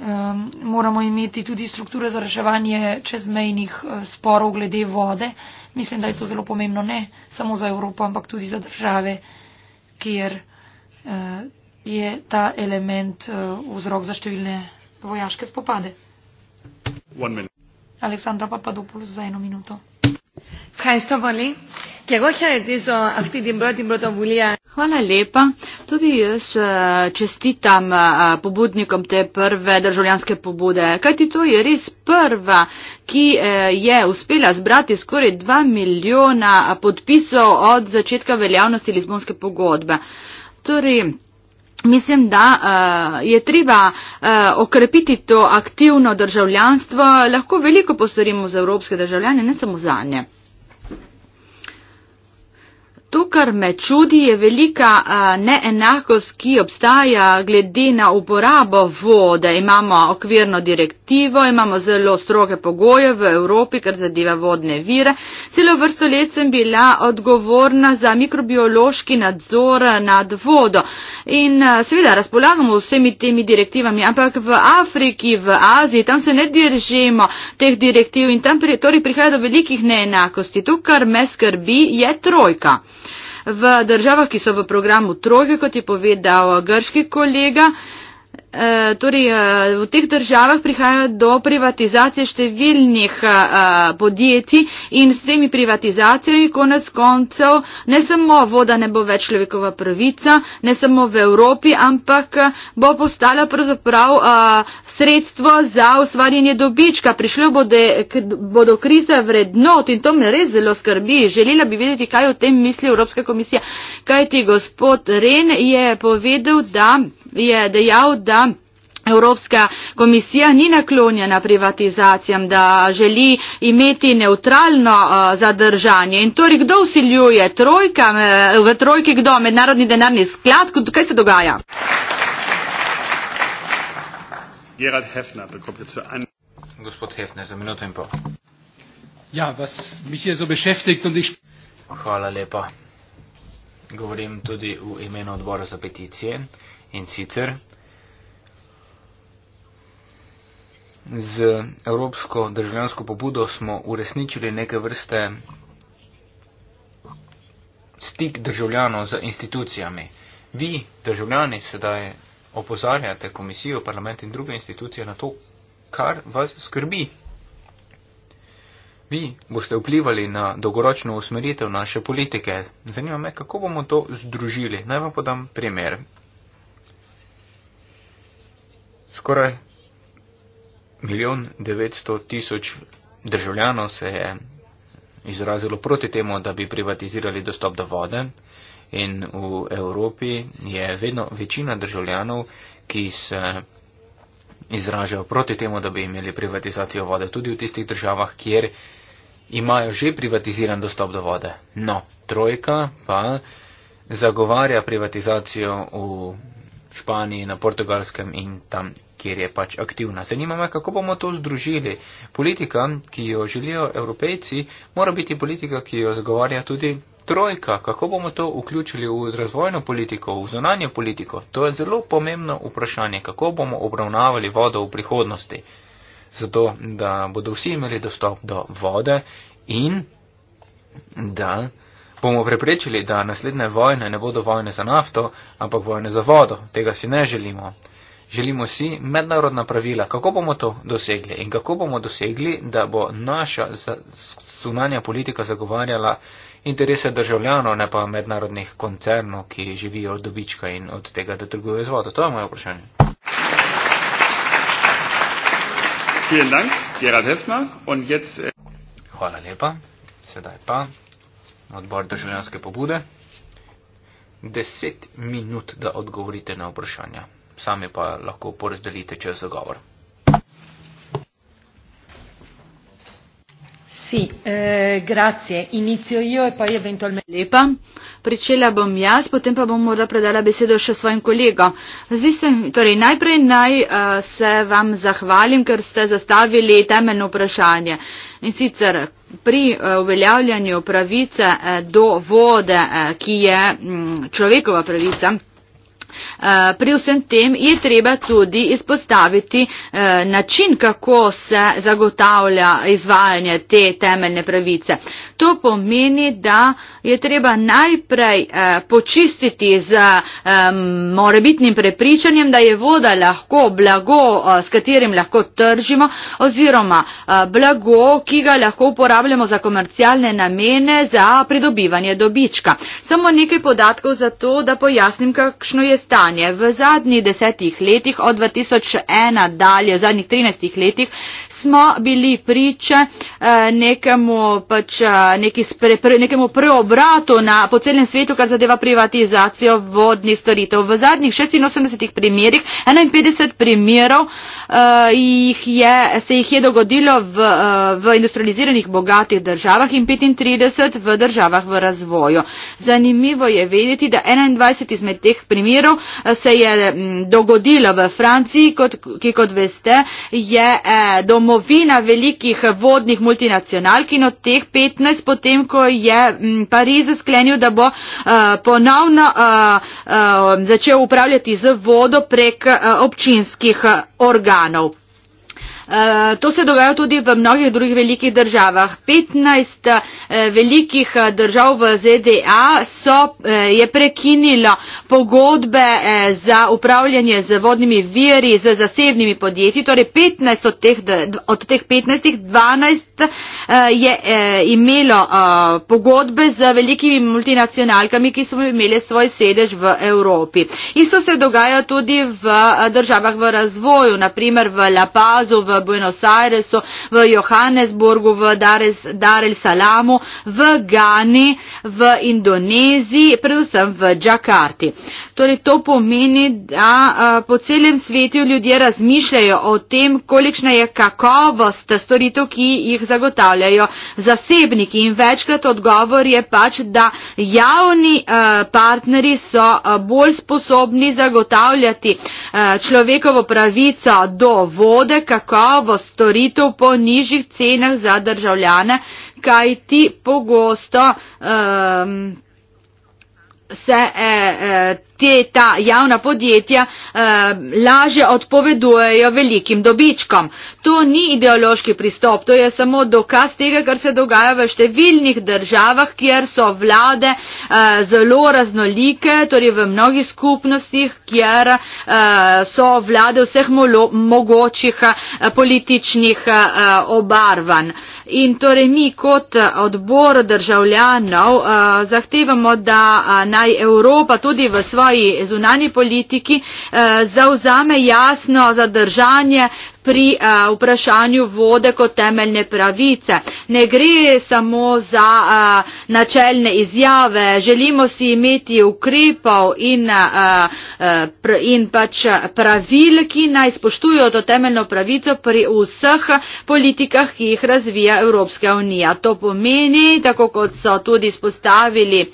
um, moramo imeti tudi strukture za reševanje čezmejnih eh, sporov glede vode. Mislim, da je to zelo pomembno ne samo za Evropo, ampak tudi za države, kjer uh, je ta element uh, vzrok za številne vojaške spopade. Aleksandra Papadopoulos za eno minuto. Ευχαριστώ πολύ. Και εγώ χαιρετίζω αυτή την πρώτη πρωτοβουλία. Hvala lepa. Tudi jaz čestitam pobudnikom te prve državljanske pobude, kajti to je res prva, ki e, je uspela zbrati skoraj 2 milijona podpisov od začetka veljavnosti Lizbonske pogodbe. Torej, Mislim, da uh, je treba uh, okrepiti to aktivno državljanstvo. Lahko veliko postorimo za evropske državljane, ne samo za njih. To, kar me čudi, je velika neenakost, ki obstaja glede na uporabo vode. Imamo okvirno direktivo, imamo zelo stroge pogoje v Evropi, kar zadeva vodne vire. Celo vrsto let sem bila odgovorna za mikrobiološki nadzor nad vodo. In seveda razpolagamo vsemi temi direktivami, ampak v Afriki, v Aziji, tam se ne držimo teh direktiv in tam pri, torej prihaja do velikih neenakosti. To, kar me skrbi, je trojka. Thank you v državah, ki so v programu troge, kot je povedal grški kolega, Eh, torej, eh, v teh državah prihaja do privatizacije številnih eh, podjetij in s temi privatizacijami konec koncev ne samo voda ne bo več človekova pravica, ne samo v Evropi, ampak bo postala pravzaprav sredstvo za ustvarjanje dobička. Prišlo bo do krize vrednot in to me res zelo skrbi. Želela bi vedeti, kaj o tem misli Evropska komisija. Kaj ti gospod Ren je povedal, da je dejal, da Evropska komisija ni naklonjena privatizacijam, da želi imeti neutralno uh, zadržanje. In torej, kdo usiljuje? Trojka, v trojki kdo? Mednarodni denarni sklad? Kaj se dogaja? Gerard Hefner, bekommt zu einem. Gospod Hefner, za minuto in pol. Ja, was mich hier so beschäftigt und ich. Hvala lepa. Govorim tudi v imenu odbora za peticije in sicer z evropsko državljansko pobudo smo uresničili neke vrste stik državljanov z institucijami. Vi, državljani, sedaj opozarjate komisijo, parlament in druge institucije na to, kar vas skrbi. Vi boste vplivali na dolgoročno usmeritev naše politike. Zanima me, kako bomo to združili. Naj vam podam primer. Skoraj milijon 900 tisoč državljanov se je izrazilo proti temu, da bi privatizirali dostop do vode. In v Evropi je vedno večina državljanov, ki se izražajo proti temu, da bi imeli privatizacijo vode, tudi v tistih državah, kjer imajo že privatiziran dostop do vode. No, trojka pa zagovarja privatizacijo v Španiji, na Portugalskem in tam, kjer je pač aktivna. Zanima me, kako bomo to združili. Politika, ki jo želijo evropejci, mora biti politika, ki jo zagovarja tudi trojka. Kako bomo to vključili v razvojno politiko, v zonanje politiko? To je zelo pomembno vprašanje, kako bomo obravnavali vodo v prihodnosti, zato da bodo vsi imeli dostop do vode in da. Bomo preprečili, da naslednje vojne ne bodo vojne za nafto, ampak vojne za vodo. Tega si ne želimo. Želimo si mednarodna pravila. Kako bomo to dosegli? In kako bomo dosegli, da bo naša sunanja politika zagovarjala interese državljanov, ne pa mednarodnih koncernov, ki živijo od dobička in od tega, da trgujejo z vodo? To je moje vprašanje. Äh, Hvala lepa. Sedaj pa odbor državljanske pobude. Deset minut, da odgovorite na vprašanja. Sami pa lahko porazdelite čez zagovor. Si, eh, grazie. Inicio io e poi eventualmente... Lepa. Pričela bom jaz, potem pa bom morda predala besedo še svojim kolegom. Torej, najprej naj uh, se vam zahvalim, ker ste zastavili temeljno vprašanje. In sicer, pri eh, uveljavljanju pravice eh, do vode eh, ki je mm, človekova pravica Eh, pri vsem tem je treba tudi izpostaviti eh, način, kako se zagotavlja izvajanje te temeljne pravice. To pomeni, da je treba najprej eh, počistiti z morebitnim prepričanjem, da je voda lahko blago, s katerim lahko tržimo, oziroma blago, ki ga lahko uporabljamo za komercialne namene, za pridobivanje dobička. Samo nekaj podatkov za to, da pojasnim, kakšno je stanje. V zadnjih desetih letih, od 2001 dalje, v zadnjih 13 letih, smo bili priče eh, nekemu, pač, eh, spre, nekemu preobratu na, po celem svetu, kar zadeva privatizacijo vodnih storitev. V zadnjih 86 primerih, 51 primerov, uh, je, se jih je dogodilo v, v industrializiranih bogatih državah in 35 v državah v razvoju. Zanimivo je vedeti, da 21 izmed teh primerov se je mm, dogodila v Franciji, kot, ki kot veste je eh, domovina velikih vodnih multinacionalk in od teh 15, potem ko je mm, Pariz sklenil, da bo eh, ponovno eh, začel upravljati z vodo prek občinskih organov. Eh, to se dogaja tudi v mnogih drugih velikih državah. 15 eh, velikih eh, držav v ZDA so, je prekinilo pogodbe za upravljanje z vodnimi viri z zasebnimi podjetji. Torej 15 od teh, od teh 15, 12 je imelo pogodbe z velikimi multinacionalkami, ki so imeli svoj sedež v Evropi. Isto se dogaja tudi v državah v razvoju, naprimer v La Pazu, v Buenos Airesu, v Johannesburgu, v Dar el Salamu, v Gani, v Indoneziji, predvsem v Džakarti. Torej, to pomeni, da po celem svetu ljudje razmišljajo o tem, kolikšna je kakovost storitev, ki jih zagotavljajo zasebniki. In večkrat odgovor je pač, da javni partneri so bolj sposobni zagotavljati človekovo pravico do vode, kako kakovo storitev po nižjih cenah za državljane kajti pogosto um, se e, e, te ta javna podjetja e, eh, laže odpovedujejo velikim dobičkom. To ni ideološki pristop, to je samo dokaz tega, kar se dogaja v številnih državah, kjer so vlade e, zelo raznolike, torej v mnogih skupnostih, kjer e, so vlade vseh molo, mogočih e, političnih e, obarvanj. E, In torej mi kot eh, odbor državljanov eh, zahtevamo, da eh, naj Evropa tudi v svoji zunani politiki zauzame jasno zadržanje pri uh, vprašanju vode kot temeljne pravice. Ne gre samo za uh, eh, načeljne izjave, želimo si imeti ukrepov in, uh, pr in pač pravil, ki naj spoštujo to temeljno pravico pri vseh politikah, ki jih razvija Evropska unija. To pomeni, tako kot so tudi spostavili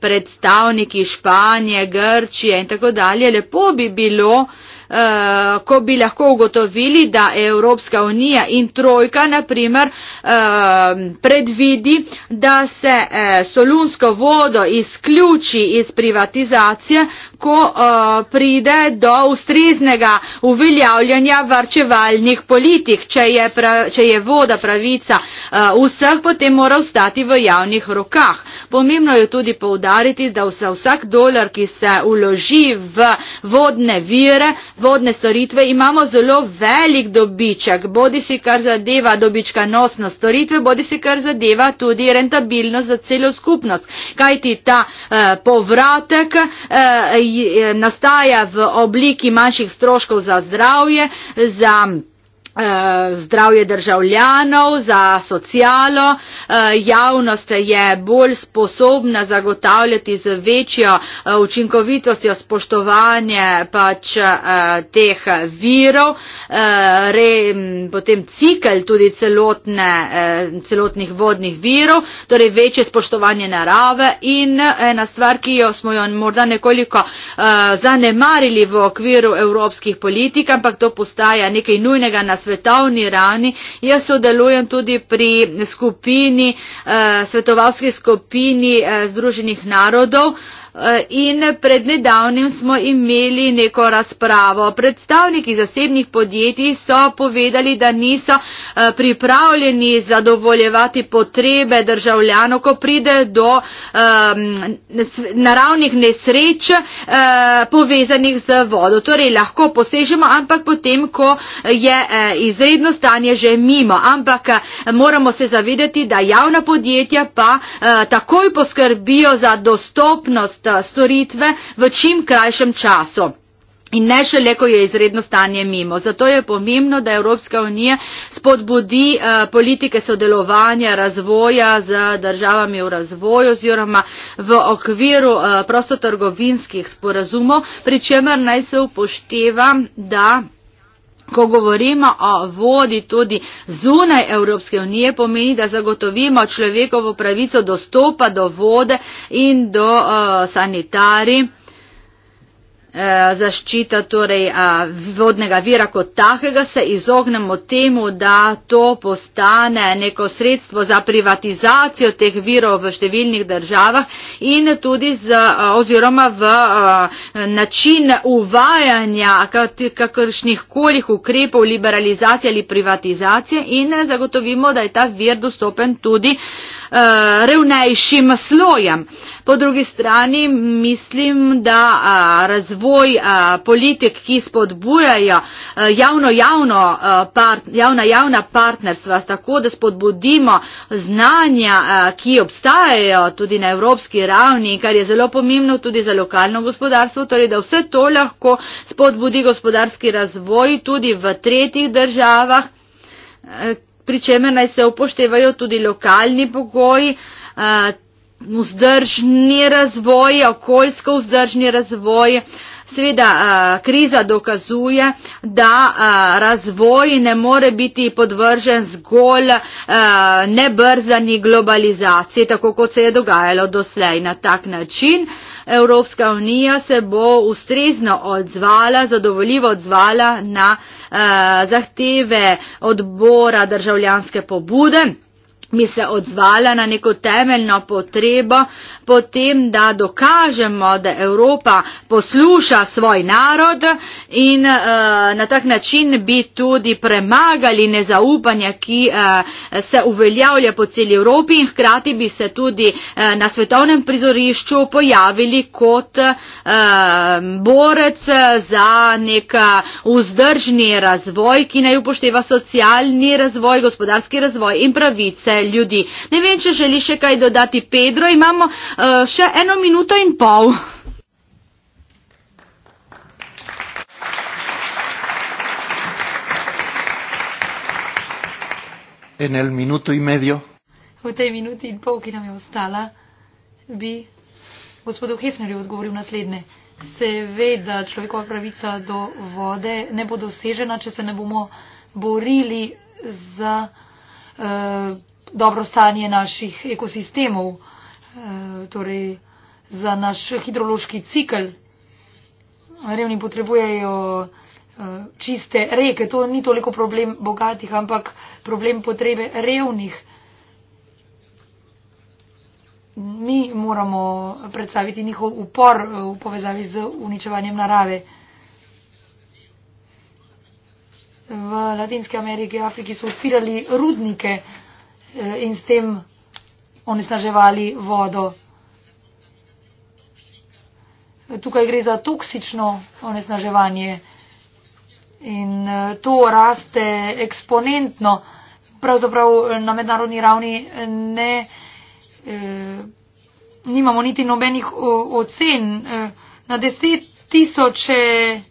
predstavniki Španije, Grčije in tako dalje, lepo bi bilo, Eh, ko bi lahko ugotovili, da Evropska unija in Trojka naprimer eh, predvidi, da se eh, solunsko vodo izključi iz privatizacije, lahko uh, eh, pride do ustreznega uveljavljanja varčevalnih politik. Če je, pra, če je voda pravica uh, vseh, potem mora ostati v javnih rokah. Pomembno je tudi poudariti, da vse, vsak dolar, ki se uloži v vodne vire, vodne storitve, imamo zelo velik dobiček, bodi si kar zadeva dobička nosnost storitve, bodi si kar zadeva tudi rentabilnost za celo skupnost. Kajti ta uh, povratek uh, nastaja v obliki manjših stroškov za zdravje za Eh, zdravje državljanov, za socialo. Eh, javnost je bolj sposobna zagotavljati z večjo eh, učinkovitostjo spoštovanje pač teh virov, re, potem cikl tudi celotne, celotnih vodnih virov, torej večje spoštovanje narave in ena stvar, ki jo smo jo morda nekoliko zanemarili v okviru evropskih politik, ampak to postaja nekaj nujnega na svetu, svetovni rani. Jaz sodelujem tudi pri skupini, eh, svetovalski skupini eh, Združenih narodov. In pred nedavnim smo imeli neko razpravo. Predstavniki zasebnih podjetij so povedali, da niso eh, pripravljeni zadovoljevati potrebe državljanov, ko pride do um, naravnih nesreč uh, povezanih z vodo. Torej lahko posežemo, ampak potem, ko je eh, izredno stanje že mimo. Ampak moramo se zavedati, da javna podjetja pa uh, takoj poskrbijo za dostopnost Eh, storitve v čim krajšem času. In ne šele, ko je izredno stanje mimo. Zato je pomembno, da Evropska unija spodbudi uh, politike sodelovanja, razvoja z državami v razvoju oziroma v okviru uh, prostotrgovinskih sporazumov, pri čemer naj se upošteva, da. Ko govorimo o vodi tudi zunaj Evropske unije, pomeni, da zagotovimo človekovo pravico dostopa do vode in do uh, eh, sanitari. Eh, zaščita torej vodnega vira kot takega, se izognemo temu, da to postane neko sredstvo za privatizacijo teh virov v številnih državah in tudi z, oziroma v način uvajanja kakršnih kolih ukrepov liberalizacije ali privatizacije in zagotovimo, da je ta vir dostopen tudi Eh, revnejšim slojem. Po drugi strani mislim, da eh, razvoj eh, politik, ki spodbujajo javno-javno, javna-javna partnerstva, tako da spodbudimo znanja, ki obstajajo tudi na evropski ravni, kar je zelo pomembno tudi za lokalno gospodarstvo, torej da vse to lahko spodbudi gospodarski razvoj tudi v tretjih državah pri čemer naj se upoštevajo tudi lokalni pogoji, eh, vzdržni razvoj, okoljsko vzdržni razvoj, Seveda eh, kriza dokazuje, da eh, razvoj ne more biti podvržen zgolj eh, nebrzani globalizaciji, tako kot se je dogajalo doslej na tak način. Evropska unija se bo ustrezno odzvala, zadovoljivo odzvala na zahteve odbora državljanske pobude bi se odzvala na neko temeljno potrebo potem, da dokažemo, da Evropa posluša svoj narod in uh, na tak način bi tudi premagali nezaupanje, ki uh, se uveljavlja po celi Evropi in hkrati bi se tudi uh, na svetovnem prizorišču pojavili kot uh, borec za nek vzdržni razvoj, ki naj upošteva socialni razvoj, gospodarski razvoj in pravice ljudi. Ne vem, če želi še kaj dodati Pedro, imamo uh, še eno minuto in pol. En el minuto y medio. V tej minuti in pol, ki nam je ostala, bi gospodu Hefnerju odgovoril naslednje. Seveda človekova pravica do vode ne bo dosežena, če se ne bomo borili za uh, dobro stanje naših ekosistemov, eh, torej za naš hidrološki cikl. Revni potrebujejo eh, čiste reke, to ni toliko problem bogatih, ampak problem potrebe revnih. Mi moramo predstaviti njihov upor eh, v povezavi z uničevanjem narave. V Latinske Amerike, Afriki so odpirali rudnike, Eh, in s tem onesnaževali vodo. Tukaj gre za toksično onesnaževanje in eh, to raste eksponentno. Pravzaprav eh, na mednarodni ravni ne, eh, nimamo niti nobenih ocen. Na deset tisoče eh,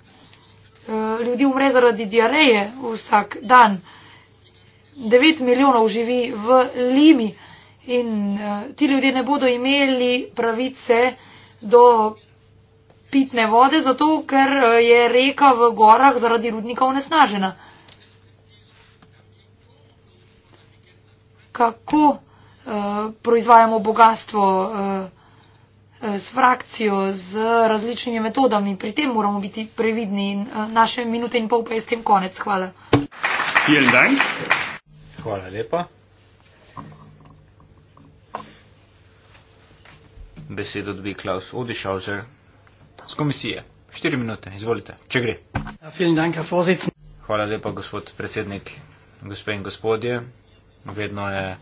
ljudi umre zaradi diareje vsak dan. Eh, 9 milijonov živi v Limi in uh, ti ljudje ne bodo imeli pravice do pitne vode, zato ker eh, je reka v gorah zaradi rudnika onesnažena. Kako uh, proizvajamo bogatstvo uh, s frakcijo, z različnimi metodami, pri tem moramo biti previdni in uh, naše minute in pol pa je s tem konec. Hvala. Vielen Dank. Hvala lepa. Besedo dobi Klaus Odišauser z komisije. Štiri minute, izvolite, če gre. Ja, Hvala lepa, gospod predsednik, gospe in gospodje. Vedno je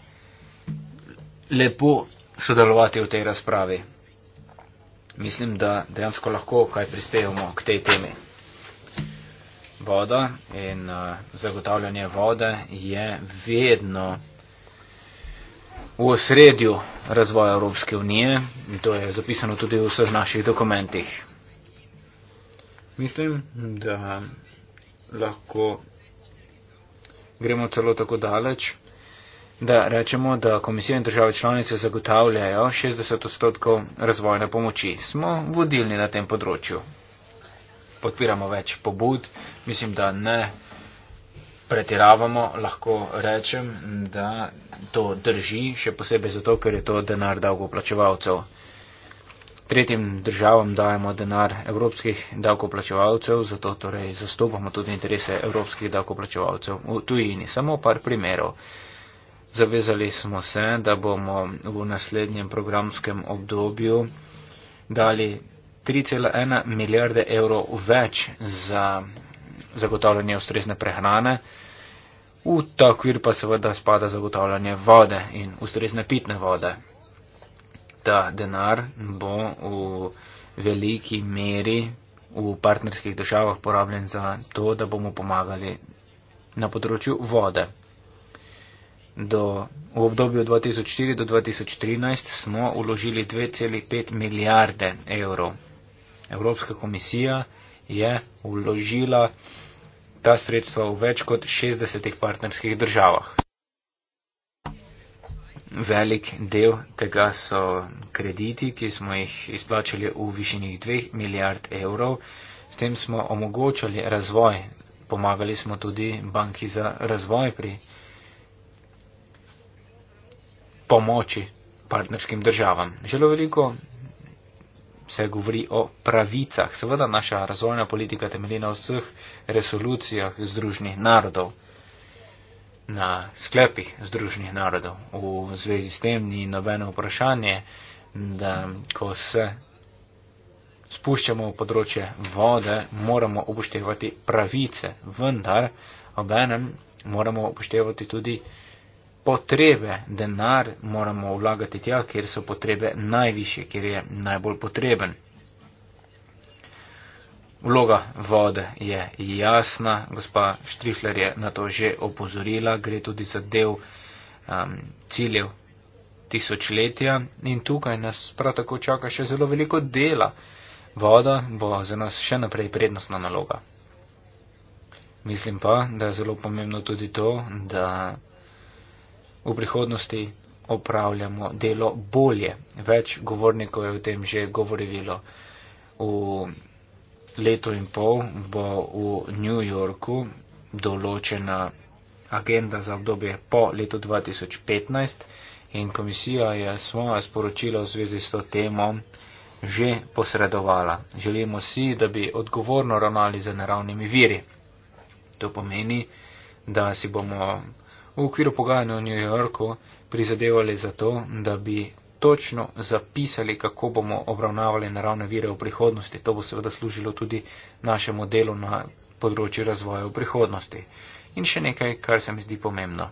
lepo sodelovati v tej razpravi. Mislim, da dejansko lahko kaj prispevamo k tej temi voda in uh, zagotavljanje vode je vedno v osredju razvoja Evropske unije. To je zapisano tudi v vseh naših dokumentih. Mislim, da lahko gremo celo tako daleč, da rečemo, da komisija in države članice zagotavljajo 60 odstotkov razvojne pomoči. Smo vodilni na tem področju podpiramo več pobud, mislim, da ne pretiravamo, lahko rečem, da to drži, še posebej zato, ker je to denar davkoplačevalcev. Tretjim državam dajemo denar evropskih davkoplačevalcev, zato torej zastopamo tudi interese evropskih davkoplačevalcev v tujini. Samo par primerov. Zavezali smo se, da bomo v naslednjem programskem obdobju dali 3,1 milijarde evrov več za zagotavljanje ustrezne prehrane, v ta okvir pa seveda spada zagotavljanje vode in ustrezne pitne vode. Ta denar bo v veliki meri v partnerskih državah porabljen za to, da bomo pomagali na področju vode. Do, v obdobju 2004 do 2013 smo uložili 2,5 milijarde evrov Evropska komisija je vložila ta sredstva v več kot 60 partnerskih državah. Velik del tega so krediti, ki smo jih izplačali v višini 2 milijard evrov. S tem smo omogočali razvoj. Pomagali smo tudi banki za razvoj pri pomoči partnerskim državam. Želo veliko se govori o pravicah. Seveda naša razvojna politika temelji na vseh resolucijah Združenih narodov, na sklepih Združenih narodov. V zvezi s tem ni nobeno vprašanje, da ko se spuščamo v področje vode, moramo upoštevati pravice, vendar obenem moramo upoštevati tudi pravice potrebe, denar moramo vlagati tja, kjer so potrebe najviše, kjer je najbolj potreben. Vloga vode je jasna, gospa Štrihler je na to že opozorila, gre tudi za del um, ciljev tisočletja in tukaj nas prav tako čaka še zelo veliko dela. Voda bo za nas še naprej prednostna naloga. Mislim pa, da je zelo pomembno tudi to, da v prihodnosti opravljamo delo bolje. Več govornikov je o tem že govorilo. V letu in pol bo v New Yorku določena agenda za obdobje po letu 2015 in komisija je svoje sporočilo v zvezi s to temo že posredovala. Želimo si, da bi odgovorno ravnali z naravnimi viri. To pomeni, da si bomo v okviru pogajanja v New Yorku prizadevali za to, da bi točno zapisali, kako bomo obravnavali naravne vire v prihodnosti. To bo seveda služilo tudi našemu delu na področju razvoja v prihodnosti. In še nekaj, kar se mi zdi pomembno.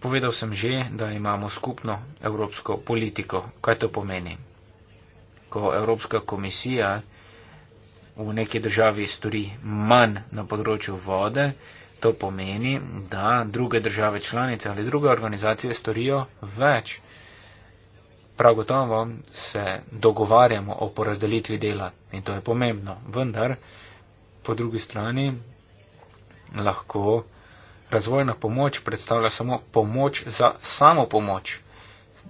Povedal sem že, da imamo skupno evropsko politiko. Kaj to pomeni? Ko Evropska komisija v neki državi stori manj na področju vode, To pomeni, da druge države članice ali druge organizacije storijo več. Prav gotovo se dogovarjamo o porazdelitvi dela in to je pomembno, vendar po drugi strani lahko razvojna pomoč predstavlja samo pomoč za samo pomoč.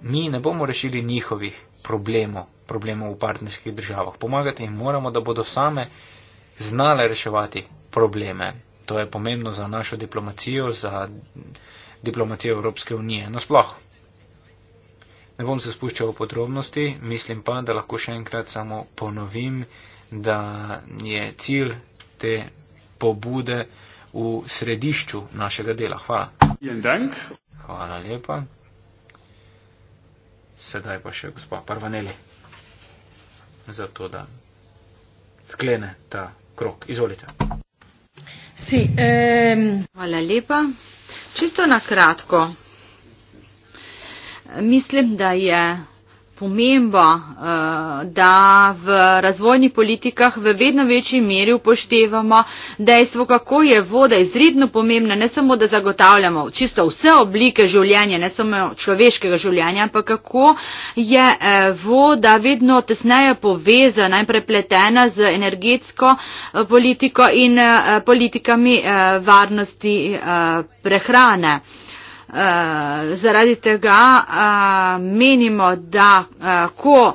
Mi ne bomo rešili njihovih problemov, problemov v partnerskih državah. Pomagati jim moramo, da bodo same znale reševati probleme. To je pomembno za našo diplomacijo, za diplomacijo Evropske unije nasploh. Ne bom se spuščal v podrobnosti, mislim pa, da lahko še enkrat samo ponovim, da je cilj te pobude v središču našega dela. Hvala. Hvala lepa. Sedaj pa še gospod Parvaneli, za to, da sklene ta krok. Izvolite. Sì, ehm... Hvala lepa. Čisto na kratko. Mislim, da je pomembo, eh, da v razvojnih politikah v vedno večji meri upoštevamo dejstvo, kako je voda izredno pomembna, ne samo, da zagotavljamo čisto vse oblike življenja, ne samo človeškega življenja, ampak kako je eh, voda vedno tesneje povezana in prepletena z energetsko eh, politiko in politikami varnosti prehrane. Eh, zaradi tega eh, menimo, da eh, ko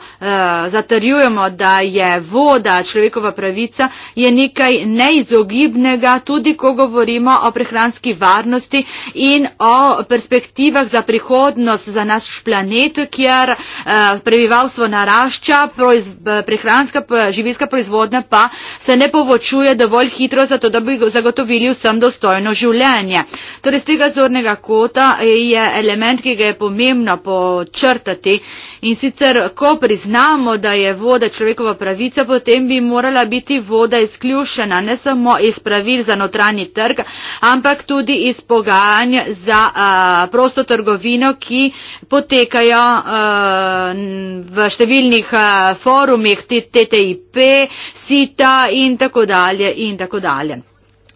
zatrjujemo, da je voda človekova pravica, je nekaj neizogibnega, tudi ko govorimo o prehranski varnosti in o perspektivah za prihodnost za naš planet, kjer prebivalstvo narašča, prehranska živilska proizvodnja pa se ne povočuje dovolj hitro, zato da bi zagotovili vsem dostojno življenje. Torej, z tega zornega kota Ta je element, ki ga je pomembno počrtati. In sicer, ko priznamo, da je voda človekova pravica, potem bi morala biti voda izključena ne samo iz pravil za notranji trg, ampak tudi iz pogajanj za a, prosto trgovino, ki potekajo a, v številnih a, forumih TTIP, SITA in tako dalje. In tako dalje.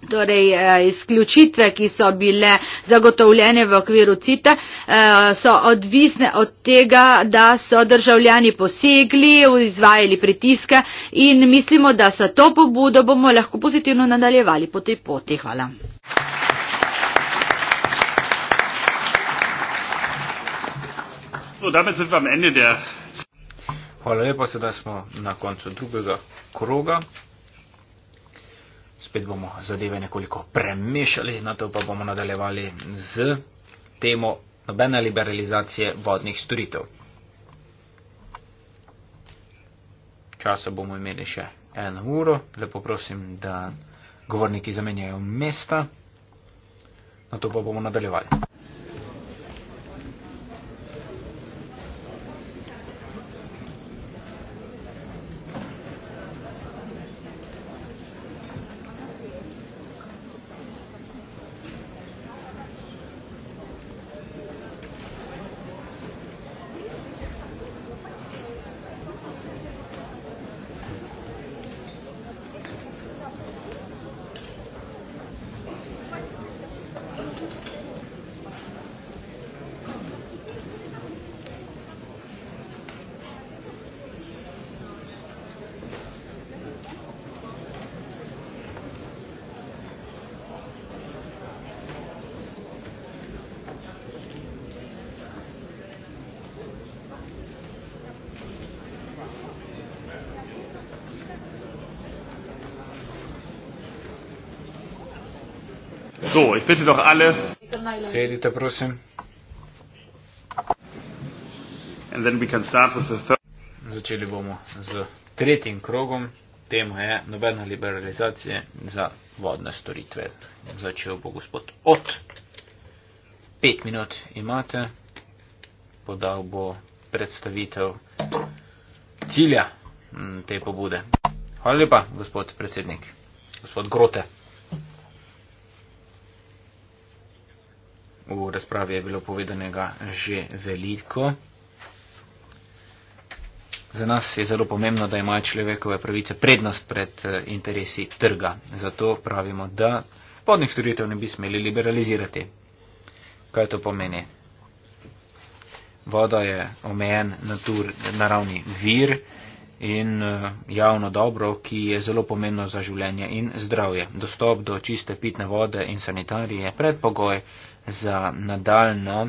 Torej, eh, izključitve, ki so bile zagotovljene v okviru CITA, eh, so odvisne od tega, da so državljani posegli, izvajali pritiske in mislimo, da sa to pobudo bomo lahko pozitivno nadaljevali po tej poti. Hvala. Hvala lepa, sedaj smo na koncu drugega kroga spet bomo zadeve nekoliko premešali, na to pa bomo nadaljevali z temo nobene liberalizacije vodnih storitev. Časa bomo imeli še eno uro, lepo prosim, da govorniki zamenjajo mesta, na to pa bomo nadaljevali. Bitte doch alle. Sedite, prosim. And then we can start with the Začeli bomo z tretjim krogom. Tema je nobena liberalizacija za vodne storitve. Začel bo gospod Ot. Pet minut imate. Podal bo predstavitev cilja mm, te pobude. Hvala lepa, gospod predsednik. Gospod Grote. V razpravi je bilo povedanega že veliko. Za nas je zelo pomembno, da imajo človekove pravice prednost pred eh, interesi trga. Zato pravimo, da podnih storitev ne bi smeli liberalizirati. Kaj to pomeni? Voda je omejen natur, naravni vir in eh, javno dobro, ki je zelo pomembno za življenje in zdravje. Dostop do čiste pitne vode in sanitarije je predpogoj za nadaljno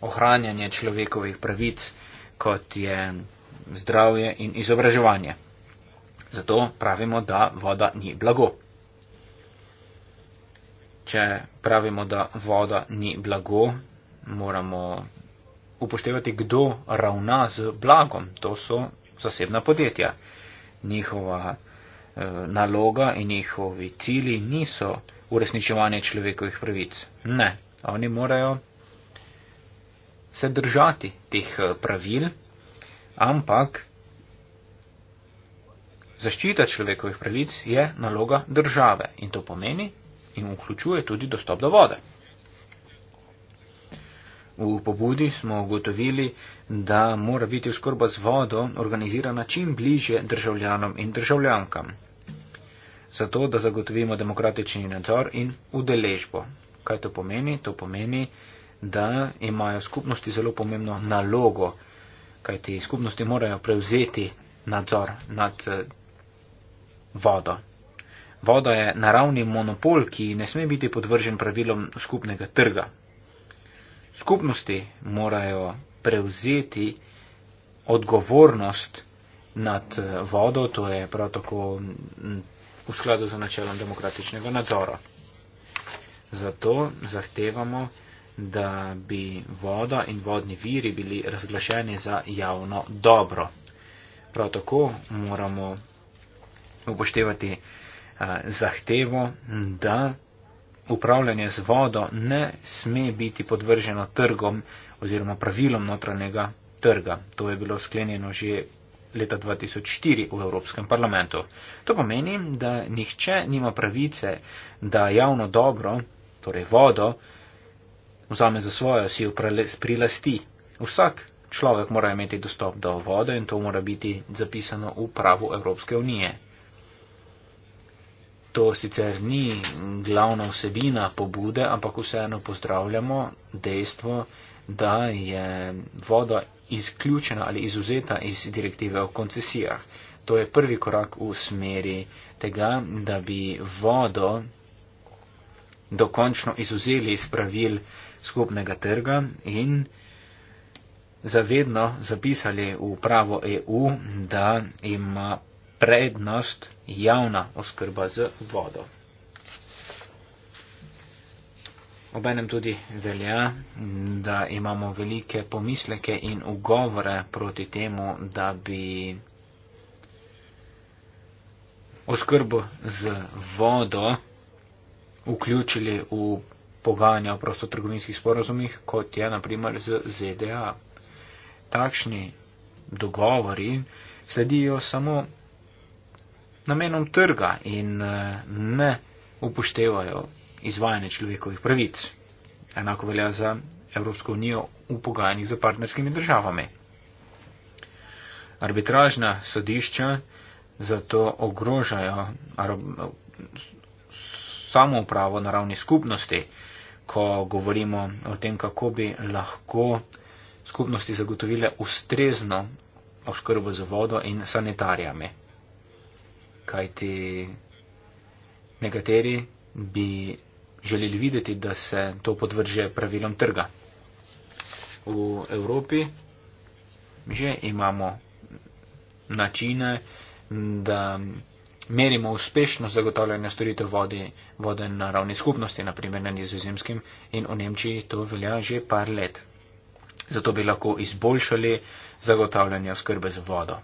ohranjanje človekovih pravic, kot je zdravje in izobraževanje. Zato pravimo, da voda ni blago. Če pravimo, da voda ni blago, moramo upoštevati, kdo ravna z blagom. To so zasebna podjetja. Njihova e, naloga in njihovi cili niso uresničevanje človekovih pravic. Ne, a oni morajo se držati teh eh, pravil, ampak zaščita človekovih pravic je naloga države in to pomeni in vključuje tudi dostop do vode. V pobudi smo ugotovili, da mora biti oskrba z vodo organizirana čim bliže državljanom in državljankam, zato da zagotovimo demokratični nadzor in udeležbo Kaj to pomeni? To pomeni, da imajo skupnosti zelo pomembno nalogo, kajti skupnosti morajo prevzeti nadzor nad eh, vodo. Voda je naravni monopol, ki ne sme biti podvržen pravilom skupnega trga. Skupnosti morajo prevzeti odgovornost nad eh, vodo, to je prav tako mm, v skladu z načelom demokratičnega nadzora. Zato zahtevamo, da bi voda in vodni viri bili razglašeni za javno dobro. Prav tako moramo upoštevati eh, zahtevo, da upravljanje z vodo ne sme biti podvrženo trgom oziroma pravilom notranjega trga. To je bilo sklenjeno že leta 2004 v Evropskem parlamentu. To pomeni, da nihče nima pravice, da javno dobro torej vodo, vzame za svojo, si jo prilasti. Vsak človek mora imeti dostop do vode in to mora biti zapisano v pravu Evropske unije. To sicer ni glavna vsebina pobude, ampak vseeno pozdravljamo dejstvo, da je voda izključena ali izuzeta iz direktive o koncesijah. To je prvi korak v smeri tega, da bi vodo dokončno izuzeli iz pravil skupnega trga in zavedno zapisali v pravo EU, da ima prednost javna oskrba z vodo. Obenem tudi velja, da imamo velike pomisleke in ugovore proti temu, da bi oskrbo z vodo vključili v pogajanja o prostotrgovinskih sporozumih, kot je naprimer z ZDA. Takšni dogovori sledijo samo namenom trga in eh, ne upoštevajo izvajanje človekovih pravic. Enako velja za Evropsko unijo v pogajanjih za partnerskimi državami. Arbitražna sodišča zato ogrožajo samo upravo na ravni skupnosti, ko govorimo o tem, kako bi lahko skupnosti zagotovile ustrezno oskrbo z vodo in sanitarijami. Kajti nekateri bi želeli videti, da se to podvrže pravilom trga. V Evropi že imamo načine, da merimo uspešno zagotavljanje storitev vode, vode na ravni skupnosti, naprimer na nizozemskem in v Nemčiji to velja že par let. Zato bi lahko izboljšali zagotavljanje oskrbe z vodo.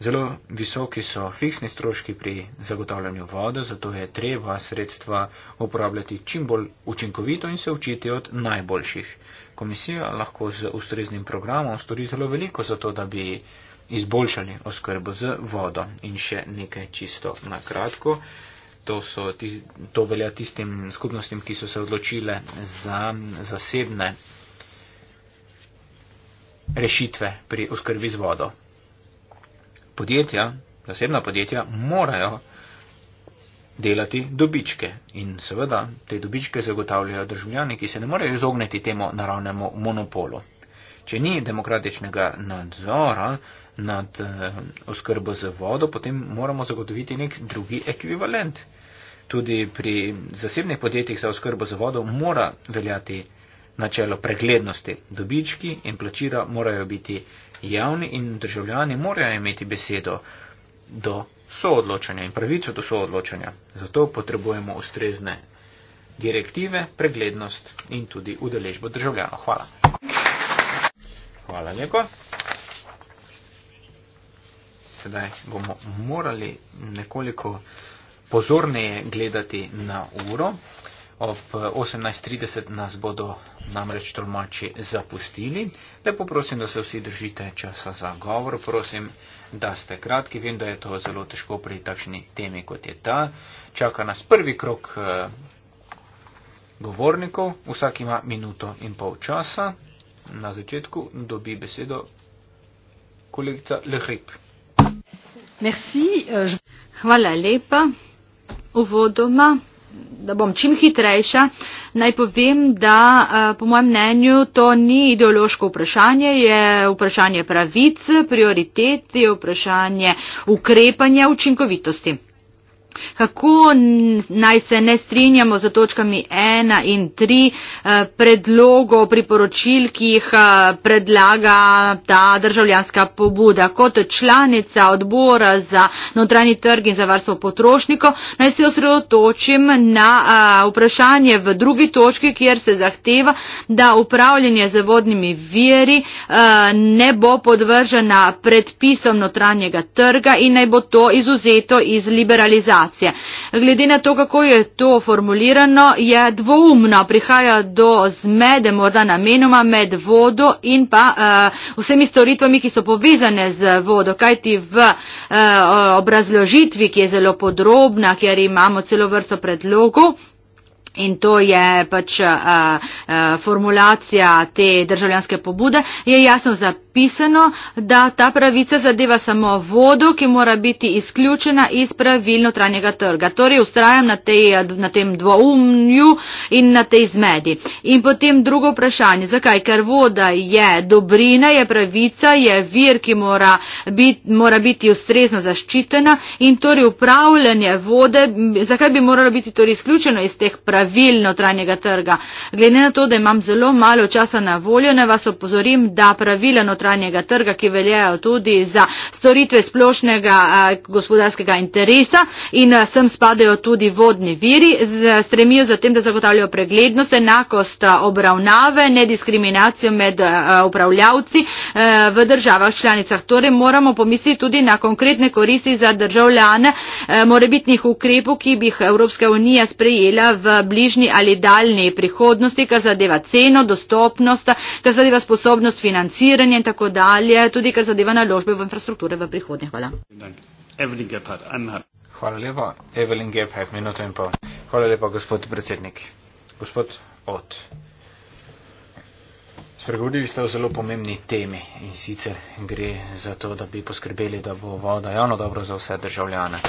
Zelo visoki so fiksni stroški pri zagotavljanju vode, zato je treba sredstva uporabljati čim bolj učinkovito in se učiti od najboljših. Komisija lahko z ustreznim programom stori zelo veliko za to, da bi izboljšanje oskrbo z vodo in še nekaj čisto na kratko. To, so, to velja tistim skupnostim, ki so se odločile za zasebne rešitve pri oskrbi z vodo. Podjetja, zasebna podjetja morajo delati dobičke in seveda te dobičke zagotavljajo državljani, ki se ne morejo izogniti temu naravnemu monopolu. Če ni demokratičnega nadzora nad uh, oskrbo z vodo, potem moramo zagotoviti nek drugi ekvivalent. Tudi pri zasebnih podjetjih za oskrbo z vodo mora veljati načelo preglednosti. Dobički in plačila morajo biti javni in državljani morajo imeti besedo do soodločanja in pravico do soodločanja. Zato potrebujemo ustrezne direktive, preglednost in tudi udeležbo državljanov. Hvala. Hvala lepo. Sedaj bomo morali nekoliko pozorneje gledati na uro. Ob 18.30 nas bodo namreč tolmači zapustili. Lepo prosim, da se vsi držite časa za govor. Prosim, da ste kratki. Vem, da je to zelo težko pri takšni temi, kot je ta. Čaka nas prvi krok eh, govornikov. Vsak ima minuto in pol časa na začetku dobi besedo kolegica Lehrip. Eh, Hvala lepa. Uvodoma, da bom čim hitrejša, naj povem, da eh, po mojem mnenju to ni ideološko vprašanje, je vprašanje pravic, prioritet, je vprašanje ukrepanja učinkovitosti. Kako naj se ne strinjamo z točkami 1 in 3 eh, predlogov, priporočil, ki jih eh, predlaga ta državljanska pobuda. Kot članica odbora za notranji trg in za varstvo potrošnikov, naj se osredotočim na eh, vprašanje v drugi točki, kjer se zahteva, da upravljanje z vodnimi veri ne bo podvržena predpisom notranjega trga in naj bo to izuzeto iz liberalizacije informacije. Glede na to, kako je to formulirano, je dvoumno, prihaja do zmede, morda namenoma, med vodo in pa uh, vsemi storitvami, ki so povezane z vodo. Kaj ti v uh, obrazložitvi, ki je zelo podrobna, kjer imamo celo vrsto predlogov. In to je pač uh, uh, formulacija te državljanske pobude, je jasno zapisano zapisano, da ta pravica zadeva samo vodo, ki mora biti izključena iz pravil notranjega trga. Torej, ustrajam na, tej, na tem dvoumju in na tej zmedi. In potem drugo vprašanje. Zakaj? Ker voda je dobrina, je pravica, je vir, ki mora biti, mora biti ustrezno zaščitena in torej upravljanje vode, zakaj bi moralo biti torej izključeno iz teh pravil notranjega trga? Glede na to, da imam zelo malo časa na voljo, ne vas opozorim, da pravila notranjega trga notranjega trga, ki veljajo tudi za storitve splošnega gospodarskega interesa in sem spadajo tudi vodni viri, stremijo za tem, da zagotavljajo preglednost, enakost obravnave, nediskriminacijo med upravljavci v državah članicah. Torej moramo pomisliti tudi na konkretne koristi za državljane morebitnih ukrepov, ki bi jih Evropska unija sprejela v bližnji ali daljni prihodnosti, kar zadeva ceno, dostopnost, kar zadeva sposobnost financiranja in tako naprej tako dalje, tudi kar zadeva naložbe v infrastrukture v prihodnje. Hvala. Hvala lepa, Evelyn Gephardt, minuto in pol. Hvala lepa, gospod predsednik. Gospod Ot. Spregovorili ste o zelo pomembni temi in sicer gre za to, da bi poskrbeli, da bo voda javno dobro za vse državljane.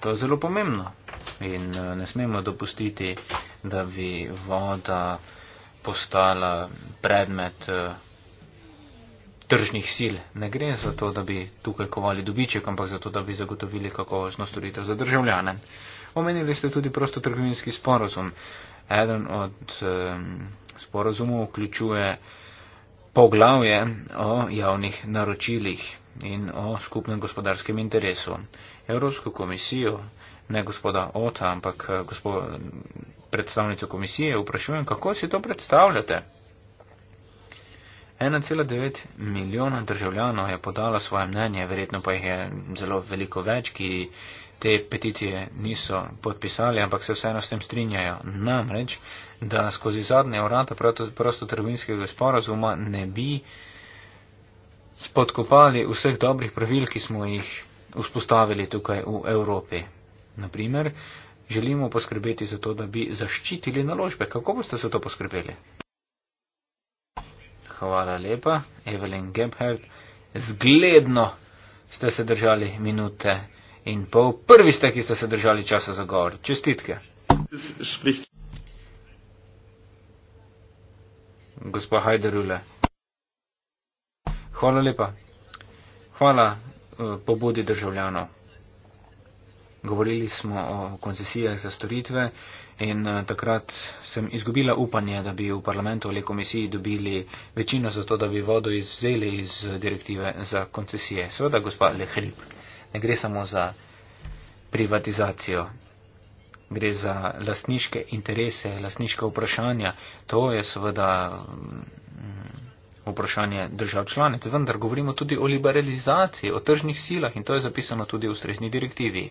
To je zelo pomembno in eh, ne smemo dopustiti, da bi voda postala predmet uh, tržnih sil. Ne gre za to, da bi tukaj kovali dobiček, ampak za to, da bi zagotovili kakovostno storitev za državljane. Omenili ste tudi prostotrgovinski sporozum. Eden od um, sporozumov vključuje poglavje o javnih naročilih in o skupnem gospodarskem interesu. Evropsko komisijo, ne gospoda Ota, ampak eh, gospod predstavnico komisije vprašujem, kako si to predstavljate. 1,9 milijona državljanov je podalo svoje mnenje, verjetno pa jih je zelo veliko več, ki te peticije niso podpisali, ampak se vseeno s tem strinjajo. Namreč, da skozi zadnje vrata prostotrgovinskega sporozuma ne bi spodkopali vseh dobrih pravil, ki smo jih vzpostavili tukaj v Evropi. Naprimer, želimo poskrbeti za to, da bi zaščitili naložbe. Kako boste za to poskrbeli? Hvala lepa, Evelyn Gebhardt. Zgledno ste se držali minute in pol. Prvi ste, ki ste se držali časa za govor. Čestitke. Gospod Hajderule. Hvala lepa. Hvala eh, pobudi državljanov govorili smo o koncesijah za storitve in eh, takrat sem izgubila upanje, da bi v parlamentu ali komisiji dobili večino za to, da bi vodo izvzeli iz eh, direktive za koncesije. Seveda, gospod Lehrib, ne gre samo za privatizacijo, gre za lastniške interese, lastniške vprašanja. To je seveda mm, vprašanje držav članic, vendar govorimo tudi o liberalizaciji, o tržnih silah in to je zapisano tudi v strezni direktivi.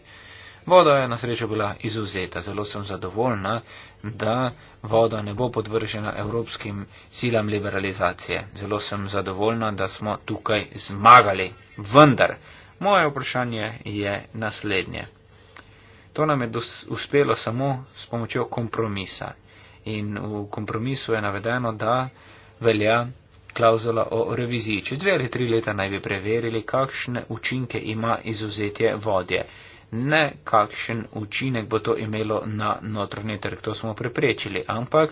Voda je na srečo bila izuzeta. Zelo sem zadovoljna, da voda ne bo podvržena evropskim silam liberalizacije. Zelo sem zadovoljna, da smo tukaj zmagali. Vendar, moje vprašanje je naslednje. To nam je uspelo samo s pomočjo kompromisa. In v kompromisu je navedeno, da velja klauzula o reviziji. Čez dve ali tri leta naj bi preverili, kakšne učinke ima izuzetje vodje ne kakšen učinek bo to imelo na notranji trg, to smo preprečili, ampak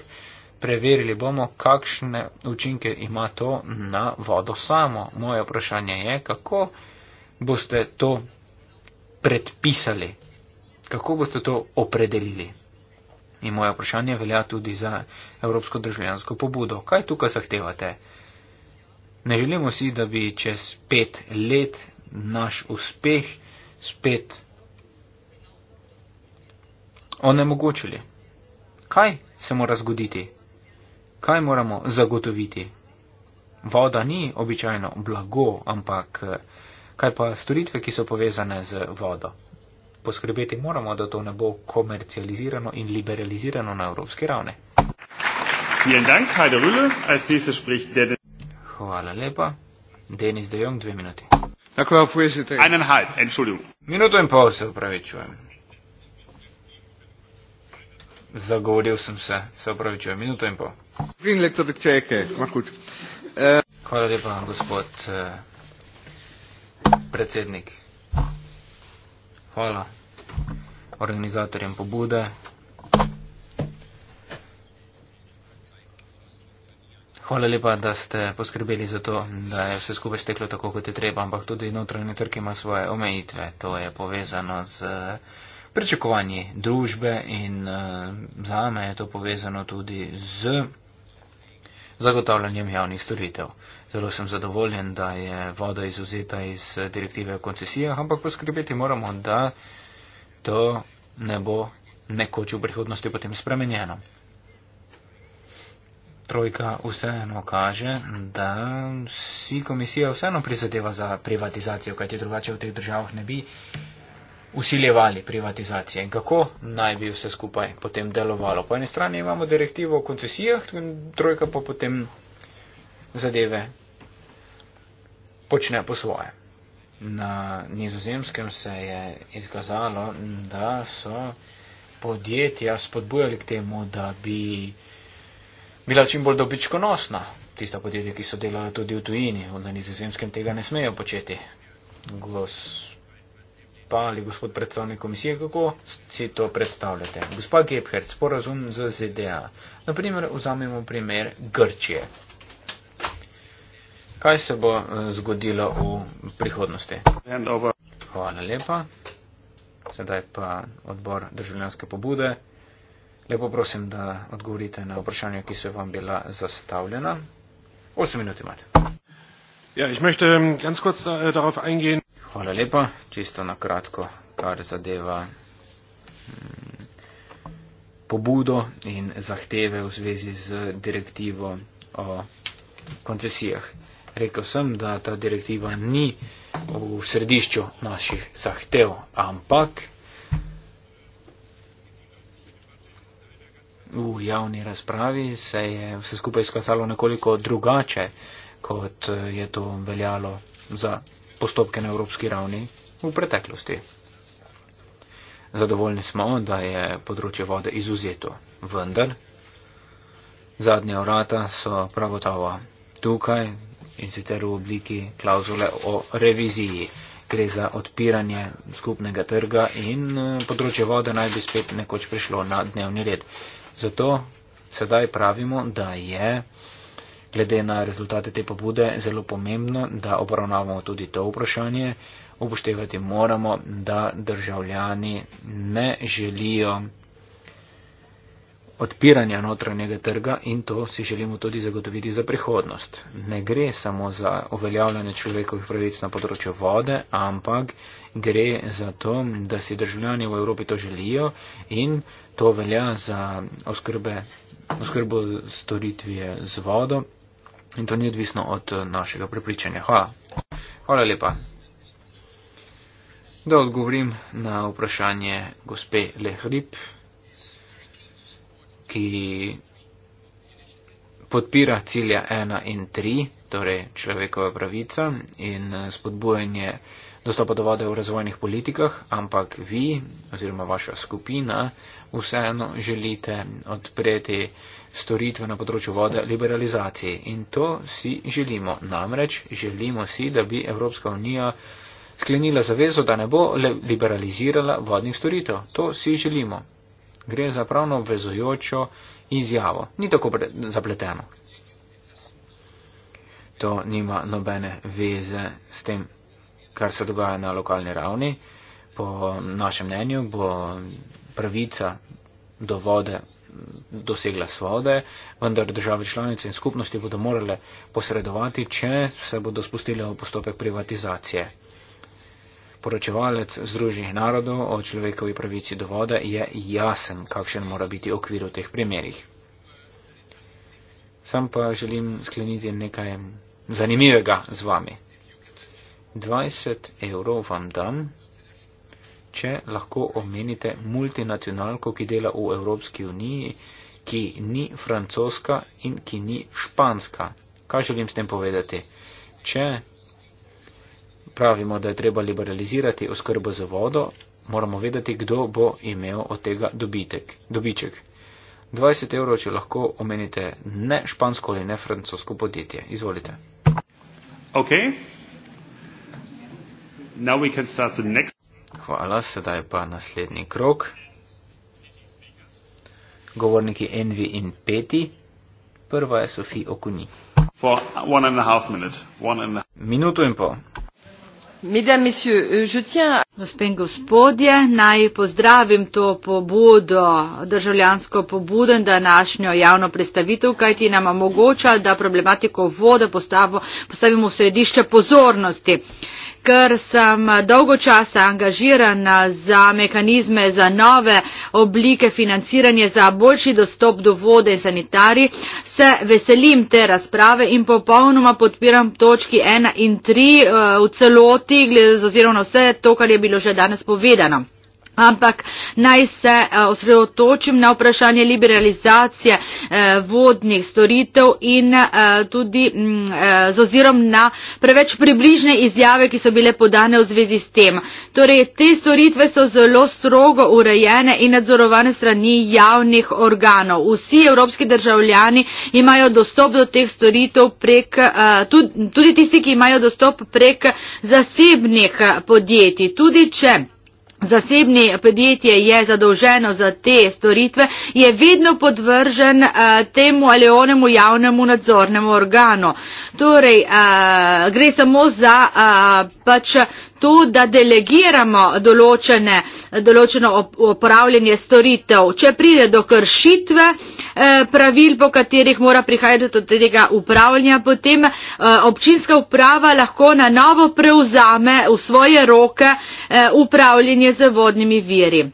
preverili bomo, kakšne učinke ima to na vodo samo. Moje vprašanje je, kako boste to predpisali, kako boste to opredelili. In moje vprašanje velja tudi za Evropsko državljansko pobudo. Kaj tukaj zahtevate? Ne želimo si, da bi čez pet let naš uspeh spet onemogočili. Kaj se mora zgoditi? Kaj moramo zagotoviti? Voda ni običajno blago, ampak eh, kaj pa storitve, ki so povezane z vodo? Poskrbeti moramo, da to ne bo komercializirano in liberalizirano na evropski ravni. Hvala lepa. Denis De Jong, dve minuti. Minuto in pol se upravičujem zagovoril sem se, se opravičujem, minuto in pol. E, Hvala lepa, gospod e, predsednik. Hvala organizatorjem pobude. Hvala lepa, da ste poskrbeli za to, da je vse skupaj steklo tako, kot je treba, ampak tudi notranje trg ima svoje omejitve. To je povezano z uh, pričakovanji družbe in uh, eh, za me je to povezano tudi z zagotavljanjem javnih storitev. Zelo sem zadovoljen, da je voda izuzeta iz eh, direktive o koncesijah, ampak poskrbeti moramo, da to ne bo nekoč v prihodnosti potem spremenjeno. Trojka vseeno kaže, da si komisija vseeno prizadeva za privatizacijo, kajti drugače v teh državah ne bi usiljevali privatizacije in kako naj bi vse skupaj potem delovalo. Po eni strani imamo direktivo o koncesijah, trojka pa potem zadeve počne po svoje. Na nizozemskem se je izkazalo, da so podjetja spodbujali k temu, da bi bila čim bolj dobičkonosna. Tista podjetja, ki so delala tudi v tujini, na nizozemskem tega ne smejo početi. Gospod gospa ali gospod predstavnik komisije, kako si to predstavljate? Gospa Gebhardt, sporazum z ZDA. Naprimer, vzamemo primer Grčije. Kaj se bo eh, zgodilo v prihodnosti? Hvala lepa. Sedaj pa odbor državljanske pobude. Lepo prosim, da odgovorite na vprašanja, ki so vam bila zastavljena. Osem minut imate. Ja, ich möchte ähm, ganz kurz äh, darauf eingehen. Hvala lepa. Čisto na kratko, kar zadeva mm, pobudo in zahteve v zvezi z direktivo o koncesijah. Rekel sem, da ta direktiva ni v središču naših zahtev, ampak v javni razpravi se je vse skupaj izkazalo nekoliko drugače, kot je to veljalo za postopke na evropski ravni v preteklosti. Zadovoljni smo, da je področje vode izuzeto, vendar zadnja vrata so pravotava tukaj in sicer v obliki klauzule o reviziji. Gre za odpiranje skupnega trga in eh, področje vode naj bi spet nekoč prišlo na dnevni red. Zato sedaj pravimo, da je glede na rezultate te pobude zelo pomembno, da obravnavamo tudi to vprašanje. Upoštevati moramo, da državljani ne želijo odpiranja notranjega trga in to si želimo tudi zagotoviti za prihodnost. Ne gre samo za uveljavljanje človekovih pravic na področju vode, ampak gre za to, da si državljani v Evropi to želijo in to velja za oskrbe, oskrbo storitvije z vodo in to ni odvisno od eh, našega prepričanja. Hvala. Hvala lepa. Da odgovorim na vprašanje gospe Lehrib, ki podpira cilja 1 in 3, torej človekova pravica in eh, spodbujanje dostopa do vode v razvojnih politikah, ampak vi oziroma vaša skupina vseeno želite odpreti uh, storitve na področju vode liberalizaciji. In to si želimo. Namreč želimo si, da bi Evropska unija sklenila zavezo, da ne bo liberalizirala vodnih storitev. To si želimo. Gre za pravno obvezojočo izjavo. Ni tako zapleteno. To nima nobene veze s tem, kar se dogaja na lokalni ravni. Po našem mnenju bo pravica do vode dosegla svode, vendar države članice in skupnosti bodo morale posredovati, če se bodo spustile v postopek privatizacije. Poročevalec Združenih narodov o človekovi pravici do vode je jasen, kakšen mora biti okvir v teh primerjih. Sam pa želim skleniti nekaj zanimivega z vami. 20 evrov vam dan, če lahko omenite multinacionalko, ki dela v Evropski uniji, ki ni francoska in ki ni španska. Kaj želim s tem povedati? Če pravimo, da je treba liberalizirati oskrbo za vodo, moramo vedeti, kdo bo imel od tega dobitek, dobiček. 20 evrov, če lahko omenite ne špansko ali ne francosko podjetje. Izvolite. Okay. Now we can start the next hvala. Sedaj pa naslednji krok. Govorniki Envi in Peti. Prva je Sofija Okuni. Minuto in pol. Euh, Gospe in gospodje, naj pozdravim to pobudo, državljansko pobudo in današnjo javno predstavitev, kaj ti nam omogoča, da problematiko vode postavimo v središče pozornosti. Ker sem dolgo časa angažirana za mehanizme, za nove oblike financiranja, za boljši dostop do vode in sanitari, se veselim te razprave in popolnoma podpiram točki 1 in 3 eh, v celoti dosegli z ozirom na vse to kar je bilo že danes povedano ampak naj se eh, osredotočim na vprašanje liberalizacije eh, vodnih storitev in eh, tudi mm, z ozirom na preveč približne izjave, ki so bile podane v zvezi s tem. Torej, te storitve so zelo strogo urejene in nadzorovane strani javnih organov. Vsi evropski državljani imajo dostop do teh storitev prek, tudi tisti, ki imajo dostop prek zasebnih podjetij. Tudi če zasebni podjetje je zadolženo za te storitve, je vedno podvržen uh, temu ali onemu javnemu nadzornemu organu. Torej, uh, gre samo za uh, pač to, da delegiramo določene, določeno upravljanje storitev. Če pride do kršitve eh, pravil, po katerih mora prihajati do tega upravljanja, potem eh, občinska uprava lahko na novo prevzame v svoje roke eh, upravljanje z vodnimi viri.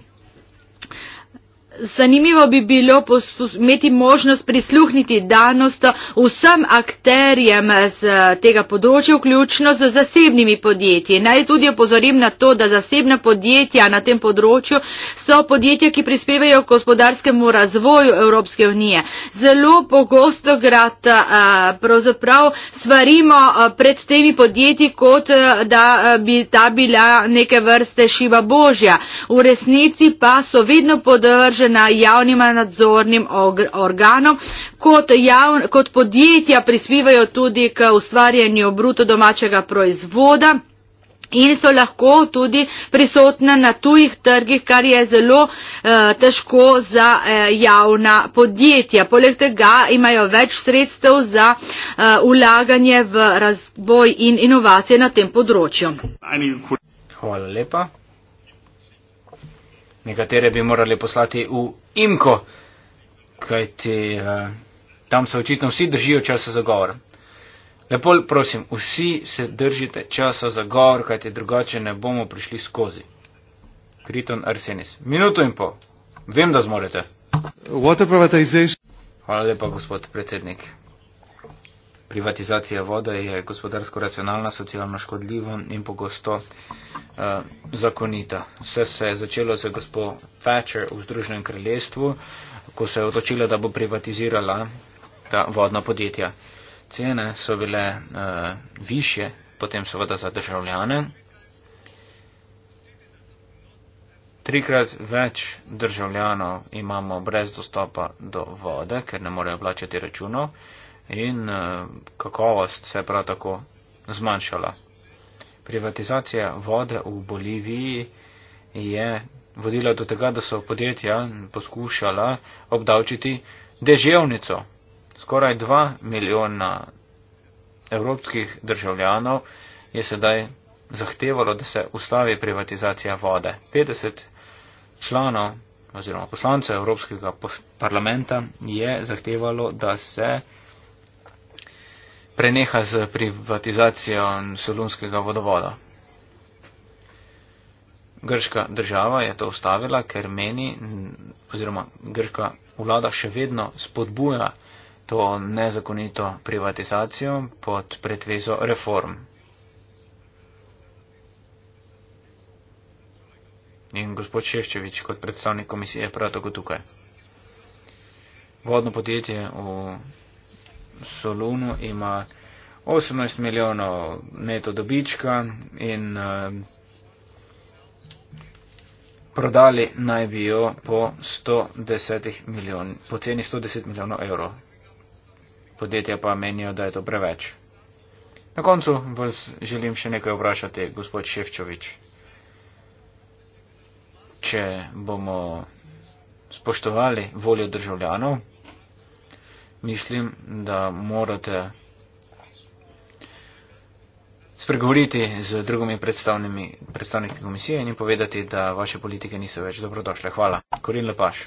Zanimivo bi bilo imeti možnost prisluhniti danost vsem akterjem z tega področja, vključno z zasebnimi podjetji. Naj tudi opozorim na to, da zasebna podjetja na tem področju so podjetja, ki prispevajo k gospodarskemu razvoju Evropske unije. Zelo pogosto grad pravzaprav svarimo pred temi podjetji, kot da bi ta bila neke vrste šiva božja. V resnici pa so vedno podržali določena javnima nadzornim organom, kot, jav, kot podjetja prispevajo tudi k ustvarjanju bruto domačega proizvoda in so lahko tudi prisotne na tujih trgih, kar je zelo eh, težko za eh, javna podjetja. Poleg tega imajo več sredstev za eh, ulaganje v razvoj in inovacije na tem področju. Hvala lepa nekatere bi morali poslati v Imko, kajti uh, tam se očitno vsi držijo časa za govor. Lepo, prosim, vsi se držite časa za govor, kajti drugače ne bomo prišli skozi. Kriton Arsenis. Minuto in pol. Vem, da zmorete. Hvala lepa, gospod predsednik. Privatizacija vode je gospodarsko racionalna, socialno škodljiva in pogosto uh, zakonita. Vse se je začelo z gospo Thatcher v Združenem kraljestvu, ko se je odločila, da bo privatizirala ta vodna podjetja. Cene so bile uh, eh, više, potem seveda za državljane. Trikrat več državljanov imamo brez dostopa do vode, ker ne morejo plačati računov in eh, kakovost se je prav tako zmanjšala. Privatizacija vode v Boliviji je vodila do tega, da so podjetja poskušala obdavčiti deževnico. Skoraj dva milijona evropskih državljanov je sedaj zahtevalo, da se ustavi privatizacija vode. 50 članov oziroma poslancev Evropskega parlamenta je zahtevalo, da se preneha z privatizacijo solunskega vodovoda. Grška država je to ustavila, ker meni oziroma grška vlada še vedno spodbuja to nezakonito privatizacijo pod pretvezo reform. In gospod Šeščevič kot predstavnik komisije prav tako tukaj. Vodno podjetje v Solunu ima 18 milijonov neto dobička in eh, prodali naj bi jo po, milijon, po ceni 110 milijonov evrov. Podjetja pa menijo, da je to preveč. Na koncu vas želim še nekaj vprašati, gospod Ševčovič. Če bomo spoštovali voljo državljanov, mislim, da morate spregovoriti z drugimi predstavniki komisije in povedati, da vaše politike niso več dobrodošle. Hvala. Korin Lepaš.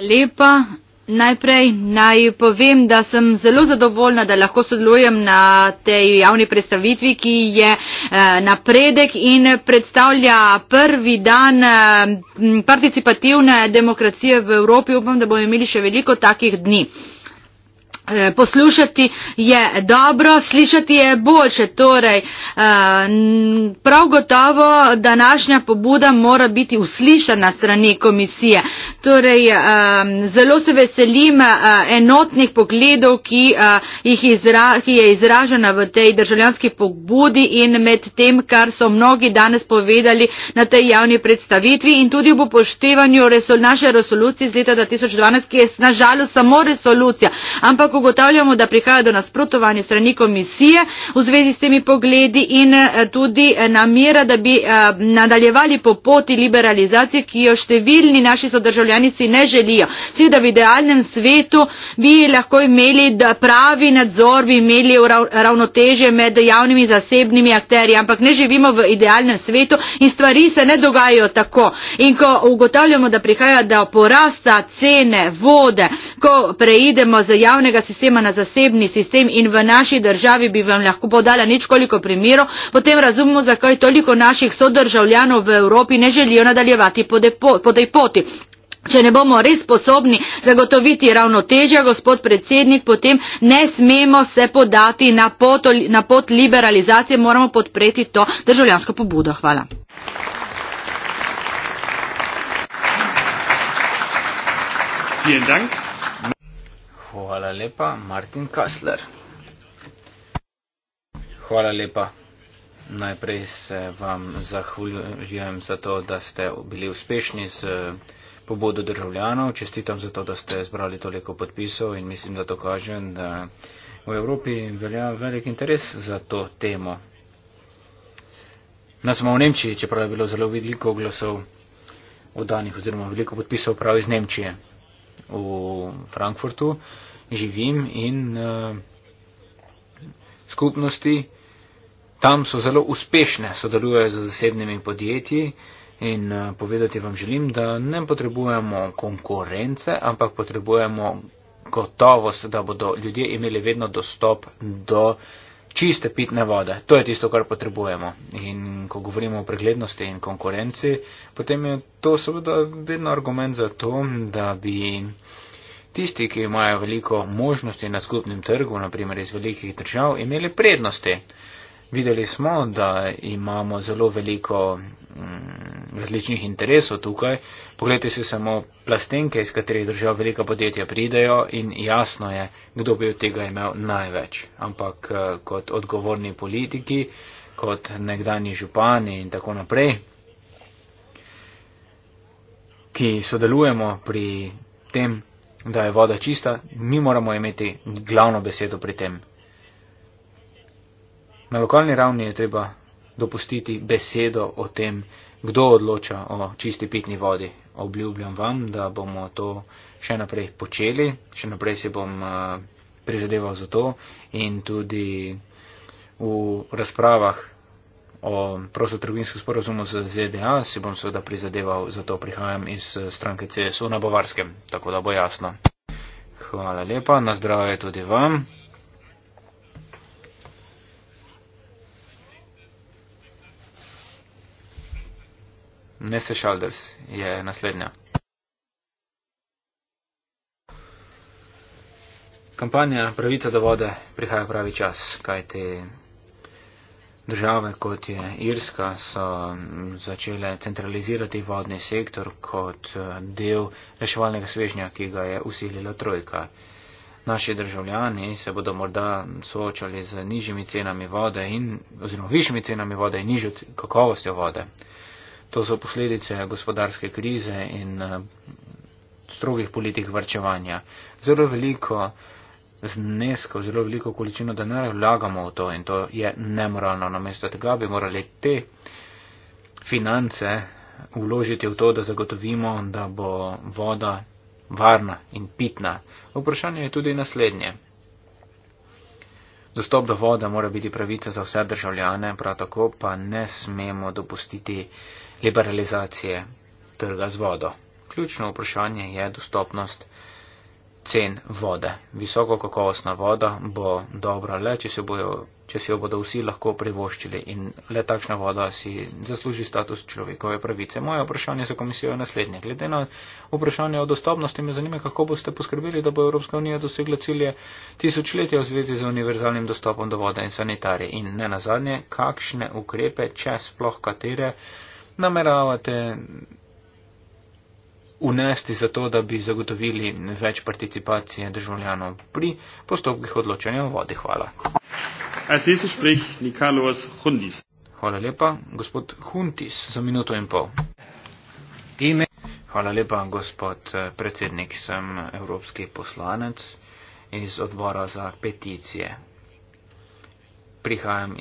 Lepa, Najprej naj povem, da sem zelo zadovoljna, da lahko sodelujem na tej javni predstavitvi, ki je eh, napredek in predstavlja prvi dan eh, participativne demokracije v Evropi. Upam, da bomo imeli še veliko takih dni. Eh, poslušati je dobro, slišati je boljše. Torej, eh, prav gotovo današnja pobuda mora biti uslišana strani komisije. Torej, eh, zelo se veselim enotnih pogledov, ki, jih izra, ki je izražena v tej državljanski pobudi in med tem, kar so mnogi danes povedali na tej javni predstavitvi in tudi v upoštevanju resol, naše resolucije z leta 2012, ki je nažalost samo resolucija. Ampak dialogu ugotavljamo, da prihaja do nasprotovanja strani komisije v zvezi s temi pogledi in eh, tudi eh, namera, da bi eh, nadaljevali po poti liberalizacije, ki jo številni naši sodržavljani si ne želijo. Seveda v idealnem svetu bi lahko imeli pravi nadzor, bi imeli ravnoteže med javnimi in zasebnimi akterji, ampak ne živimo v idealnem svetu in stvari se ne dogajajo tako. In ko ugotavljamo, da prihaja do porasta cene vode, ko preidemo z javnega sistema na zasebni sistem in v naši državi bi vam lahko podala ničkoliko primerov, potem razumemo, zakaj toliko naših sodržavljanov v Evropi ne želijo nadaljevati po, depo, po tej poti. Če ne bomo res sposobni zagotoviti ravnotežja, gospod predsednik, potem ne smemo se podati na pot, na pot liberalizacije, moramo podpreti to državljansko pobudo. Hvala. Vielen Dank. Hvala lepa, Martin Kasler. Hvala lepa. Najprej se vam zahvaljujem za to, da ste bili uspešni z eh, pobodo državljanov. Čestitam za to, da ste zbrali toliko podpisov in mislim, da to kaže, da v Evropi velja velik interes za to temo. Nas smo v Nemčiji, čeprav je bilo zelo veliko glasov oddanih oziroma veliko podpisov prav iz Nemčije v Frankfurtu živim in uh, skupnosti tam so zelo uspešne, sodelujejo z zasebnimi podjetji in uh, povedati vam želim, da ne potrebujemo konkurence, ampak potrebujemo gotovost, da bodo ljudje imeli vedno dostop do uh, čiste pitne vode. To je tisto, kar potrebujemo. In ko govorimo o preglednosti in konkurenci, potem je to seveda vedno argument za to, da bi tisti, ki imajo veliko možnosti na skupnem trgu, naprimer iz velikih držav, imeli prednosti. Videli smo, da imamo zelo veliko mm, različnih interesov tukaj. Poglejte si samo plastenke, iz katerih držav velika podjetja pridejo in jasno je, kdo bi od tega imel največ. Ampak eh, kot odgovorni politiki, kot nekdani župani in tako naprej, ki sodelujemo pri tem, da je voda čista, mi moramo imeti glavno besedo pri tem, Na lokalni ravni je treba dopustiti besedo o tem, kdo odloča o čisti pitni vodi. Obljubljam vam, da bomo to še naprej počeli, še naprej se bom eh, prizadeval za to in tudi v razpravah o prostotrgovinskem sporozumu z ZDA se bom seveda prizadeval za to, prihajam iz eh, stranke CSU na Bavarskem, tako da bo jasno. Hvala lepa, na zdravje tudi vam. Nese Šalders je naslednja. Kampanja pravica do vode prihaja pravi čas, kajti države kot je Irska so začele centralizirati vodni sektor kot eh, del reševalnega svežnja, ki ga je usilila trojka. Naši državljani se bodo morda soočali z nižjimi cenami vode in oziroma višjimi cenami vode in nižjo kakovostjo vode. To so posledice gospodarske krize in eh, strogih politik vrčevanja. Zelo veliko zneskov, zelo veliko količino denarja vlagamo v to in to je nemoralno. Namesto tega bi morali te finance vložiti v to, da zagotovimo, da bo voda varna in pitna. Vprašanje je tudi naslednje. Dostop do vode mora biti pravica za vse državljane, prav tako pa ne smemo dopustiti liberalizacije trga z vodo. Ključno vprašanje je dostopnost cen vode. Visoko kakovostna voda bo dobra le, če, bojo, če si jo bodo vsi lahko privoščili in le takšna voda si zasluži status človekove pravice. Moje vprašanje za komisijo je naslednje. Glede na vprašanje o dostopnosti me zanima, kako boste poskrbeli, da bo Evropska unija dosegla cilje tisočletja v zvezi z univerzalnim dostopom do vode in sanitarije. In ne nazadnje, kakšne ukrepe, če sploh katere nameravate unesti za to, da bi zagotovili več participacije državljanov pri postopkih odločanja o vodi. Hvala. Hvala lepa, gospod Huntis, za minuto in pol. Hvala lepa, gospod eh, predsednik. Sem evropski poslanec iz odbora za peticije. Prihajam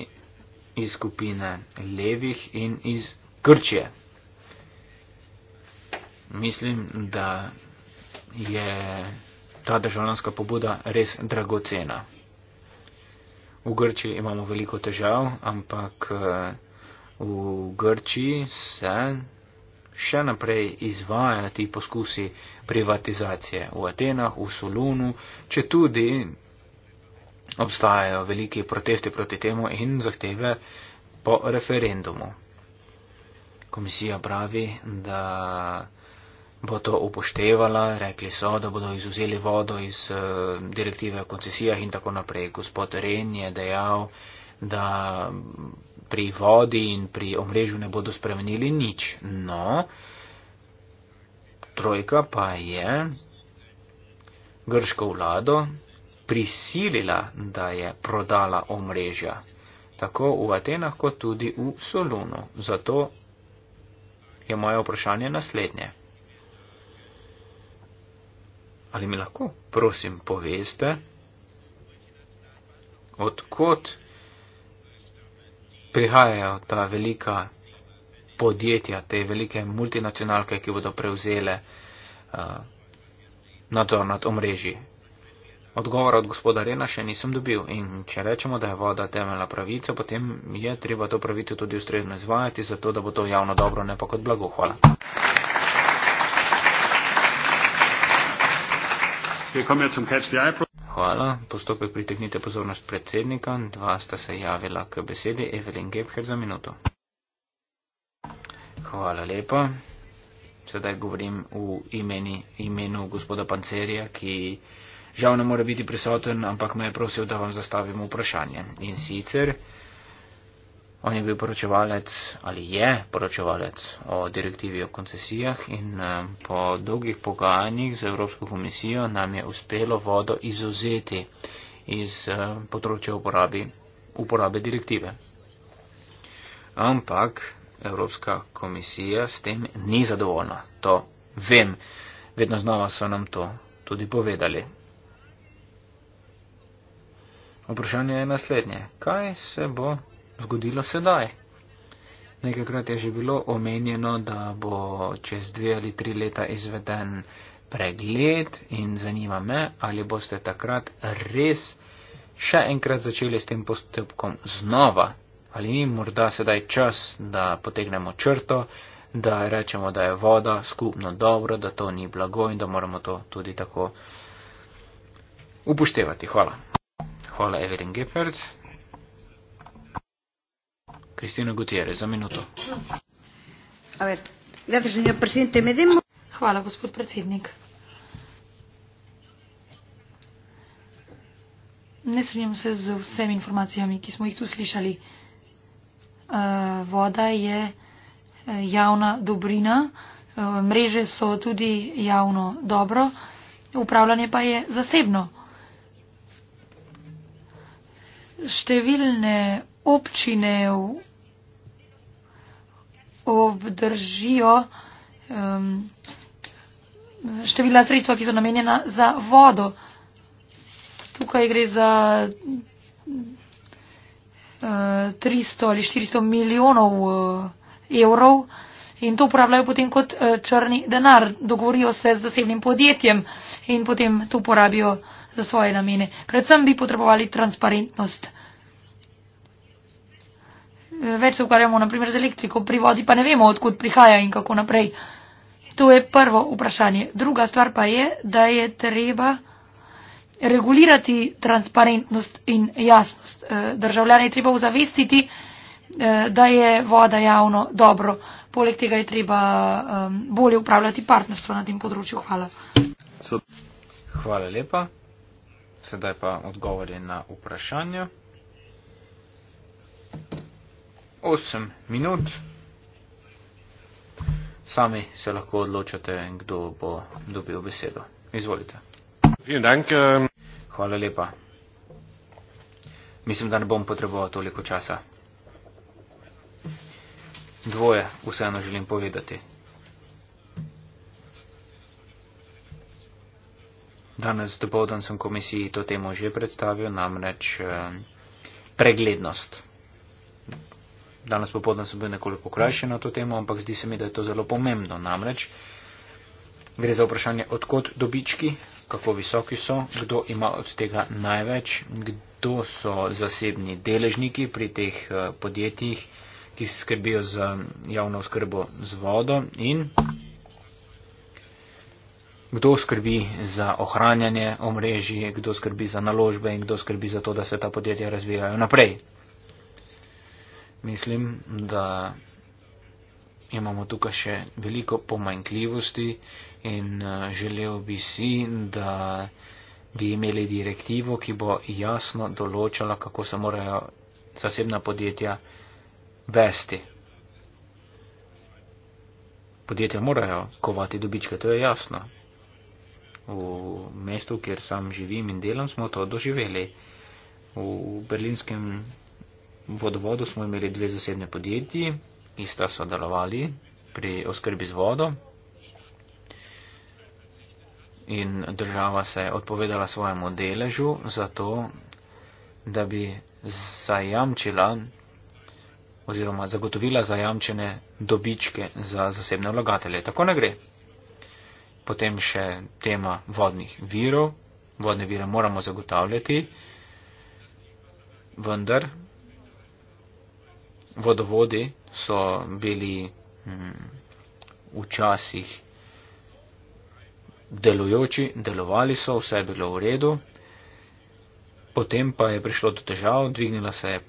iz skupine levih in iz Grčije. Mislim, da je ta državljanska pobuda res dragocena. V Grčiji imamo veliko težav, ampak eh, v Grčiji se še naprej izvaja ti poskusi privatizacije v Atenah, v Solunu, če tudi obstajajo veliki protesti proti temu in zahteve po referendumu komisija pravi, da bo to upoštevala, rekli so, da bodo izuzeli vodo iz eh, direktive o koncesijah in tako naprej. Gospod Ren je dejal, da pri vodi in pri omrežju ne bodo spremenili nič. No, trojka pa je grško vlado prisilila, da je prodala omrežja. Tako v Atenah, kot tudi v Solunu. Zato je moje vprašanje naslednje. Ali mi lahko, prosim, poveste, odkot prihajajo ta velika podjetja, te velike multinacionalke, ki bodo prevzele uh, nadzor nad omrežji Odgovora od gospoda Rena še nisem dobil in če rečemo, da je voda temeljna pravica, potem je treba to pravico tudi ustrezno izvajati, zato da bo to javno dobro, ne pa kot blago. Hvala. Hvala. Postopek pritegnite pozornost predsednika. Dva sta se javila k besedi. Evelyn Gebher za minuto. Hvala lepa. Sedaj govorim v imeni, imenu gospoda Pancerija, ki. Žal ne more biti prisoten, ampak me je prosil, da vam zastavim vprašanje. In sicer, on je bil poročevalec ali je poročevalec o direktivi o koncesijah in eh, po dolgih pogajanjih z Evropsko komisijo nam je uspelo vodo izuzeti iz eh, področja uporabi, uporabe direktive. Ampak Evropska komisija s tem ni zadovoljna. To vem. Vedno znova so nam to tudi povedali. Vprašanje je naslednje. Kaj se bo zgodilo sedaj? Nekajkrat je že bilo omenjeno, da bo čez dve ali tri leta izveden pregled in zanima me, ali boste takrat res še enkrat začeli s tem postopkom znova. Ali ni morda sedaj čas, da potegnemo črto, da rečemo, da je voda skupno dobro, da to ni blago in da moramo to tudi tako upoštevati. Hvala. Hvala, Evelyn Gippert. Kristina Gutierrez, za minuto. A ver, gracias, señor presidente. Me demo... Hvala, gospod predsednik. Ne srnjam se z vsem informacijami, ki smo jih tu slišali. Eh, voda je eh, javna dobrina, eh, mreže so tudi javno dobro, upravljanje pa je zasebno dobro številne občine obdržijo številna sredstva, ki so namenjena za vodo. Tukaj gre za 300 eh, ali 400 milijonov eh, evrov in to uporabljajo potem kot eh, črni denar. Dogovorijo se z zasebnim podjetjem in potem to uporabijo za svoje namene. Predvsem bi potrebovali transparentnost. Več se ukvarjamo naprimer z elektriko, pri vodi pa ne vemo, odkud prihaja in kako naprej. To je prvo vprašanje. Druga stvar pa je, da je treba regulirati transparentnost in jasnost. Eh, državljane je treba ozavestiti, eh, da je voda javno dobro. Poleg tega je treba eh, bolje upravljati partnerstvo na tem področju. Hvala. Hvala lepa sedaj pa odgovori na vprašanja. 8 minut. Sami se lahko odločate, kdo bo dobil besedo. Izvolite. Eh. Hvala lepa. Mislim, da ne bom potreboval toliko časa. Dvoje vseeno želim povedati. Danes dopoldan sem komisiji to temo že predstavil, namreč eh, preglednost. Danes popoldan sem bil nekoliko krajši na to temo, ampak zdi se mi, da je to zelo pomembno. Namreč gre za vprašanje, odkot dobički, kako visoki so, kdo ima od tega največ, kdo so zasebni deležniki pri teh eh, podjetjih, ki skrbijo za javno skrbo z vodo in kdo skrbi za ohranjanje omrežij, kdo skrbi za naložbe in kdo skrbi za to, da se ta podjetja razvijajo naprej. Mislim, da imamo tukaj še veliko pomanjkljivosti in eh, želel bi si, da bi imeli direktivo, ki bo jasno določala, kako se morajo zasebna podjetja vesti. Podjetja morajo kovati dobičke, to je jasno v mestu, kjer sam živim in delam, smo to doživeli. V berlinskem vodovodu smo imeli dve zasebne podjetji, ki sta sodelovali pri oskrbi z vodo in država se je odpovedala svojemu deležu za to, da bi zajamčila oziroma zagotovila zajamčene dobičke za zasebne vlagatelje. Tako ne gre potem še tema vodnih virov. Vodne vire moramo zagotavljati, vendar vodovodi so bili hm, včasih delujoči, delovali so, vse je bilo v redu. Potem pa je prišlo do težav, dvignila se je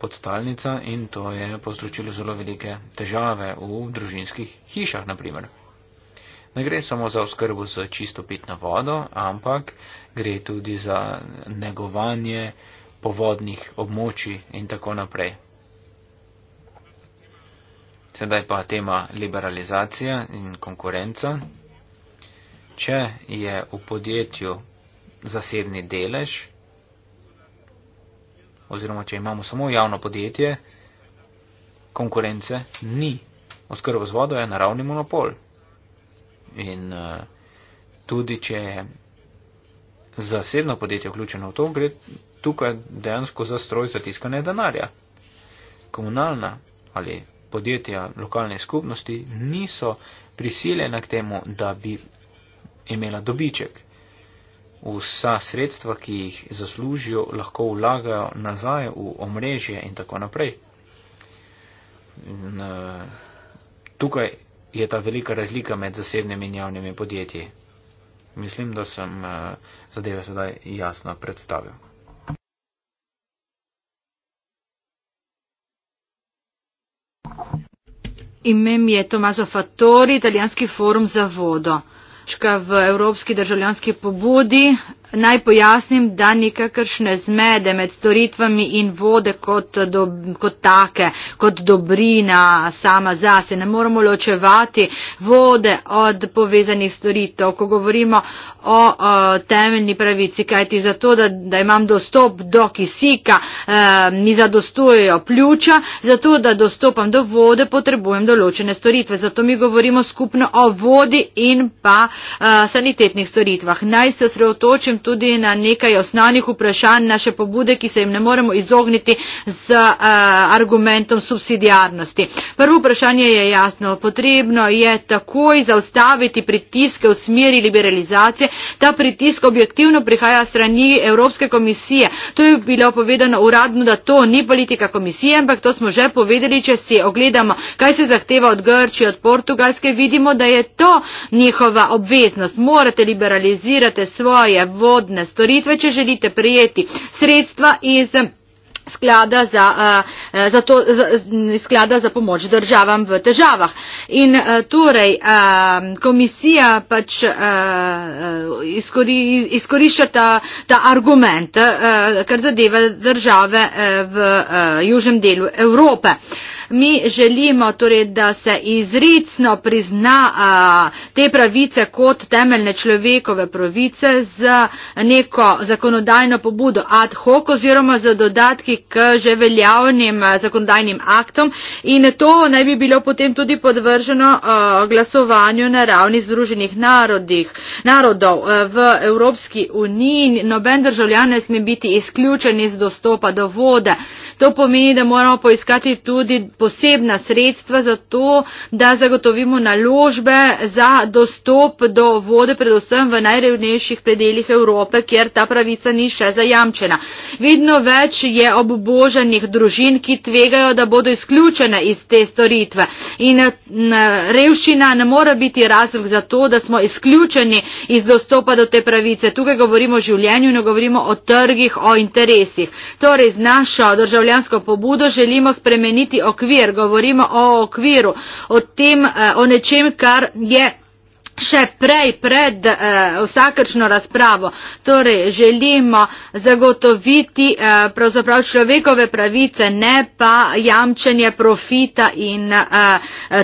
podtalnica in to je povzročilo zelo velike težave v družinskih hišah, naprimer ne gre samo za oskrbo z čisto pitno vodo, ampak gre tudi za negovanje povodnih območij in tako naprej. Sedaj pa tema liberalizacija in konkurenca. Če je v podjetju zasebni delež, oziroma če imamo samo javno podjetje, konkurence ni. Oskrba z vodo je naravni monopol in uh, tudi, če je zasebno podjetje vključeno v to, gre tukaj dejansko za stroj za tiskanje denarja. Komunalna ali podjetja lokalne skupnosti niso prisiljena k temu, da bi imela dobiček. Vsa sredstva, ki jih zaslužijo, lahko vlagajo nazaj v omrežje in tako naprej. In, uh, tukaj je ta velika razlika med zasebnimi in javnimi podjetji. Mislim, da sem eh, zadeve sedaj jasno predstavil. Ime mi je Tomaso Fattori, italijanski forum za vodo. V Evropski državljanski pobudi Naj pojasnim, da nikakršne zmede med storitvami in vode kot, do, kot take, kot dobrina sama zase, ne moramo ločevati vode od povezanih storitev. Ko govorimo o, o temeljni pravici, kajti zato, da, da imam dostop do kisika, e, mi zadostujejo pljuča, zato, da dostopam do vode, potrebujem določene storitve. Zato mi govorimo skupno o vodi in pa e, sanitetnih storitvah. Naj se osredotočim mislim tudi na nekaj osnovnih vprašanj naše pobude, ki se jim ne moremo izogniti z uh, argumentom subsidijarnosti. Prvo vprašanje je jasno. Potrebno je takoj zaustaviti pritiske v smeri liberalizacije. Ta pritisk objektivno prihaja strani Evropske komisije. To je bilo povedano uradno, da to ni politika komisije, ampak to smo že povedali, če si ogledamo, kaj se zahteva od Grčije, od Portugalske, vidimo, da je to njihova obveznost. Morate liberalizirati svoje. V vodne storitve, če želite prijeti sredstva iz sklada za, eh, eh, za, to, za, sklada za pomoč državam v težavah. In eh, torej komisija pač izkori, izkorišča ta, ta argument, kar zadeva države v južnem delu Evrope. Mi želimo torej, da se izrecno prizna a, te pravice kot temeljne človekove pravice z neko zakonodajno pobudo ad hoc oziroma z dodatki, k že veljavnim eh, zakondajnim aktom in to naj bi bilo potem tudi podvrženo eh, glasovanju na ravni Združenih narodih, narodov eh, v Evropski uniji. Noben državljan ne sme biti izključen iz dostopa do vode. To pomeni, da moramo poiskati tudi posebna sredstva za to, da zagotovimo naložbe za dostop do vode, predvsem v najrevnejših predeljih Evrope, kjer ta pravica ni še zajamčena. Vedno več je obvezno, obubožanih družin, ki tvegajo, da bodo izključene iz te storitve. In eh, revščina ne more biti razlog za to, da smo izključeni iz dostopa do te pravice. Tukaj govorimo o življenju, ne govorimo o trgih, o interesih. Torej, z našo državljansko pobudo želimo spremeniti okvir, govorimo o okviru, o tem, eh, o nečem, kar je še prej pred eh, vsakršno razpravo. Torej, želimo zagotoviti eh, pravzaprav človekove pravice, ne pa jamčenje profita in eh,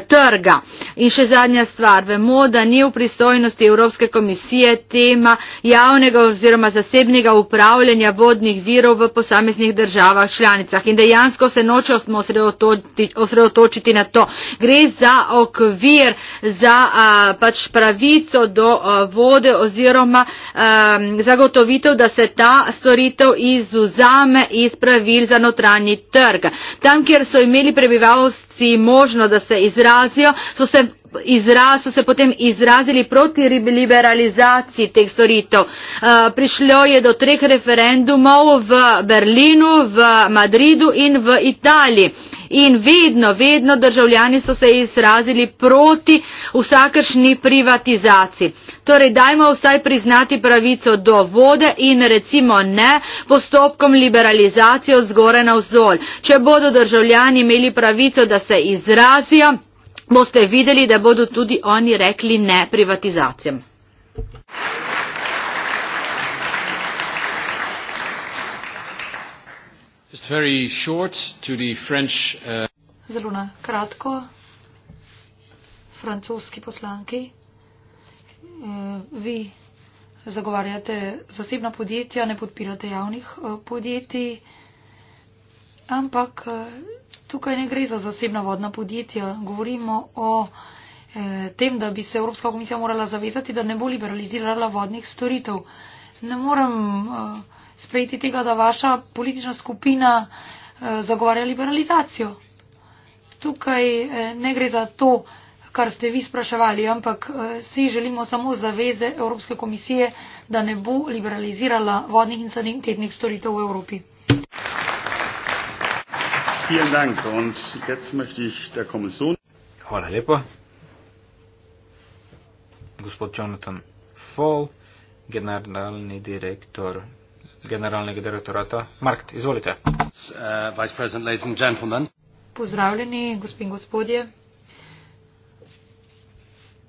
trga. In še zadnja stvar, vemo, da ni v pristojnosti Evropske komisije tema javnega oziroma zasebnega upravljanja vodnih virov v posameznih državah članicah. In dejansko se nočemo osredotočiti, osredotočiti na to. Gre za okvir, za eh, pač pravice, pravico do eh, vode oziroma ehm, zagotovitev, da se ta storitev izuzame iz pravil za notranji trg. Tam, kjer so imeli prebivalci možno, da se izrazijo, so se. Izraz, so se potem izrazili proti liberalizaciji teh storitev. Eh, prišlo je do treh referendumov v Berlinu, v Madridu in v Italiji in vedno, vedno državljani so se izrazili proti vsakršni privatizaciji. Torej, dajmo vsaj priznati pravico do vode in recimo ne postopkom liberalizacije zgore na vzdolj. Če bodo državljani imeli pravico, da se izrazijo, boste videli, da bodo tudi oni rekli ne privatizacijam. very short to the French, uh, Zelo na kratko, francoski poslanki, uh, vi zagovarjate zasebna podjetja, ne podpirate javnih uh, podjetij, ampak uh, tukaj ne gre za zasebna vodna podjetja. Govorimo o uh, tem, da bi se Evropska komisija morala zavezati, da ne bo liberalizirala vodnih storitev. Ne morem. Uh, sprejeti tega, da vaša politična skupina eh, zagovarja liberalizacijo. Tukaj eh, ne gre za to, kar ste vi spraševali, ampak vsi eh, želimo samo zaveze Evropske komisije, da ne bo liberalizirala vodnih in sanitetnih storitev v Evropi. Hvala lepa. Gospod Jonathan Fall, generalni direktor generalnega direktorata. Markt, izvolite. Uh, Pozdravljeni, gospod in gospodje.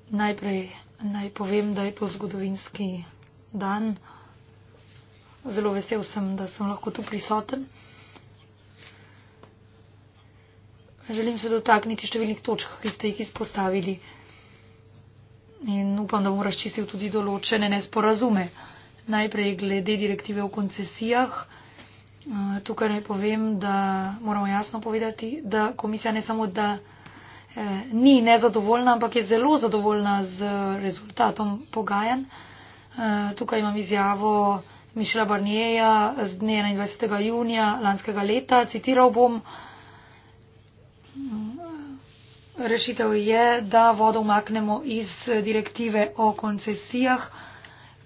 Najprej naj povem, da je to zgodovinski dan. Zelo vesel sem, da sem lahko tu prisoten. Želim se dotakniti številnih točk, ki ste jih izpostavili. In upam, da bom razčistil tudi določene nesporazume. Najprej glede direktive o koncesijah. Eh, tukaj naj povem, da moramo jasno povedati, da komisija ne samo, da eh, ni nezadovoljna, ampak je zelo zadovoljna z rezultatom pogajan. Eh, tukaj imam izjavo Mišela Barnjeja z dne 21. junija lanskega leta. Citiral bom. Rešitev je, da vodo umaknemo iz direktive o koncesijah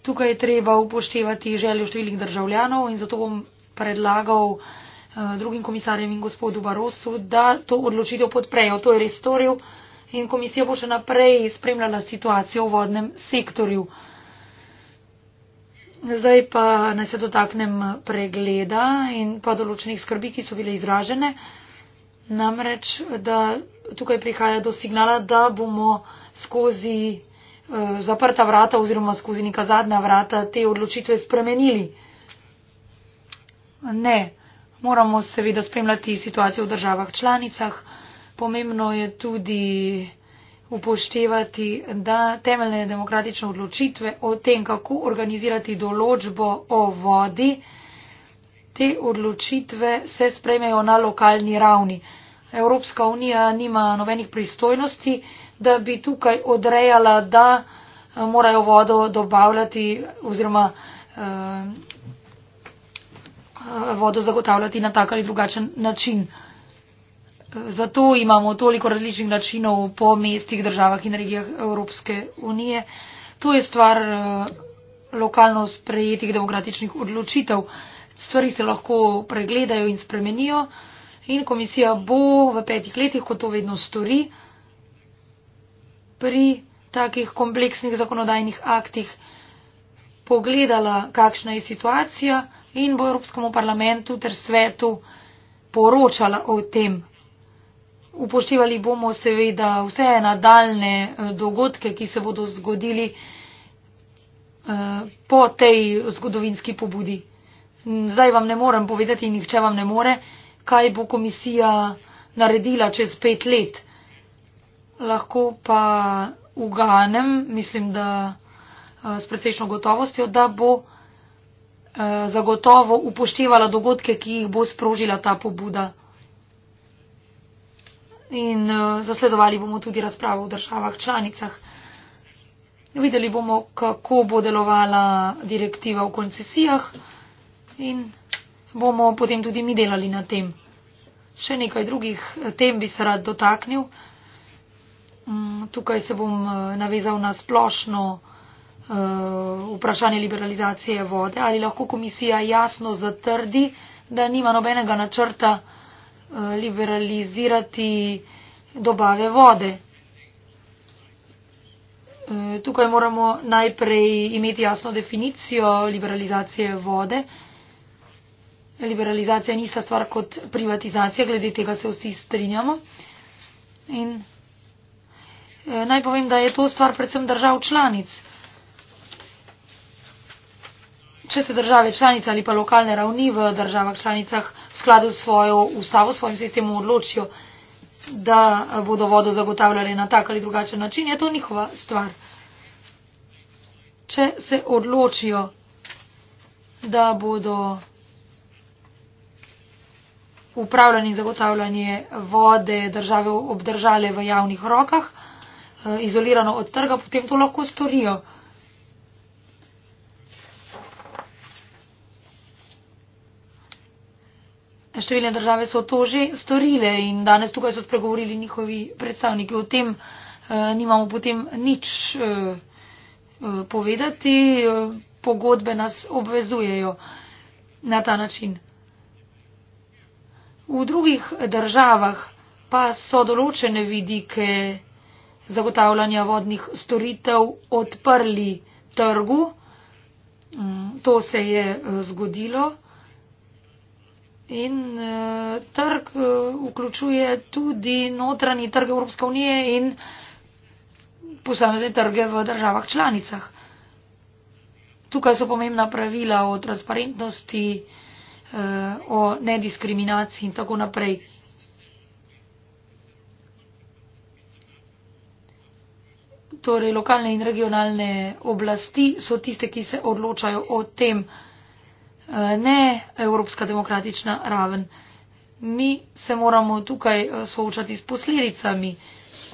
tukaj treba upoštevati željo številnih državljanov in zato bom predlagal eh, drugim komisarjem in gospodu Barosu, da to odločitev podprejo. To je res storil in komisija bo še naprej spremljala situacijo v vodnem sektorju. Zdaj pa naj se dotaknem pregleda in pa določenih skrbi, ki so bile izražene. Namreč, da tukaj prihaja do signala, da bomo skozi Eh, zaprta vrata oziroma skozi neka zadnja vrata te odločitve spremenili. Ne, moramo seveda spremljati situacijo v državah članicah. Pomembno je tudi upoštevati, da temeljne demokratične odločitve o tem, kako organizirati določbo o vodi, te odločitve se spremejo na lokalni ravni. Evropska unija nima nobenih pristojnosti, da bi tukaj odrejala, da eh, morajo vodo dobavljati oziroma eh, eh, vodo zagotavljati na tak ali drugačen način. Zato imamo toliko različnih načinov po mestih, državah in regijah Evropske unije. To je stvar eh, lokalno sprejetih demokratičnih odločitev. Stvari se lahko pregledajo in spremenijo in komisija bo v petih letih, kot to vedno stori, pri takih kompleksnih zakonodajnih aktih pogledala, kakšna je situacija in bo Evropskemu parlamentu ter svetu poročala o tem. Upoštevali bomo seveda vse nadaljne eh, dogodke, ki se bodo zgodili eh, po tej zgodovinski pobudi. Zdaj vam ne morem povedati, nihče vam ne more, kaj bo komisija naredila čez pet let lahko pa uganem, mislim, da eh, s precejšno gotovostjo, da bo eh, zagotovo upoštevala dogodke, ki jih bo sprožila ta pobuda. In eh, zasledovali bomo tudi razpravo v državah članicah. Videli bomo, kako bo delovala direktiva v koncesijah in bomo potem tudi mi delali na tem. Še nekaj drugih tem bi se rad dotaknil. Mm, tukaj se bom eh, navezal na splošno eh, vprašanje liberalizacije vode. Ali lahko komisija jasno zatrdi, da nima nobenega načrta eh, liberalizirati dobave vode? Tukaj moramo najprej imeti jasno definicijo liberalizacije vode. Liberalizacija ni sa stvar kot privatizacija, glede tega se vsi strinjamo. In Eh, naj povem, da je to stvar predvsem držav članic. Če se države članice ali pa lokalne ravni v državah članicah v skladu s svojo ustavo, s svojim sistemom odločijo, da bodo vodo zagotavljali na tak ali drugačen način, je to njihova stvar. Če se odločijo, da bodo upravljanje in zagotavljanje vode države obdržale v javnih rokah, Eh, izolirano od trga, potem to lahko storijo. Številne države so to že storile in danes tukaj so spregovorili njihovi predstavniki. O tem eh, nimamo potem nič eh, povedati, pogodbe nas obvezujejo na ta način. V drugih državah pa so določene vidike zagotavljanja vodnih storitev odprli trgu. Mm, to se je eh, zgodilo. In eh, trg eh, vključuje tudi notranji trg Evropske unije in posamezne trge v državah članicah. Tukaj so pomembna pravila o transparentnosti, o nediskriminaciji in tako naprej. torej lokalne in regionalne oblasti so tiste, ki se odločajo o tem, eh, ne evropska demokratična raven. Mi se moramo tukaj eh, soočati s posledicami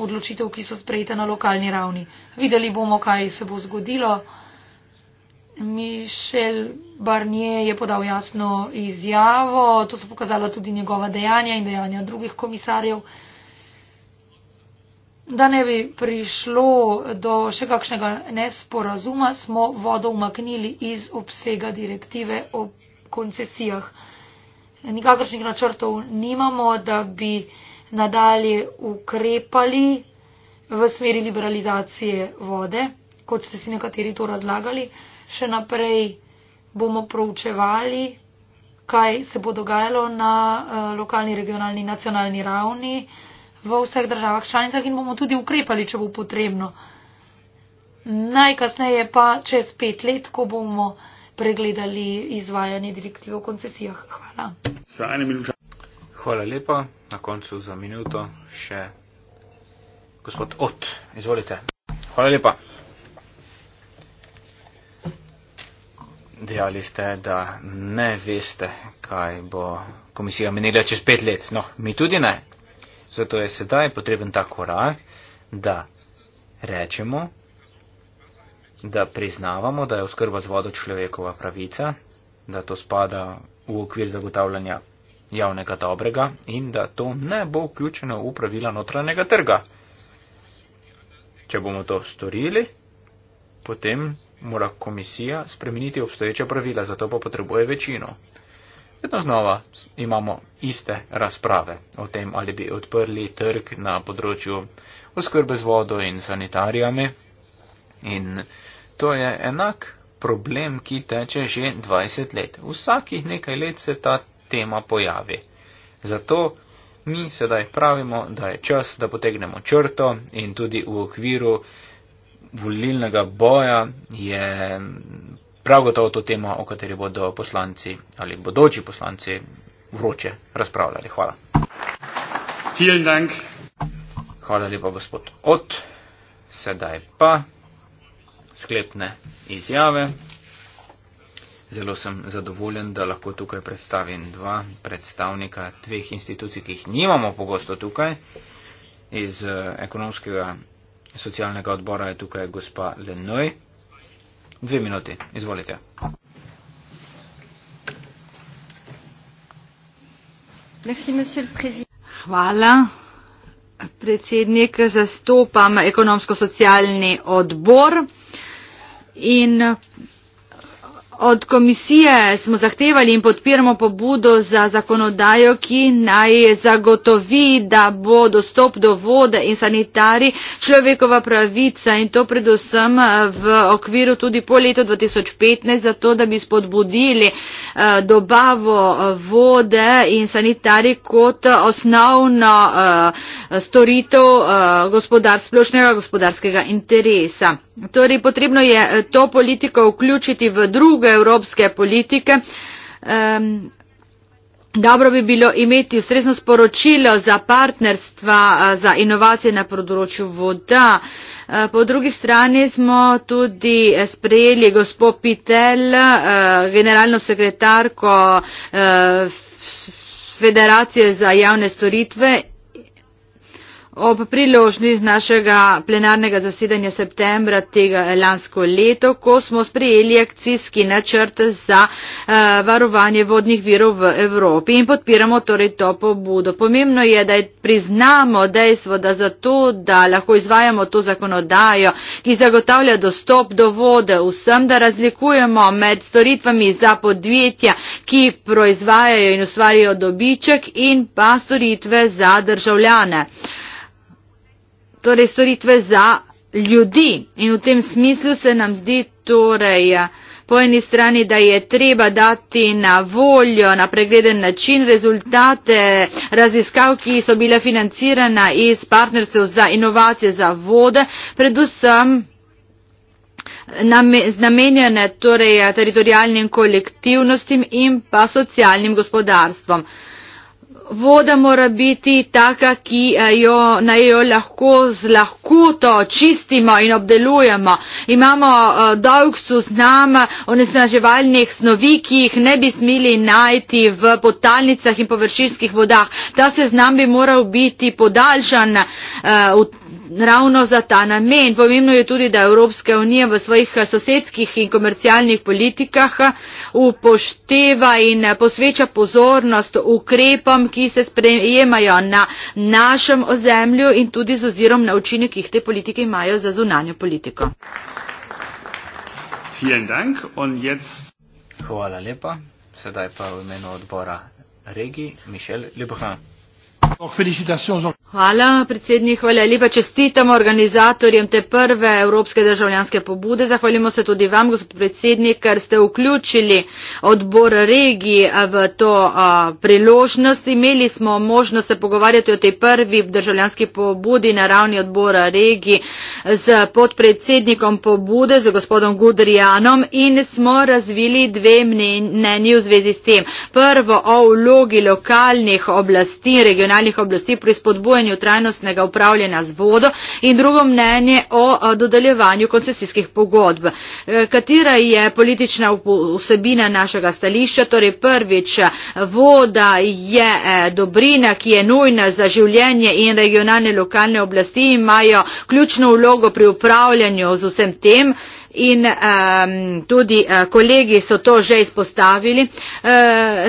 odločitev, ki so sprejete na lokalni ravni. Videli bomo, kaj se bo zgodilo. Mišel Barnier je podal jasno izjavo, to so pokazala tudi njegova dejanja in dejanja drugih komisarjev da ne bi prišlo do še kakšnega nesporazuma, smo vodo umaknili iz obsega direktive o koncesijah. Nikakršnih načrtov nimamo, da bi nadalje ukrepali v smeri liberalizacije vode, kot ste si nekateri to razlagali. Še naprej bomo proučevali, kaj se bo dogajalo na eh, lokalni, regionalni, nacionalni ravni v vseh državah članicah in bomo tudi ukrepali, če bo potrebno. Najkasneje pa čez pet let, ko bomo pregledali izvajanje direktive o koncesijah. Hvala. Hvala lepa. Na koncu za minuto še gospod Ot. Izvolite. Hvala lepa. Dejali ste, da ne veste, kaj bo komisija menila čez pet let. No, mi tudi ne. Zato je sedaj potreben ta korak, da rečemo, da priznavamo, da je oskrba z vodo človekova pravica, da to spada v okvir zagotavljanja javnega dobrega in da to ne bo vključeno v pravila notranjega trga. Če bomo to storili, potem mora komisija spremeniti obstoječa pravila, zato pa potrebuje večino vedno znova imamo iste razprave o tem, ali bi odprli trg na področju oskrbe z vodo in sanitarijami. In to je enak problem, ki teče že 20 let. Vsakih nekaj let se ta tema pojavi. Zato mi sedaj pravimo, da je čas, da potegnemo črto in tudi v okviru volilnega boja je prav gotovo to tema, o kateri bodo poslanci ali bodoči poslanci vroče razpravljali. Hvala. Hvala lepa, gospod Ot. Sedaj pa sklepne izjave. Zelo sem zadovoljen, da lahko tukaj predstavim dva predstavnika dveh institucij, ki jih nimamo pogosto tukaj. Iz eh, ekonomskega socialnega odbora je tukaj gospa Lenoj dve minuti. Izvolite. Hvala. Predsednik, zastopam ekonomsko-socialni odbor in Od komisije smo zahtevali in podpiramo pobudo za zakonodajo, ki naj zagotovi, da bo dostop do vode in sanitari človekova pravica in to predvsem eh, v okviru tudi po letu 2015, zato da bi spodbudili eh, dobavo eh, vode in sanitari kot osnovno storitev gospodar, splošnega gospodarskega interesa torej potrebno je eh, to politiko vključiti v druge evropske politike um, Dobro bi bilo imeti ustrezno sporočilo za partnerstva, eh, za inovacije na področju voda. Eh, po drugi strani smo tudi sprejeli gospo Pitel, generalno sekretarko Federacije za javne storitve Ob priložnosti našega plenarnega zasedanja septembra tega lansko leto, ko smo sprejeli akcijski načrt za uh, varovanje vodnih virov v Evropi in podpiramo torej to pobudo. Pomembno je, da je priznamo dejstvo, da zato, da lahko izvajamo to zakonodajo, ki zagotavlja dostop do vode vsem, da razlikujemo med storitvami za podjetja, ki proizvajajo in ustvarjajo dobiček in pa storitve za državljane torej storitve za ljudi. In v tem smislu se nam zdi torej eh, po eni strani, da je treba dati na voljo, na pregleden način rezultate raziskav, ki so bile financirane iz partnerstev za inovacije za vode, predvsem namenjene torej, eh, teritorijalnim kolektivnostim in pa socialnim gospodarstvom voda mora biti taka, ki eh, jo, naj jo lahko z lahkoto čistimo in obdelujemo. Imamo eh, dolg suznam onesnaževalnih snovi, ki jih ne bi smeli najti v potalnicah in površinskih vodah. Ta seznam bi moral biti podaljšan eh, ravno za ta namen. Pomembno je tudi, da Evropska unija v svojih sosedskih in komercialnih politikah upošteva in posveča pozornost ukrepom, ki se sprejemajo na našem ozemlju in tudi z ozirom na učinek, ki jih te politike imajo za zunanjo politiko. Hvala lepa. Sedaj pa v imenu odbora regij Mišel Ljubohan. Hvala, predsednik, hvala lepa. Čestitamo organizatorjem te prve evropske državljanske pobude. Zahvaljujemo se tudi vam, gospod predsednik, ker ste vključili odbor regiji v to a, priložnost. Imeli smo možnost se pogovarjati o tej prvi državljanski pobudi na ravni odbora regiji z podpredsednikom pobude, z gospodom Gudrijanom in smo razvili dve mnenji v zvezi s tem. Prvo o vlogi lokalnih oblasti in regionalnih lokalnih oblasti pri spodbujanju trajnostnega upravljanja z vodo in drugo mnenje o dodeljevanju koncesijskih pogodb. E, katera je politična vsebina našega stališča? Torej prvič, voda je e, dobrina, ki je nujna za življenje in regionalne lokalne oblasti imajo ključno vlogo pri upravljanju z vsem tem in um, tudi uh, kolegi so to že izpostavili. Uh,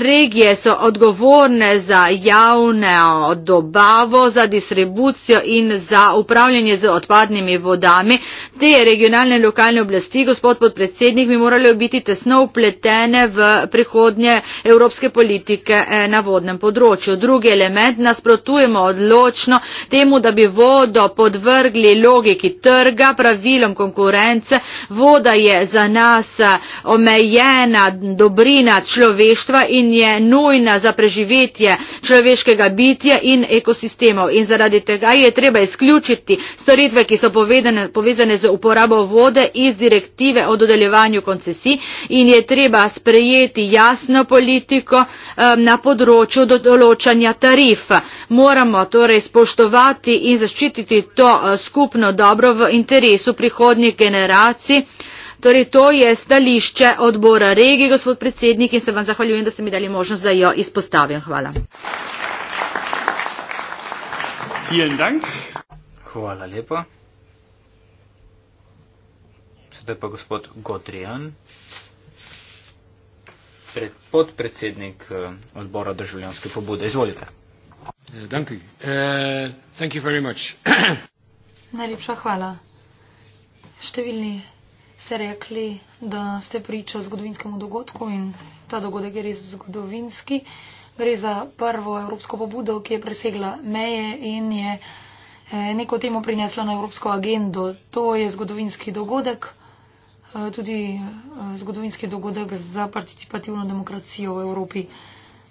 regije so odgovorne za javno dobavo, za distribucijo in za upravljanje z odpadnimi vodami. Te regionalne in lokalne oblasti, gospod podpredsednik, bi morali biti tesno upletene v prihodnje evropske politike eh, na vodnem področju. Drugi element nasprotujemo odločno temu, da bi vodo podvrgli logiki trga, pravilom konkurence, Voda je za nas eh, omejena dobrina človeštva in je nujna za preživetje človeškega bitja in ekosistemov. In zaradi tega je treba izključiti storitve, ki so povedane, povezane z uporabo vode iz direktive o dodeljevanju koncesij in je treba sprejeti jasno politiko um, na področju določanja tarif. Moramo torej spoštovati in zaščititi to uh, skupno dobro v interesu prihodnjih generacij Torej, to je stališče odbora regije, gospod predsednik, in se vam zahvaljujem, da ste mi dali možnost, da jo izpostavim. Hvala. Hvala lepa. Zdaj pa gospod Godrijan, pred, podpredsednik eh, odbora državljanske pobude. Izvolite. Uh, uh, *clears throat* Najlepša hvala. Številni ste rekli, da ste priča zgodovinskemu dogodku in ta dogodek je res zgodovinski. Gre za prvo evropsko pobudo, ki je presegla meje in je eh, neko temo prinesla na evropsko agendo. To je zgodovinski dogodek, eh, tudi eh, zgodovinski dogodek za participativno demokracijo v Evropi.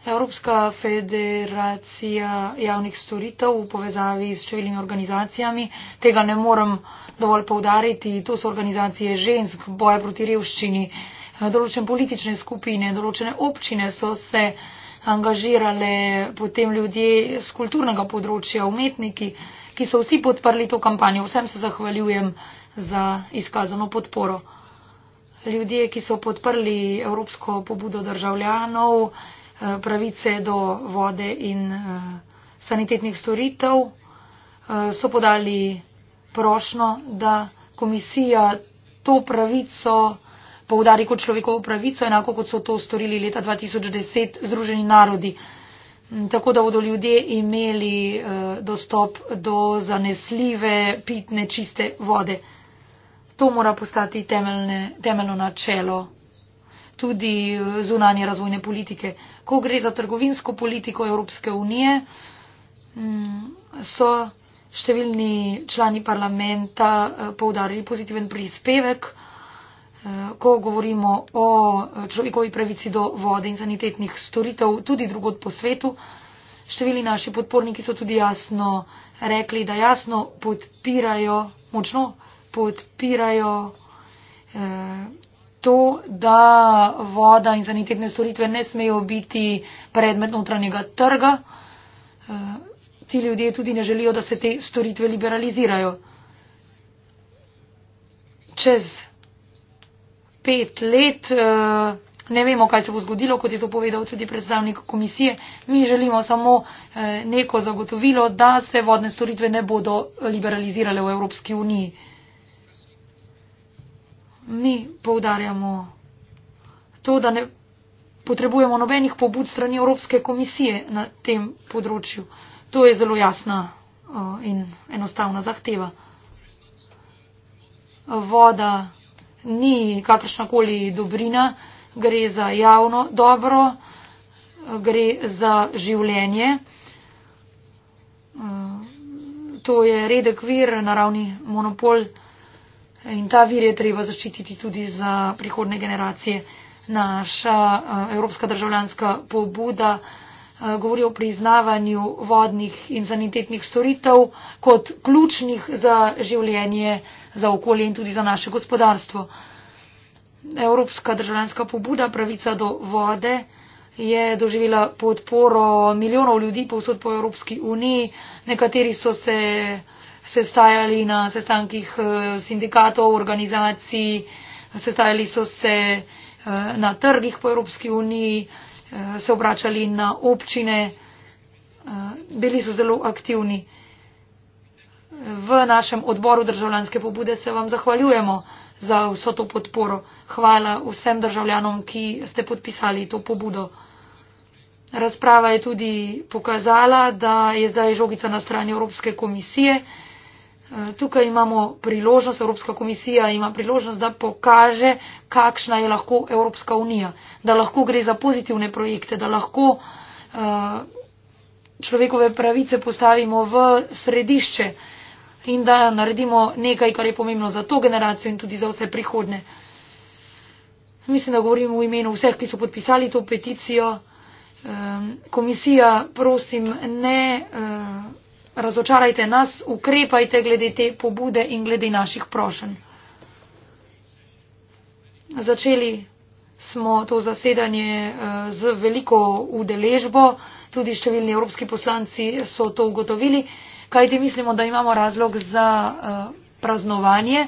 Evropska federacija javnih storitev v povezavi s številnimi organizacijami, tega ne morem dovolj povdariti, to so organizacije žensk, boje proti revščini, določene politične skupine, določene občine so se angažirale, potem ljudje z kulturnega področja, umetniki, ki so vsi podprli to kampanjo. Vsem se zahvaljujem za izkazano podporo. Ljudje, ki so podprli Evropsko pobudo državljanov, Eh, pravice do vode in eh, sanitetnih storitev. Eh, so podali prošno, da komisija to pravico poudari kot človekovo pravico, enako kot so to storili leta 2010 Združeni narodi. Mm, tako da bodo ljudje imeli dostop do zanesljive, pitne, čiste vode. To mora postati temeljne, temeljno načelo tudi eh, zunanje razvojne politike. Ko gre za trgovinsko politiko Evropske unije, mm, so številni člani parlamenta eh, povdarili pozitiven prispevek, eh, ko govorimo o človekovi pravici do vode in sanitetnih storitev, tudi drugod po svetu. Številni naši podporniki so tudi jasno rekli, da jasno podpirajo, močno podpirajo. Eh, to, da voda in zanitetne storitve ne smejo biti predmet notranjega trga. Eh, ti ljudje tudi ne želijo, da se te storitve liberalizirajo. Čez pet let eh, ne vemo, kaj se bo zgodilo, kot je to povedal tudi predstavnik komisije. Mi želimo samo eh, neko zagotovilo, da se vodne storitve ne bodo liberalizirale v Evropski uniji mi poudarjamo to, da ne potrebujemo nobenih pobud strani Evropske komisije na tem področju. To je zelo jasna uh, in enostavna zahteva. Voda ni kakršnakoli dobrina, gre za javno dobro, gre za življenje. Uh, to je redek vir, naravni monopol. In ta vir je treba zaščititi tudi za prihodne generacije. Naša eh, evropska državljanska pobuda eh, govori o priznavanju vodnih in sanitetnih storitev kot ključnih za življenje, za okolje in tudi za naše gospodarstvo. Evropska državljanska pobuda pravica do vode je doživela podporo milijonov ljudi povsod po Evropski uniji. Nekateri so se sestajali na sestankih eh, sindikatov, organizacij, sestajali so se eh, na trgih po Evropski uniji, eh, se obračali na občine, bili so zelo aktivni. V našem odboru državljanske pobude se vam zahvaljujemo za vso to podporo. Hvala vsem državljanom, ki ste podpisali to pobudo. Razprava je tudi pokazala, da je zdaj žogica na strani Evropske komisije. Tukaj imamo priložnost, Evropska komisija ima priložnost, da pokaže, kakšna je lahko Evropska unija, da lahko gre za pozitivne projekte, da lahko eh, človekove pravice postavimo v središče in da naredimo nekaj, kar je pomembno za to generacijo in tudi za vse prihodne. Mislim, da govorim v imenu vseh, ki so podpisali to peticijo. Ehm, komisija, prosim, ne. Eh, razočarajte nas, ukrepajte glede te pobude in glede naših prošenj. Začeli smo to zasedanje eh, z veliko udeležbo, tudi številni evropski poslanci so to ugotovili, kajti mislimo, da imamo razlog za eh, praznovanje.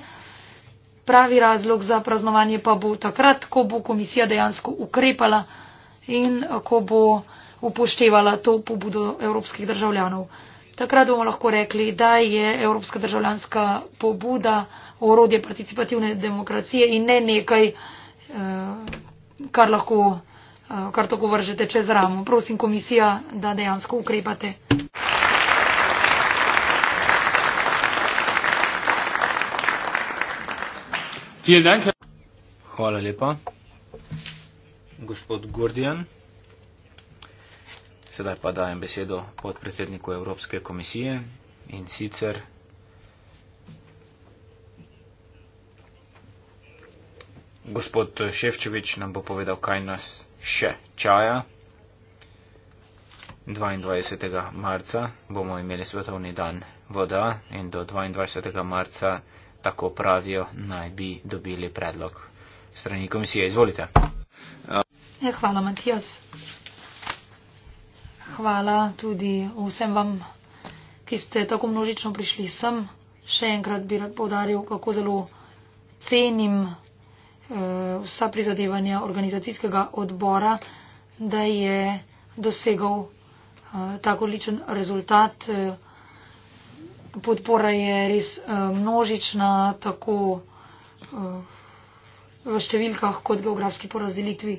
Pravi razlog za praznovanje pa bo takrat, ko bo komisija dejansko ukrepala in eh, ko bo upoštevala to pobudo evropskih državljanov. Takrat bomo lahko rekli, da je evropska državljanska pobuda orodje participativne demokracije in ne nekaj, eh, kar lahko, eh, kar tako vržete čez ramo. Prosim komisija, da dejansko ukrepate. Hvala lepa. Gospod Gordian. Sedaj pa dajem besedo podpredsedniku Evropske komisije in sicer gospod Ševčevič nam bo povedal, kaj nas še čaja. 22. marca bomo imeli svetovni dan voda in do 22. marca, tako pravijo, naj bi dobili predlog strani komisije. Izvolite. Ja, hvala, Matijas. Hvala tudi vsem vam, ki ste tako množično prišli sem. Še enkrat bi rad povdaril, kako zelo cenim eh, vsa prizadevanja organizacijskega odbora, da je dosegal eh, tako ličen rezultat. Eh, podpora je res množična, tako v številkah kot geografski porazdelitvi.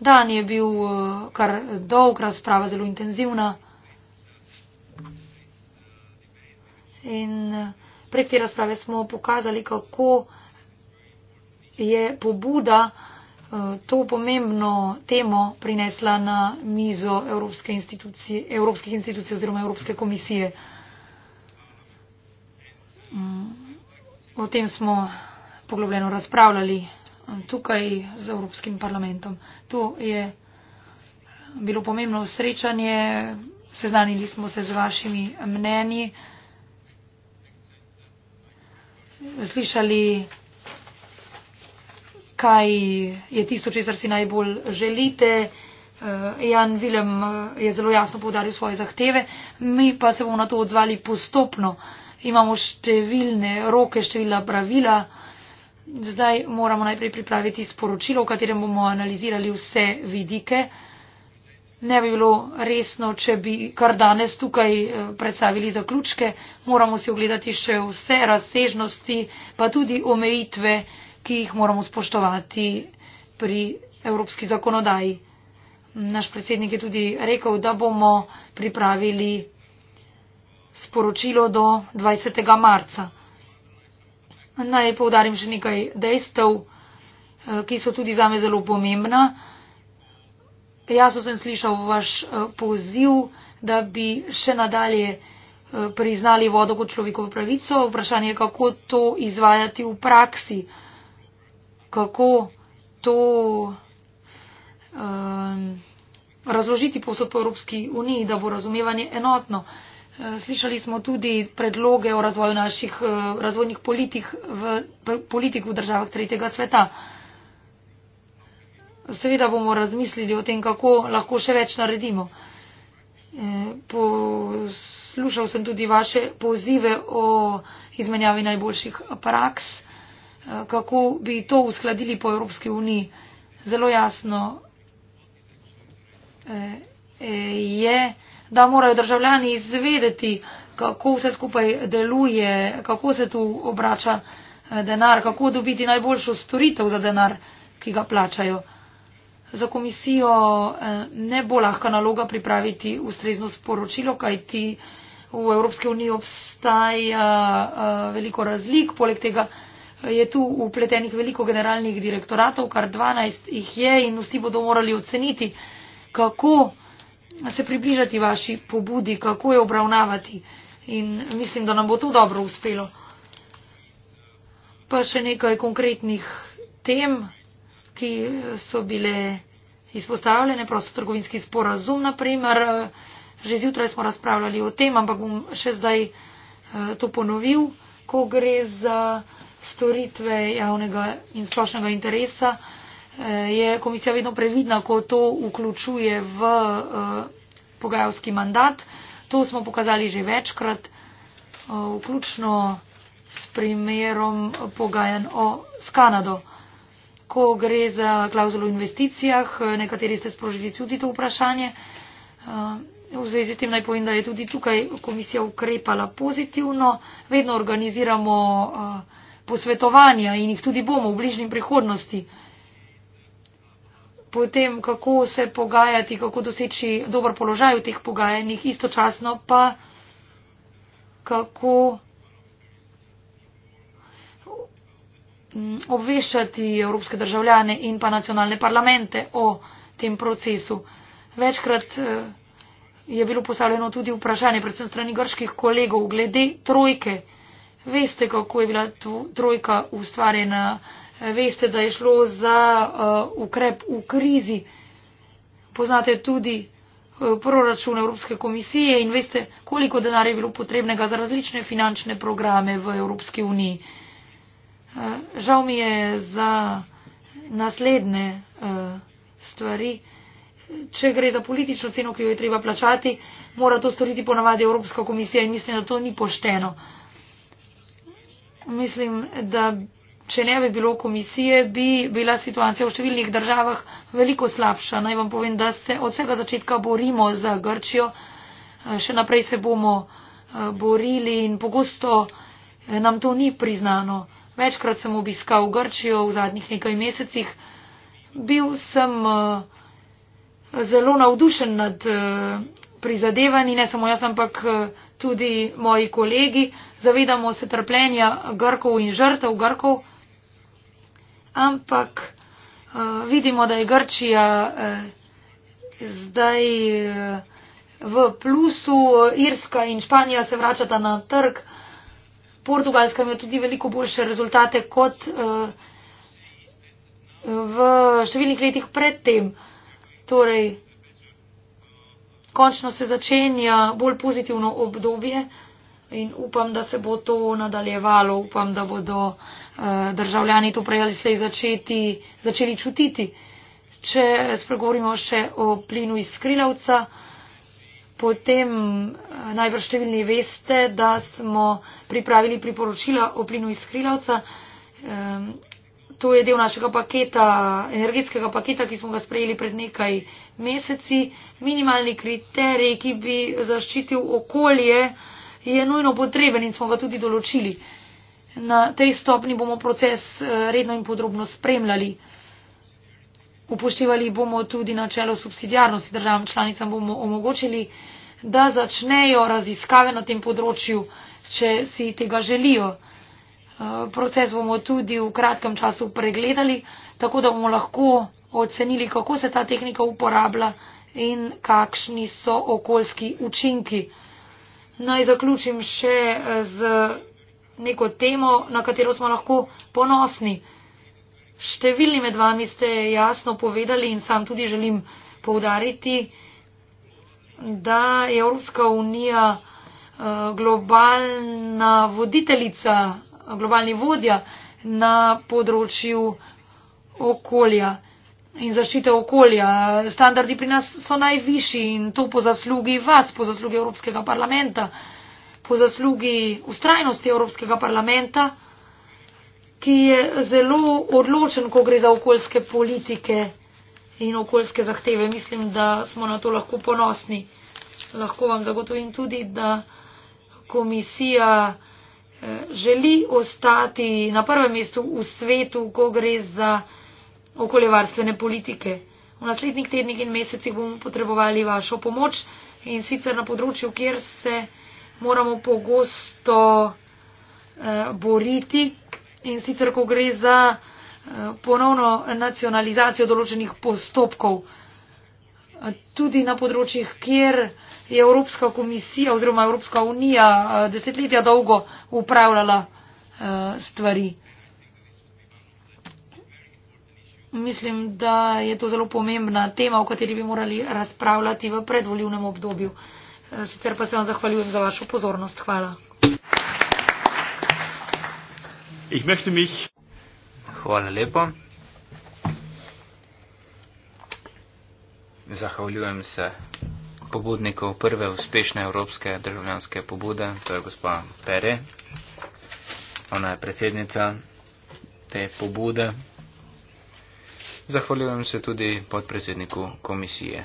Dan je bil eh, kar dolg, razprava zelo intenzivna. In eh, prek te razprave smo pokazali, kako je pobuda eh, to pomembno temo prinesla na mizo Evropske institucije, evropskih institucij oziroma Evropske komisije. Mm, o tem smo poglobljeno razpravljali tukaj z Evropskim parlamentom. To je bilo pomembno srečanje, seznanili smo se z vašimi mnenji, slišali, kaj je tisto, česar si najbolj želite. Eh, Jan Willem eh, je zelo jasno povdaril svoje zahteve, mi pa se bomo na to odzvali postopno. Imamo številne roke, števila pravila zdaj moramo najprej pripraviti sporočilo, v katerem bomo analizirali vse vidike. Ne bi bilo resno, če bi kar danes tukaj eh, predstavili zaključke. Moramo si ogledati še vse razsežnosti, pa tudi omejitve, ki jih moramo spoštovati pri evropski zakonodaji. Naš predsednik je tudi rekel, da bomo pripravili sporočilo do 20. marca. Naj povdarim še nekaj dejstev, eh, ki so tudi zame zelo pomembna. Jaz sem slišal vaš eh, poziv, da bi še nadalje eh, priznali vodo kot človekovo pravico. Vprašanje je, kako to izvajati v praksi, kako to um, razložiti posod po Evropski uniji, da bo razumevanje enotno. Uh, Slišali smo tudi predloge o razvoju naših eh, razvojnih politik v, politik v državah tretjega sveta. Seveda bomo razmislili o tem, kako lahko še več naredimo. Eh, poslušal sem tudi vaše pozive o izmenjavi najboljših praks, eh, kako bi to uskladili po Evropski uniji. Zelo jasno je. Eh, eh, yeah da morajo državljani izvedeti, kako vse skupaj deluje, kako se tu obrača eh, denar, kako dobiti najboljšo storitev za denar, ki ga plačajo. Za komisijo eh, ne bo lahka naloga pripraviti ustrezno sporočilo, kajti v Evropske unije obstaja eh, veliko razlik. Poleg tega je tu upletenih veliko generalnih direktoratov, kar 12 jih je in vsi bodo morali oceniti, kako se približati vaši pobudi, kako jo obravnavati. In mislim, da nam bo to dobro uspelo. Pa še nekaj konkretnih tem, ki so bile izpostavljene, prostotrgovinski sporazum, naprimer, že zjutraj smo razpravljali o tem, ampak bom še zdaj eh, to ponovil, ko gre za storitve javnega in splošnega interesa. Eh, je komisija vedno previdna, ko to vključuje v eh, pogajalski mandat. To smo pokazali že večkrat, eh, vključno s primerom pogajanj o s Kanado. Ko gre za klauzulo o investicijah, nekateri ste sprožili tudi to vprašanje. V zvezi s tem naj povem, da je tudi tukaj komisija ukrepala pozitivno. Vedno organiziramo posvetovanja in jih tudi bomo v bližnji prihodnosti potem kako se pogajati, kako doseči dober položaj v teh pogajanjih, istočasno pa kako mm, obveščati evropske državljane in pa nacionalne parlamente o tem procesu. Večkrat eh, je bilo postavljeno tudi vprašanje, predvsem strani grških kolegov, glede trojke. Veste, kako je bila trojka ustvarjena Veste, da je šlo za uh, ukrep v krizi. Poznate tudi uh, proračun Evropske komisije in veste, koliko denarja je bilo potrebnega za različne finančne programe v Evropski uniji. Uh, žal mi je za naslednje uh, stvari, če gre za politično ceno, ki jo je treba plačati, mora to storiti ponavadi Evropska komisija in mislim, da to ni pošteno. Mislim, da če ne bi bilo komisije, bi bila situacija v številnih državah veliko slabša. Naj vam povem, da se od vsega začetka borimo za Grčijo, še naprej se bomo eh, borili in pogosto eh, nam to ni priznano. Večkrat sem obiskal Grčijo v zadnjih nekaj mesecih. Bil sem eh, zelo navdušen nad prizadevanji, ne samo jaz, ampak tudi moji kolegi. Zavedamo se trpljenja Grkov in žrtev Grkov ampak uh, vidimo, da je Grčija uh, zdaj uh, v plusu, Irska in Španija se vračata na trg. Portugalska ima tudi veliko boljše rezultate kot uh, v številnih letih predtem. Torej, končno se začenja bolj pozitivno obdobje in upam, da se bo to nadaljevalo, upam, da bodo eh, državljani to prej ali slej začeti, začeli čutiti. Če spregovorimo še o plinu iz skrilavca, potem eh, najbrž številni veste, da smo pripravili priporočila o plinu iz skrilavca. Ehm, to je del našega paketa, energetskega paketa, ki smo ga sprejeli pred nekaj meseci. Minimalni kriterij, ki bi zaščitil okolje, je nujno potreben in smo ga tudi določili. Na tej stopni bomo proces eh, redno in podrobno spremljali. Upoštevali bomo tudi načelo subsidijarnosti državam članicam, bomo omogočili, da začnejo raziskave na tem področju, če si tega želijo. Eh, proces bomo tudi v kratkem času pregledali, tako da bomo lahko ocenili, kako se ta tehnika uporablja in kakšni so okoljski učinki. Naj zaključim še eh, z neko temo, na katero smo lahko ponosni. Številni med vami ste jasno povedali in sam tudi želim povdariti, da je Evropska unija eh, globalna voditeljica, globalni vodja na področju okolja in zaščite okolja. Standardi pri nas so najvišji in to po zaslugi vas, po zaslugi Evropskega parlamenta, po zaslugi ustrajnosti Evropskega parlamenta, ki je zelo odločen, ko gre za okoljske politike in okoljske zahteve. Mislim, da smo na to lahko ponosni. Lahko vam zagotovim tudi, da komisija eh, želi ostati na prvem mestu v svetu, ko gre za okoljevarstvene politike. V naslednjih tednih in mesecih bomo potrebovali vašo pomoč in sicer na področju, kjer se moramo pogosto eh, boriti in sicer, ko gre za eh, ponovno nacionalizacijo določenih postopkov. Tudi na področjih, kjer je Evropska komisija oziroma Evropska unija eh, desetletja dolgo upravljala eh, stvari. Mislim, da je to zelo pomembna tema, o kateri bi morali razpravljati v predvoljivnem obdobju. Eh, sicer pa se vam zahvaljujem za vašo pozornost. Hvala. Hvala lepo. Zahvaljujem se pobudniku prve uspešne evropske državljanske pobude, to je gospa Pere. Ona je predsednica te pobude, Zahvaljujem se tudi podpredsedniku komisije.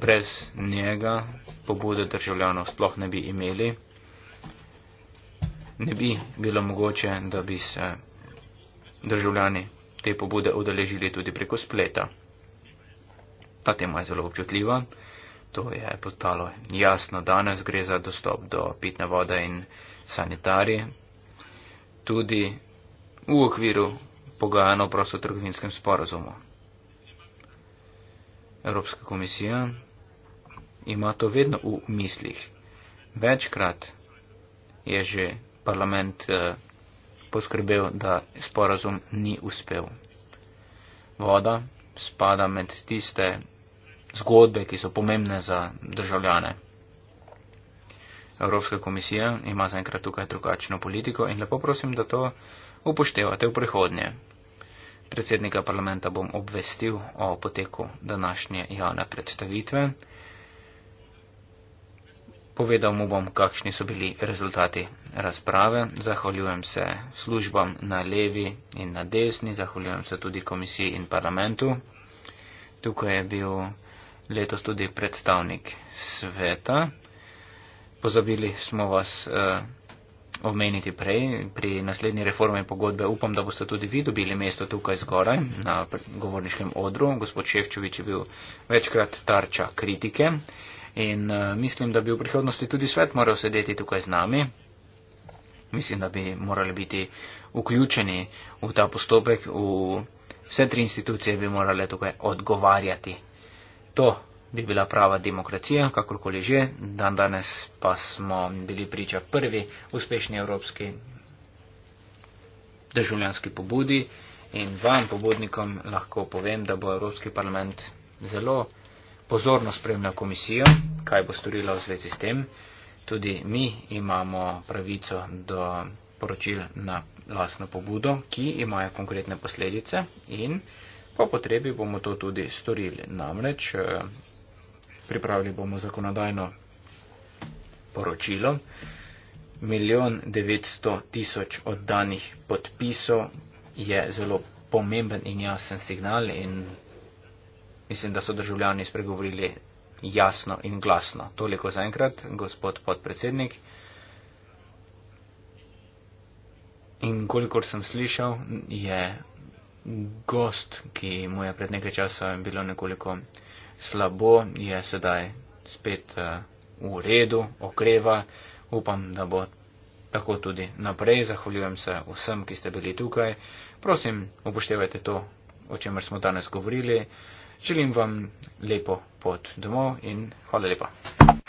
Brez njega pobude državljanov sploh ne bi imeli. Ne bi bilo mogoče, da bi se državljani te pobude udeležili tudi preko spleta. Ta tema je zelo občutljiva. To je postalo jasno danes. Gre za dostop do pitne vode in sanitarije. Tudi v okviru pogajanja o prostotrgovinskem sporazumu. Evropska komisija ima to vedno v mislih. Večkrat je že parlament eh, poskrbel, da sporazum ni uspel. Voda spada med tiste zgodbe, ki so pomembne za državljane. Evropska komisija ima zaenkrat tukaj drugačno politiko in lepo prosim, da to upoštevate v prihodnje. Predsednika parlamenta bom obvestil o poteku današnje javne predstavitve. Povedal mu bom, kakšni so bili rezultati razprave. Zahvaljujem se službam na levi in na desni. Zahvaljujem se tudi komisiji in parlamentu. Tukaj je bil letos tudi predstavnik sveta. Pozabili smo vas. Eh, omeniti prej, pri naslednji reformi pogodbe upam, da boste tudi vi dobili mesto tukaj zgoraj na govorniškem odru. Gospod Ševčevič je bil večkrat tarča kritike in eh, mislim, da bi v prihodnosti tudi svet moral sedeti tukaj z nami. Mislim, da bi morali biti vključeni v ta postopek, v vse tri institucije bi morale tukaj odgovarjati. To bi bila prava demokracija, kakorkoli že, dan danes pa smo bili priča prvi uspešni evropski državljanski pobudi in vam, pobudnikom, lahko povem, da bo Evropski parlament zelo pozorno spremljal komisijo, kaj bo storila v zvezi s tem. Tudi mi imamo pravico do poročil na lasno pobudo, ki imajo konkretne posledice in po potrebi bomo to tudi storili. Namreč eh, pripravili bomo zakonodajno poročilo. Milijon 900 tisoč oddanih podpisov je zelo pomemben in jasen signal in mislim, da so državljani spregovorili jasno in glasno. Toliko zaenkrat, gospod podpredsednik. In kolikor sem slišal, je gost, ki mu je pred nekaj časa bilo nekoliko slabo, je sedaj spet eh, v redu, okreva. Upam, da bo tako tudi naprej. Zahvaljujem se vsem, ki ste bili tukaj. Prosim, upoštevajte to, o čemer smo danes govorili. Želim vam lepo pot domov in hvala lepa.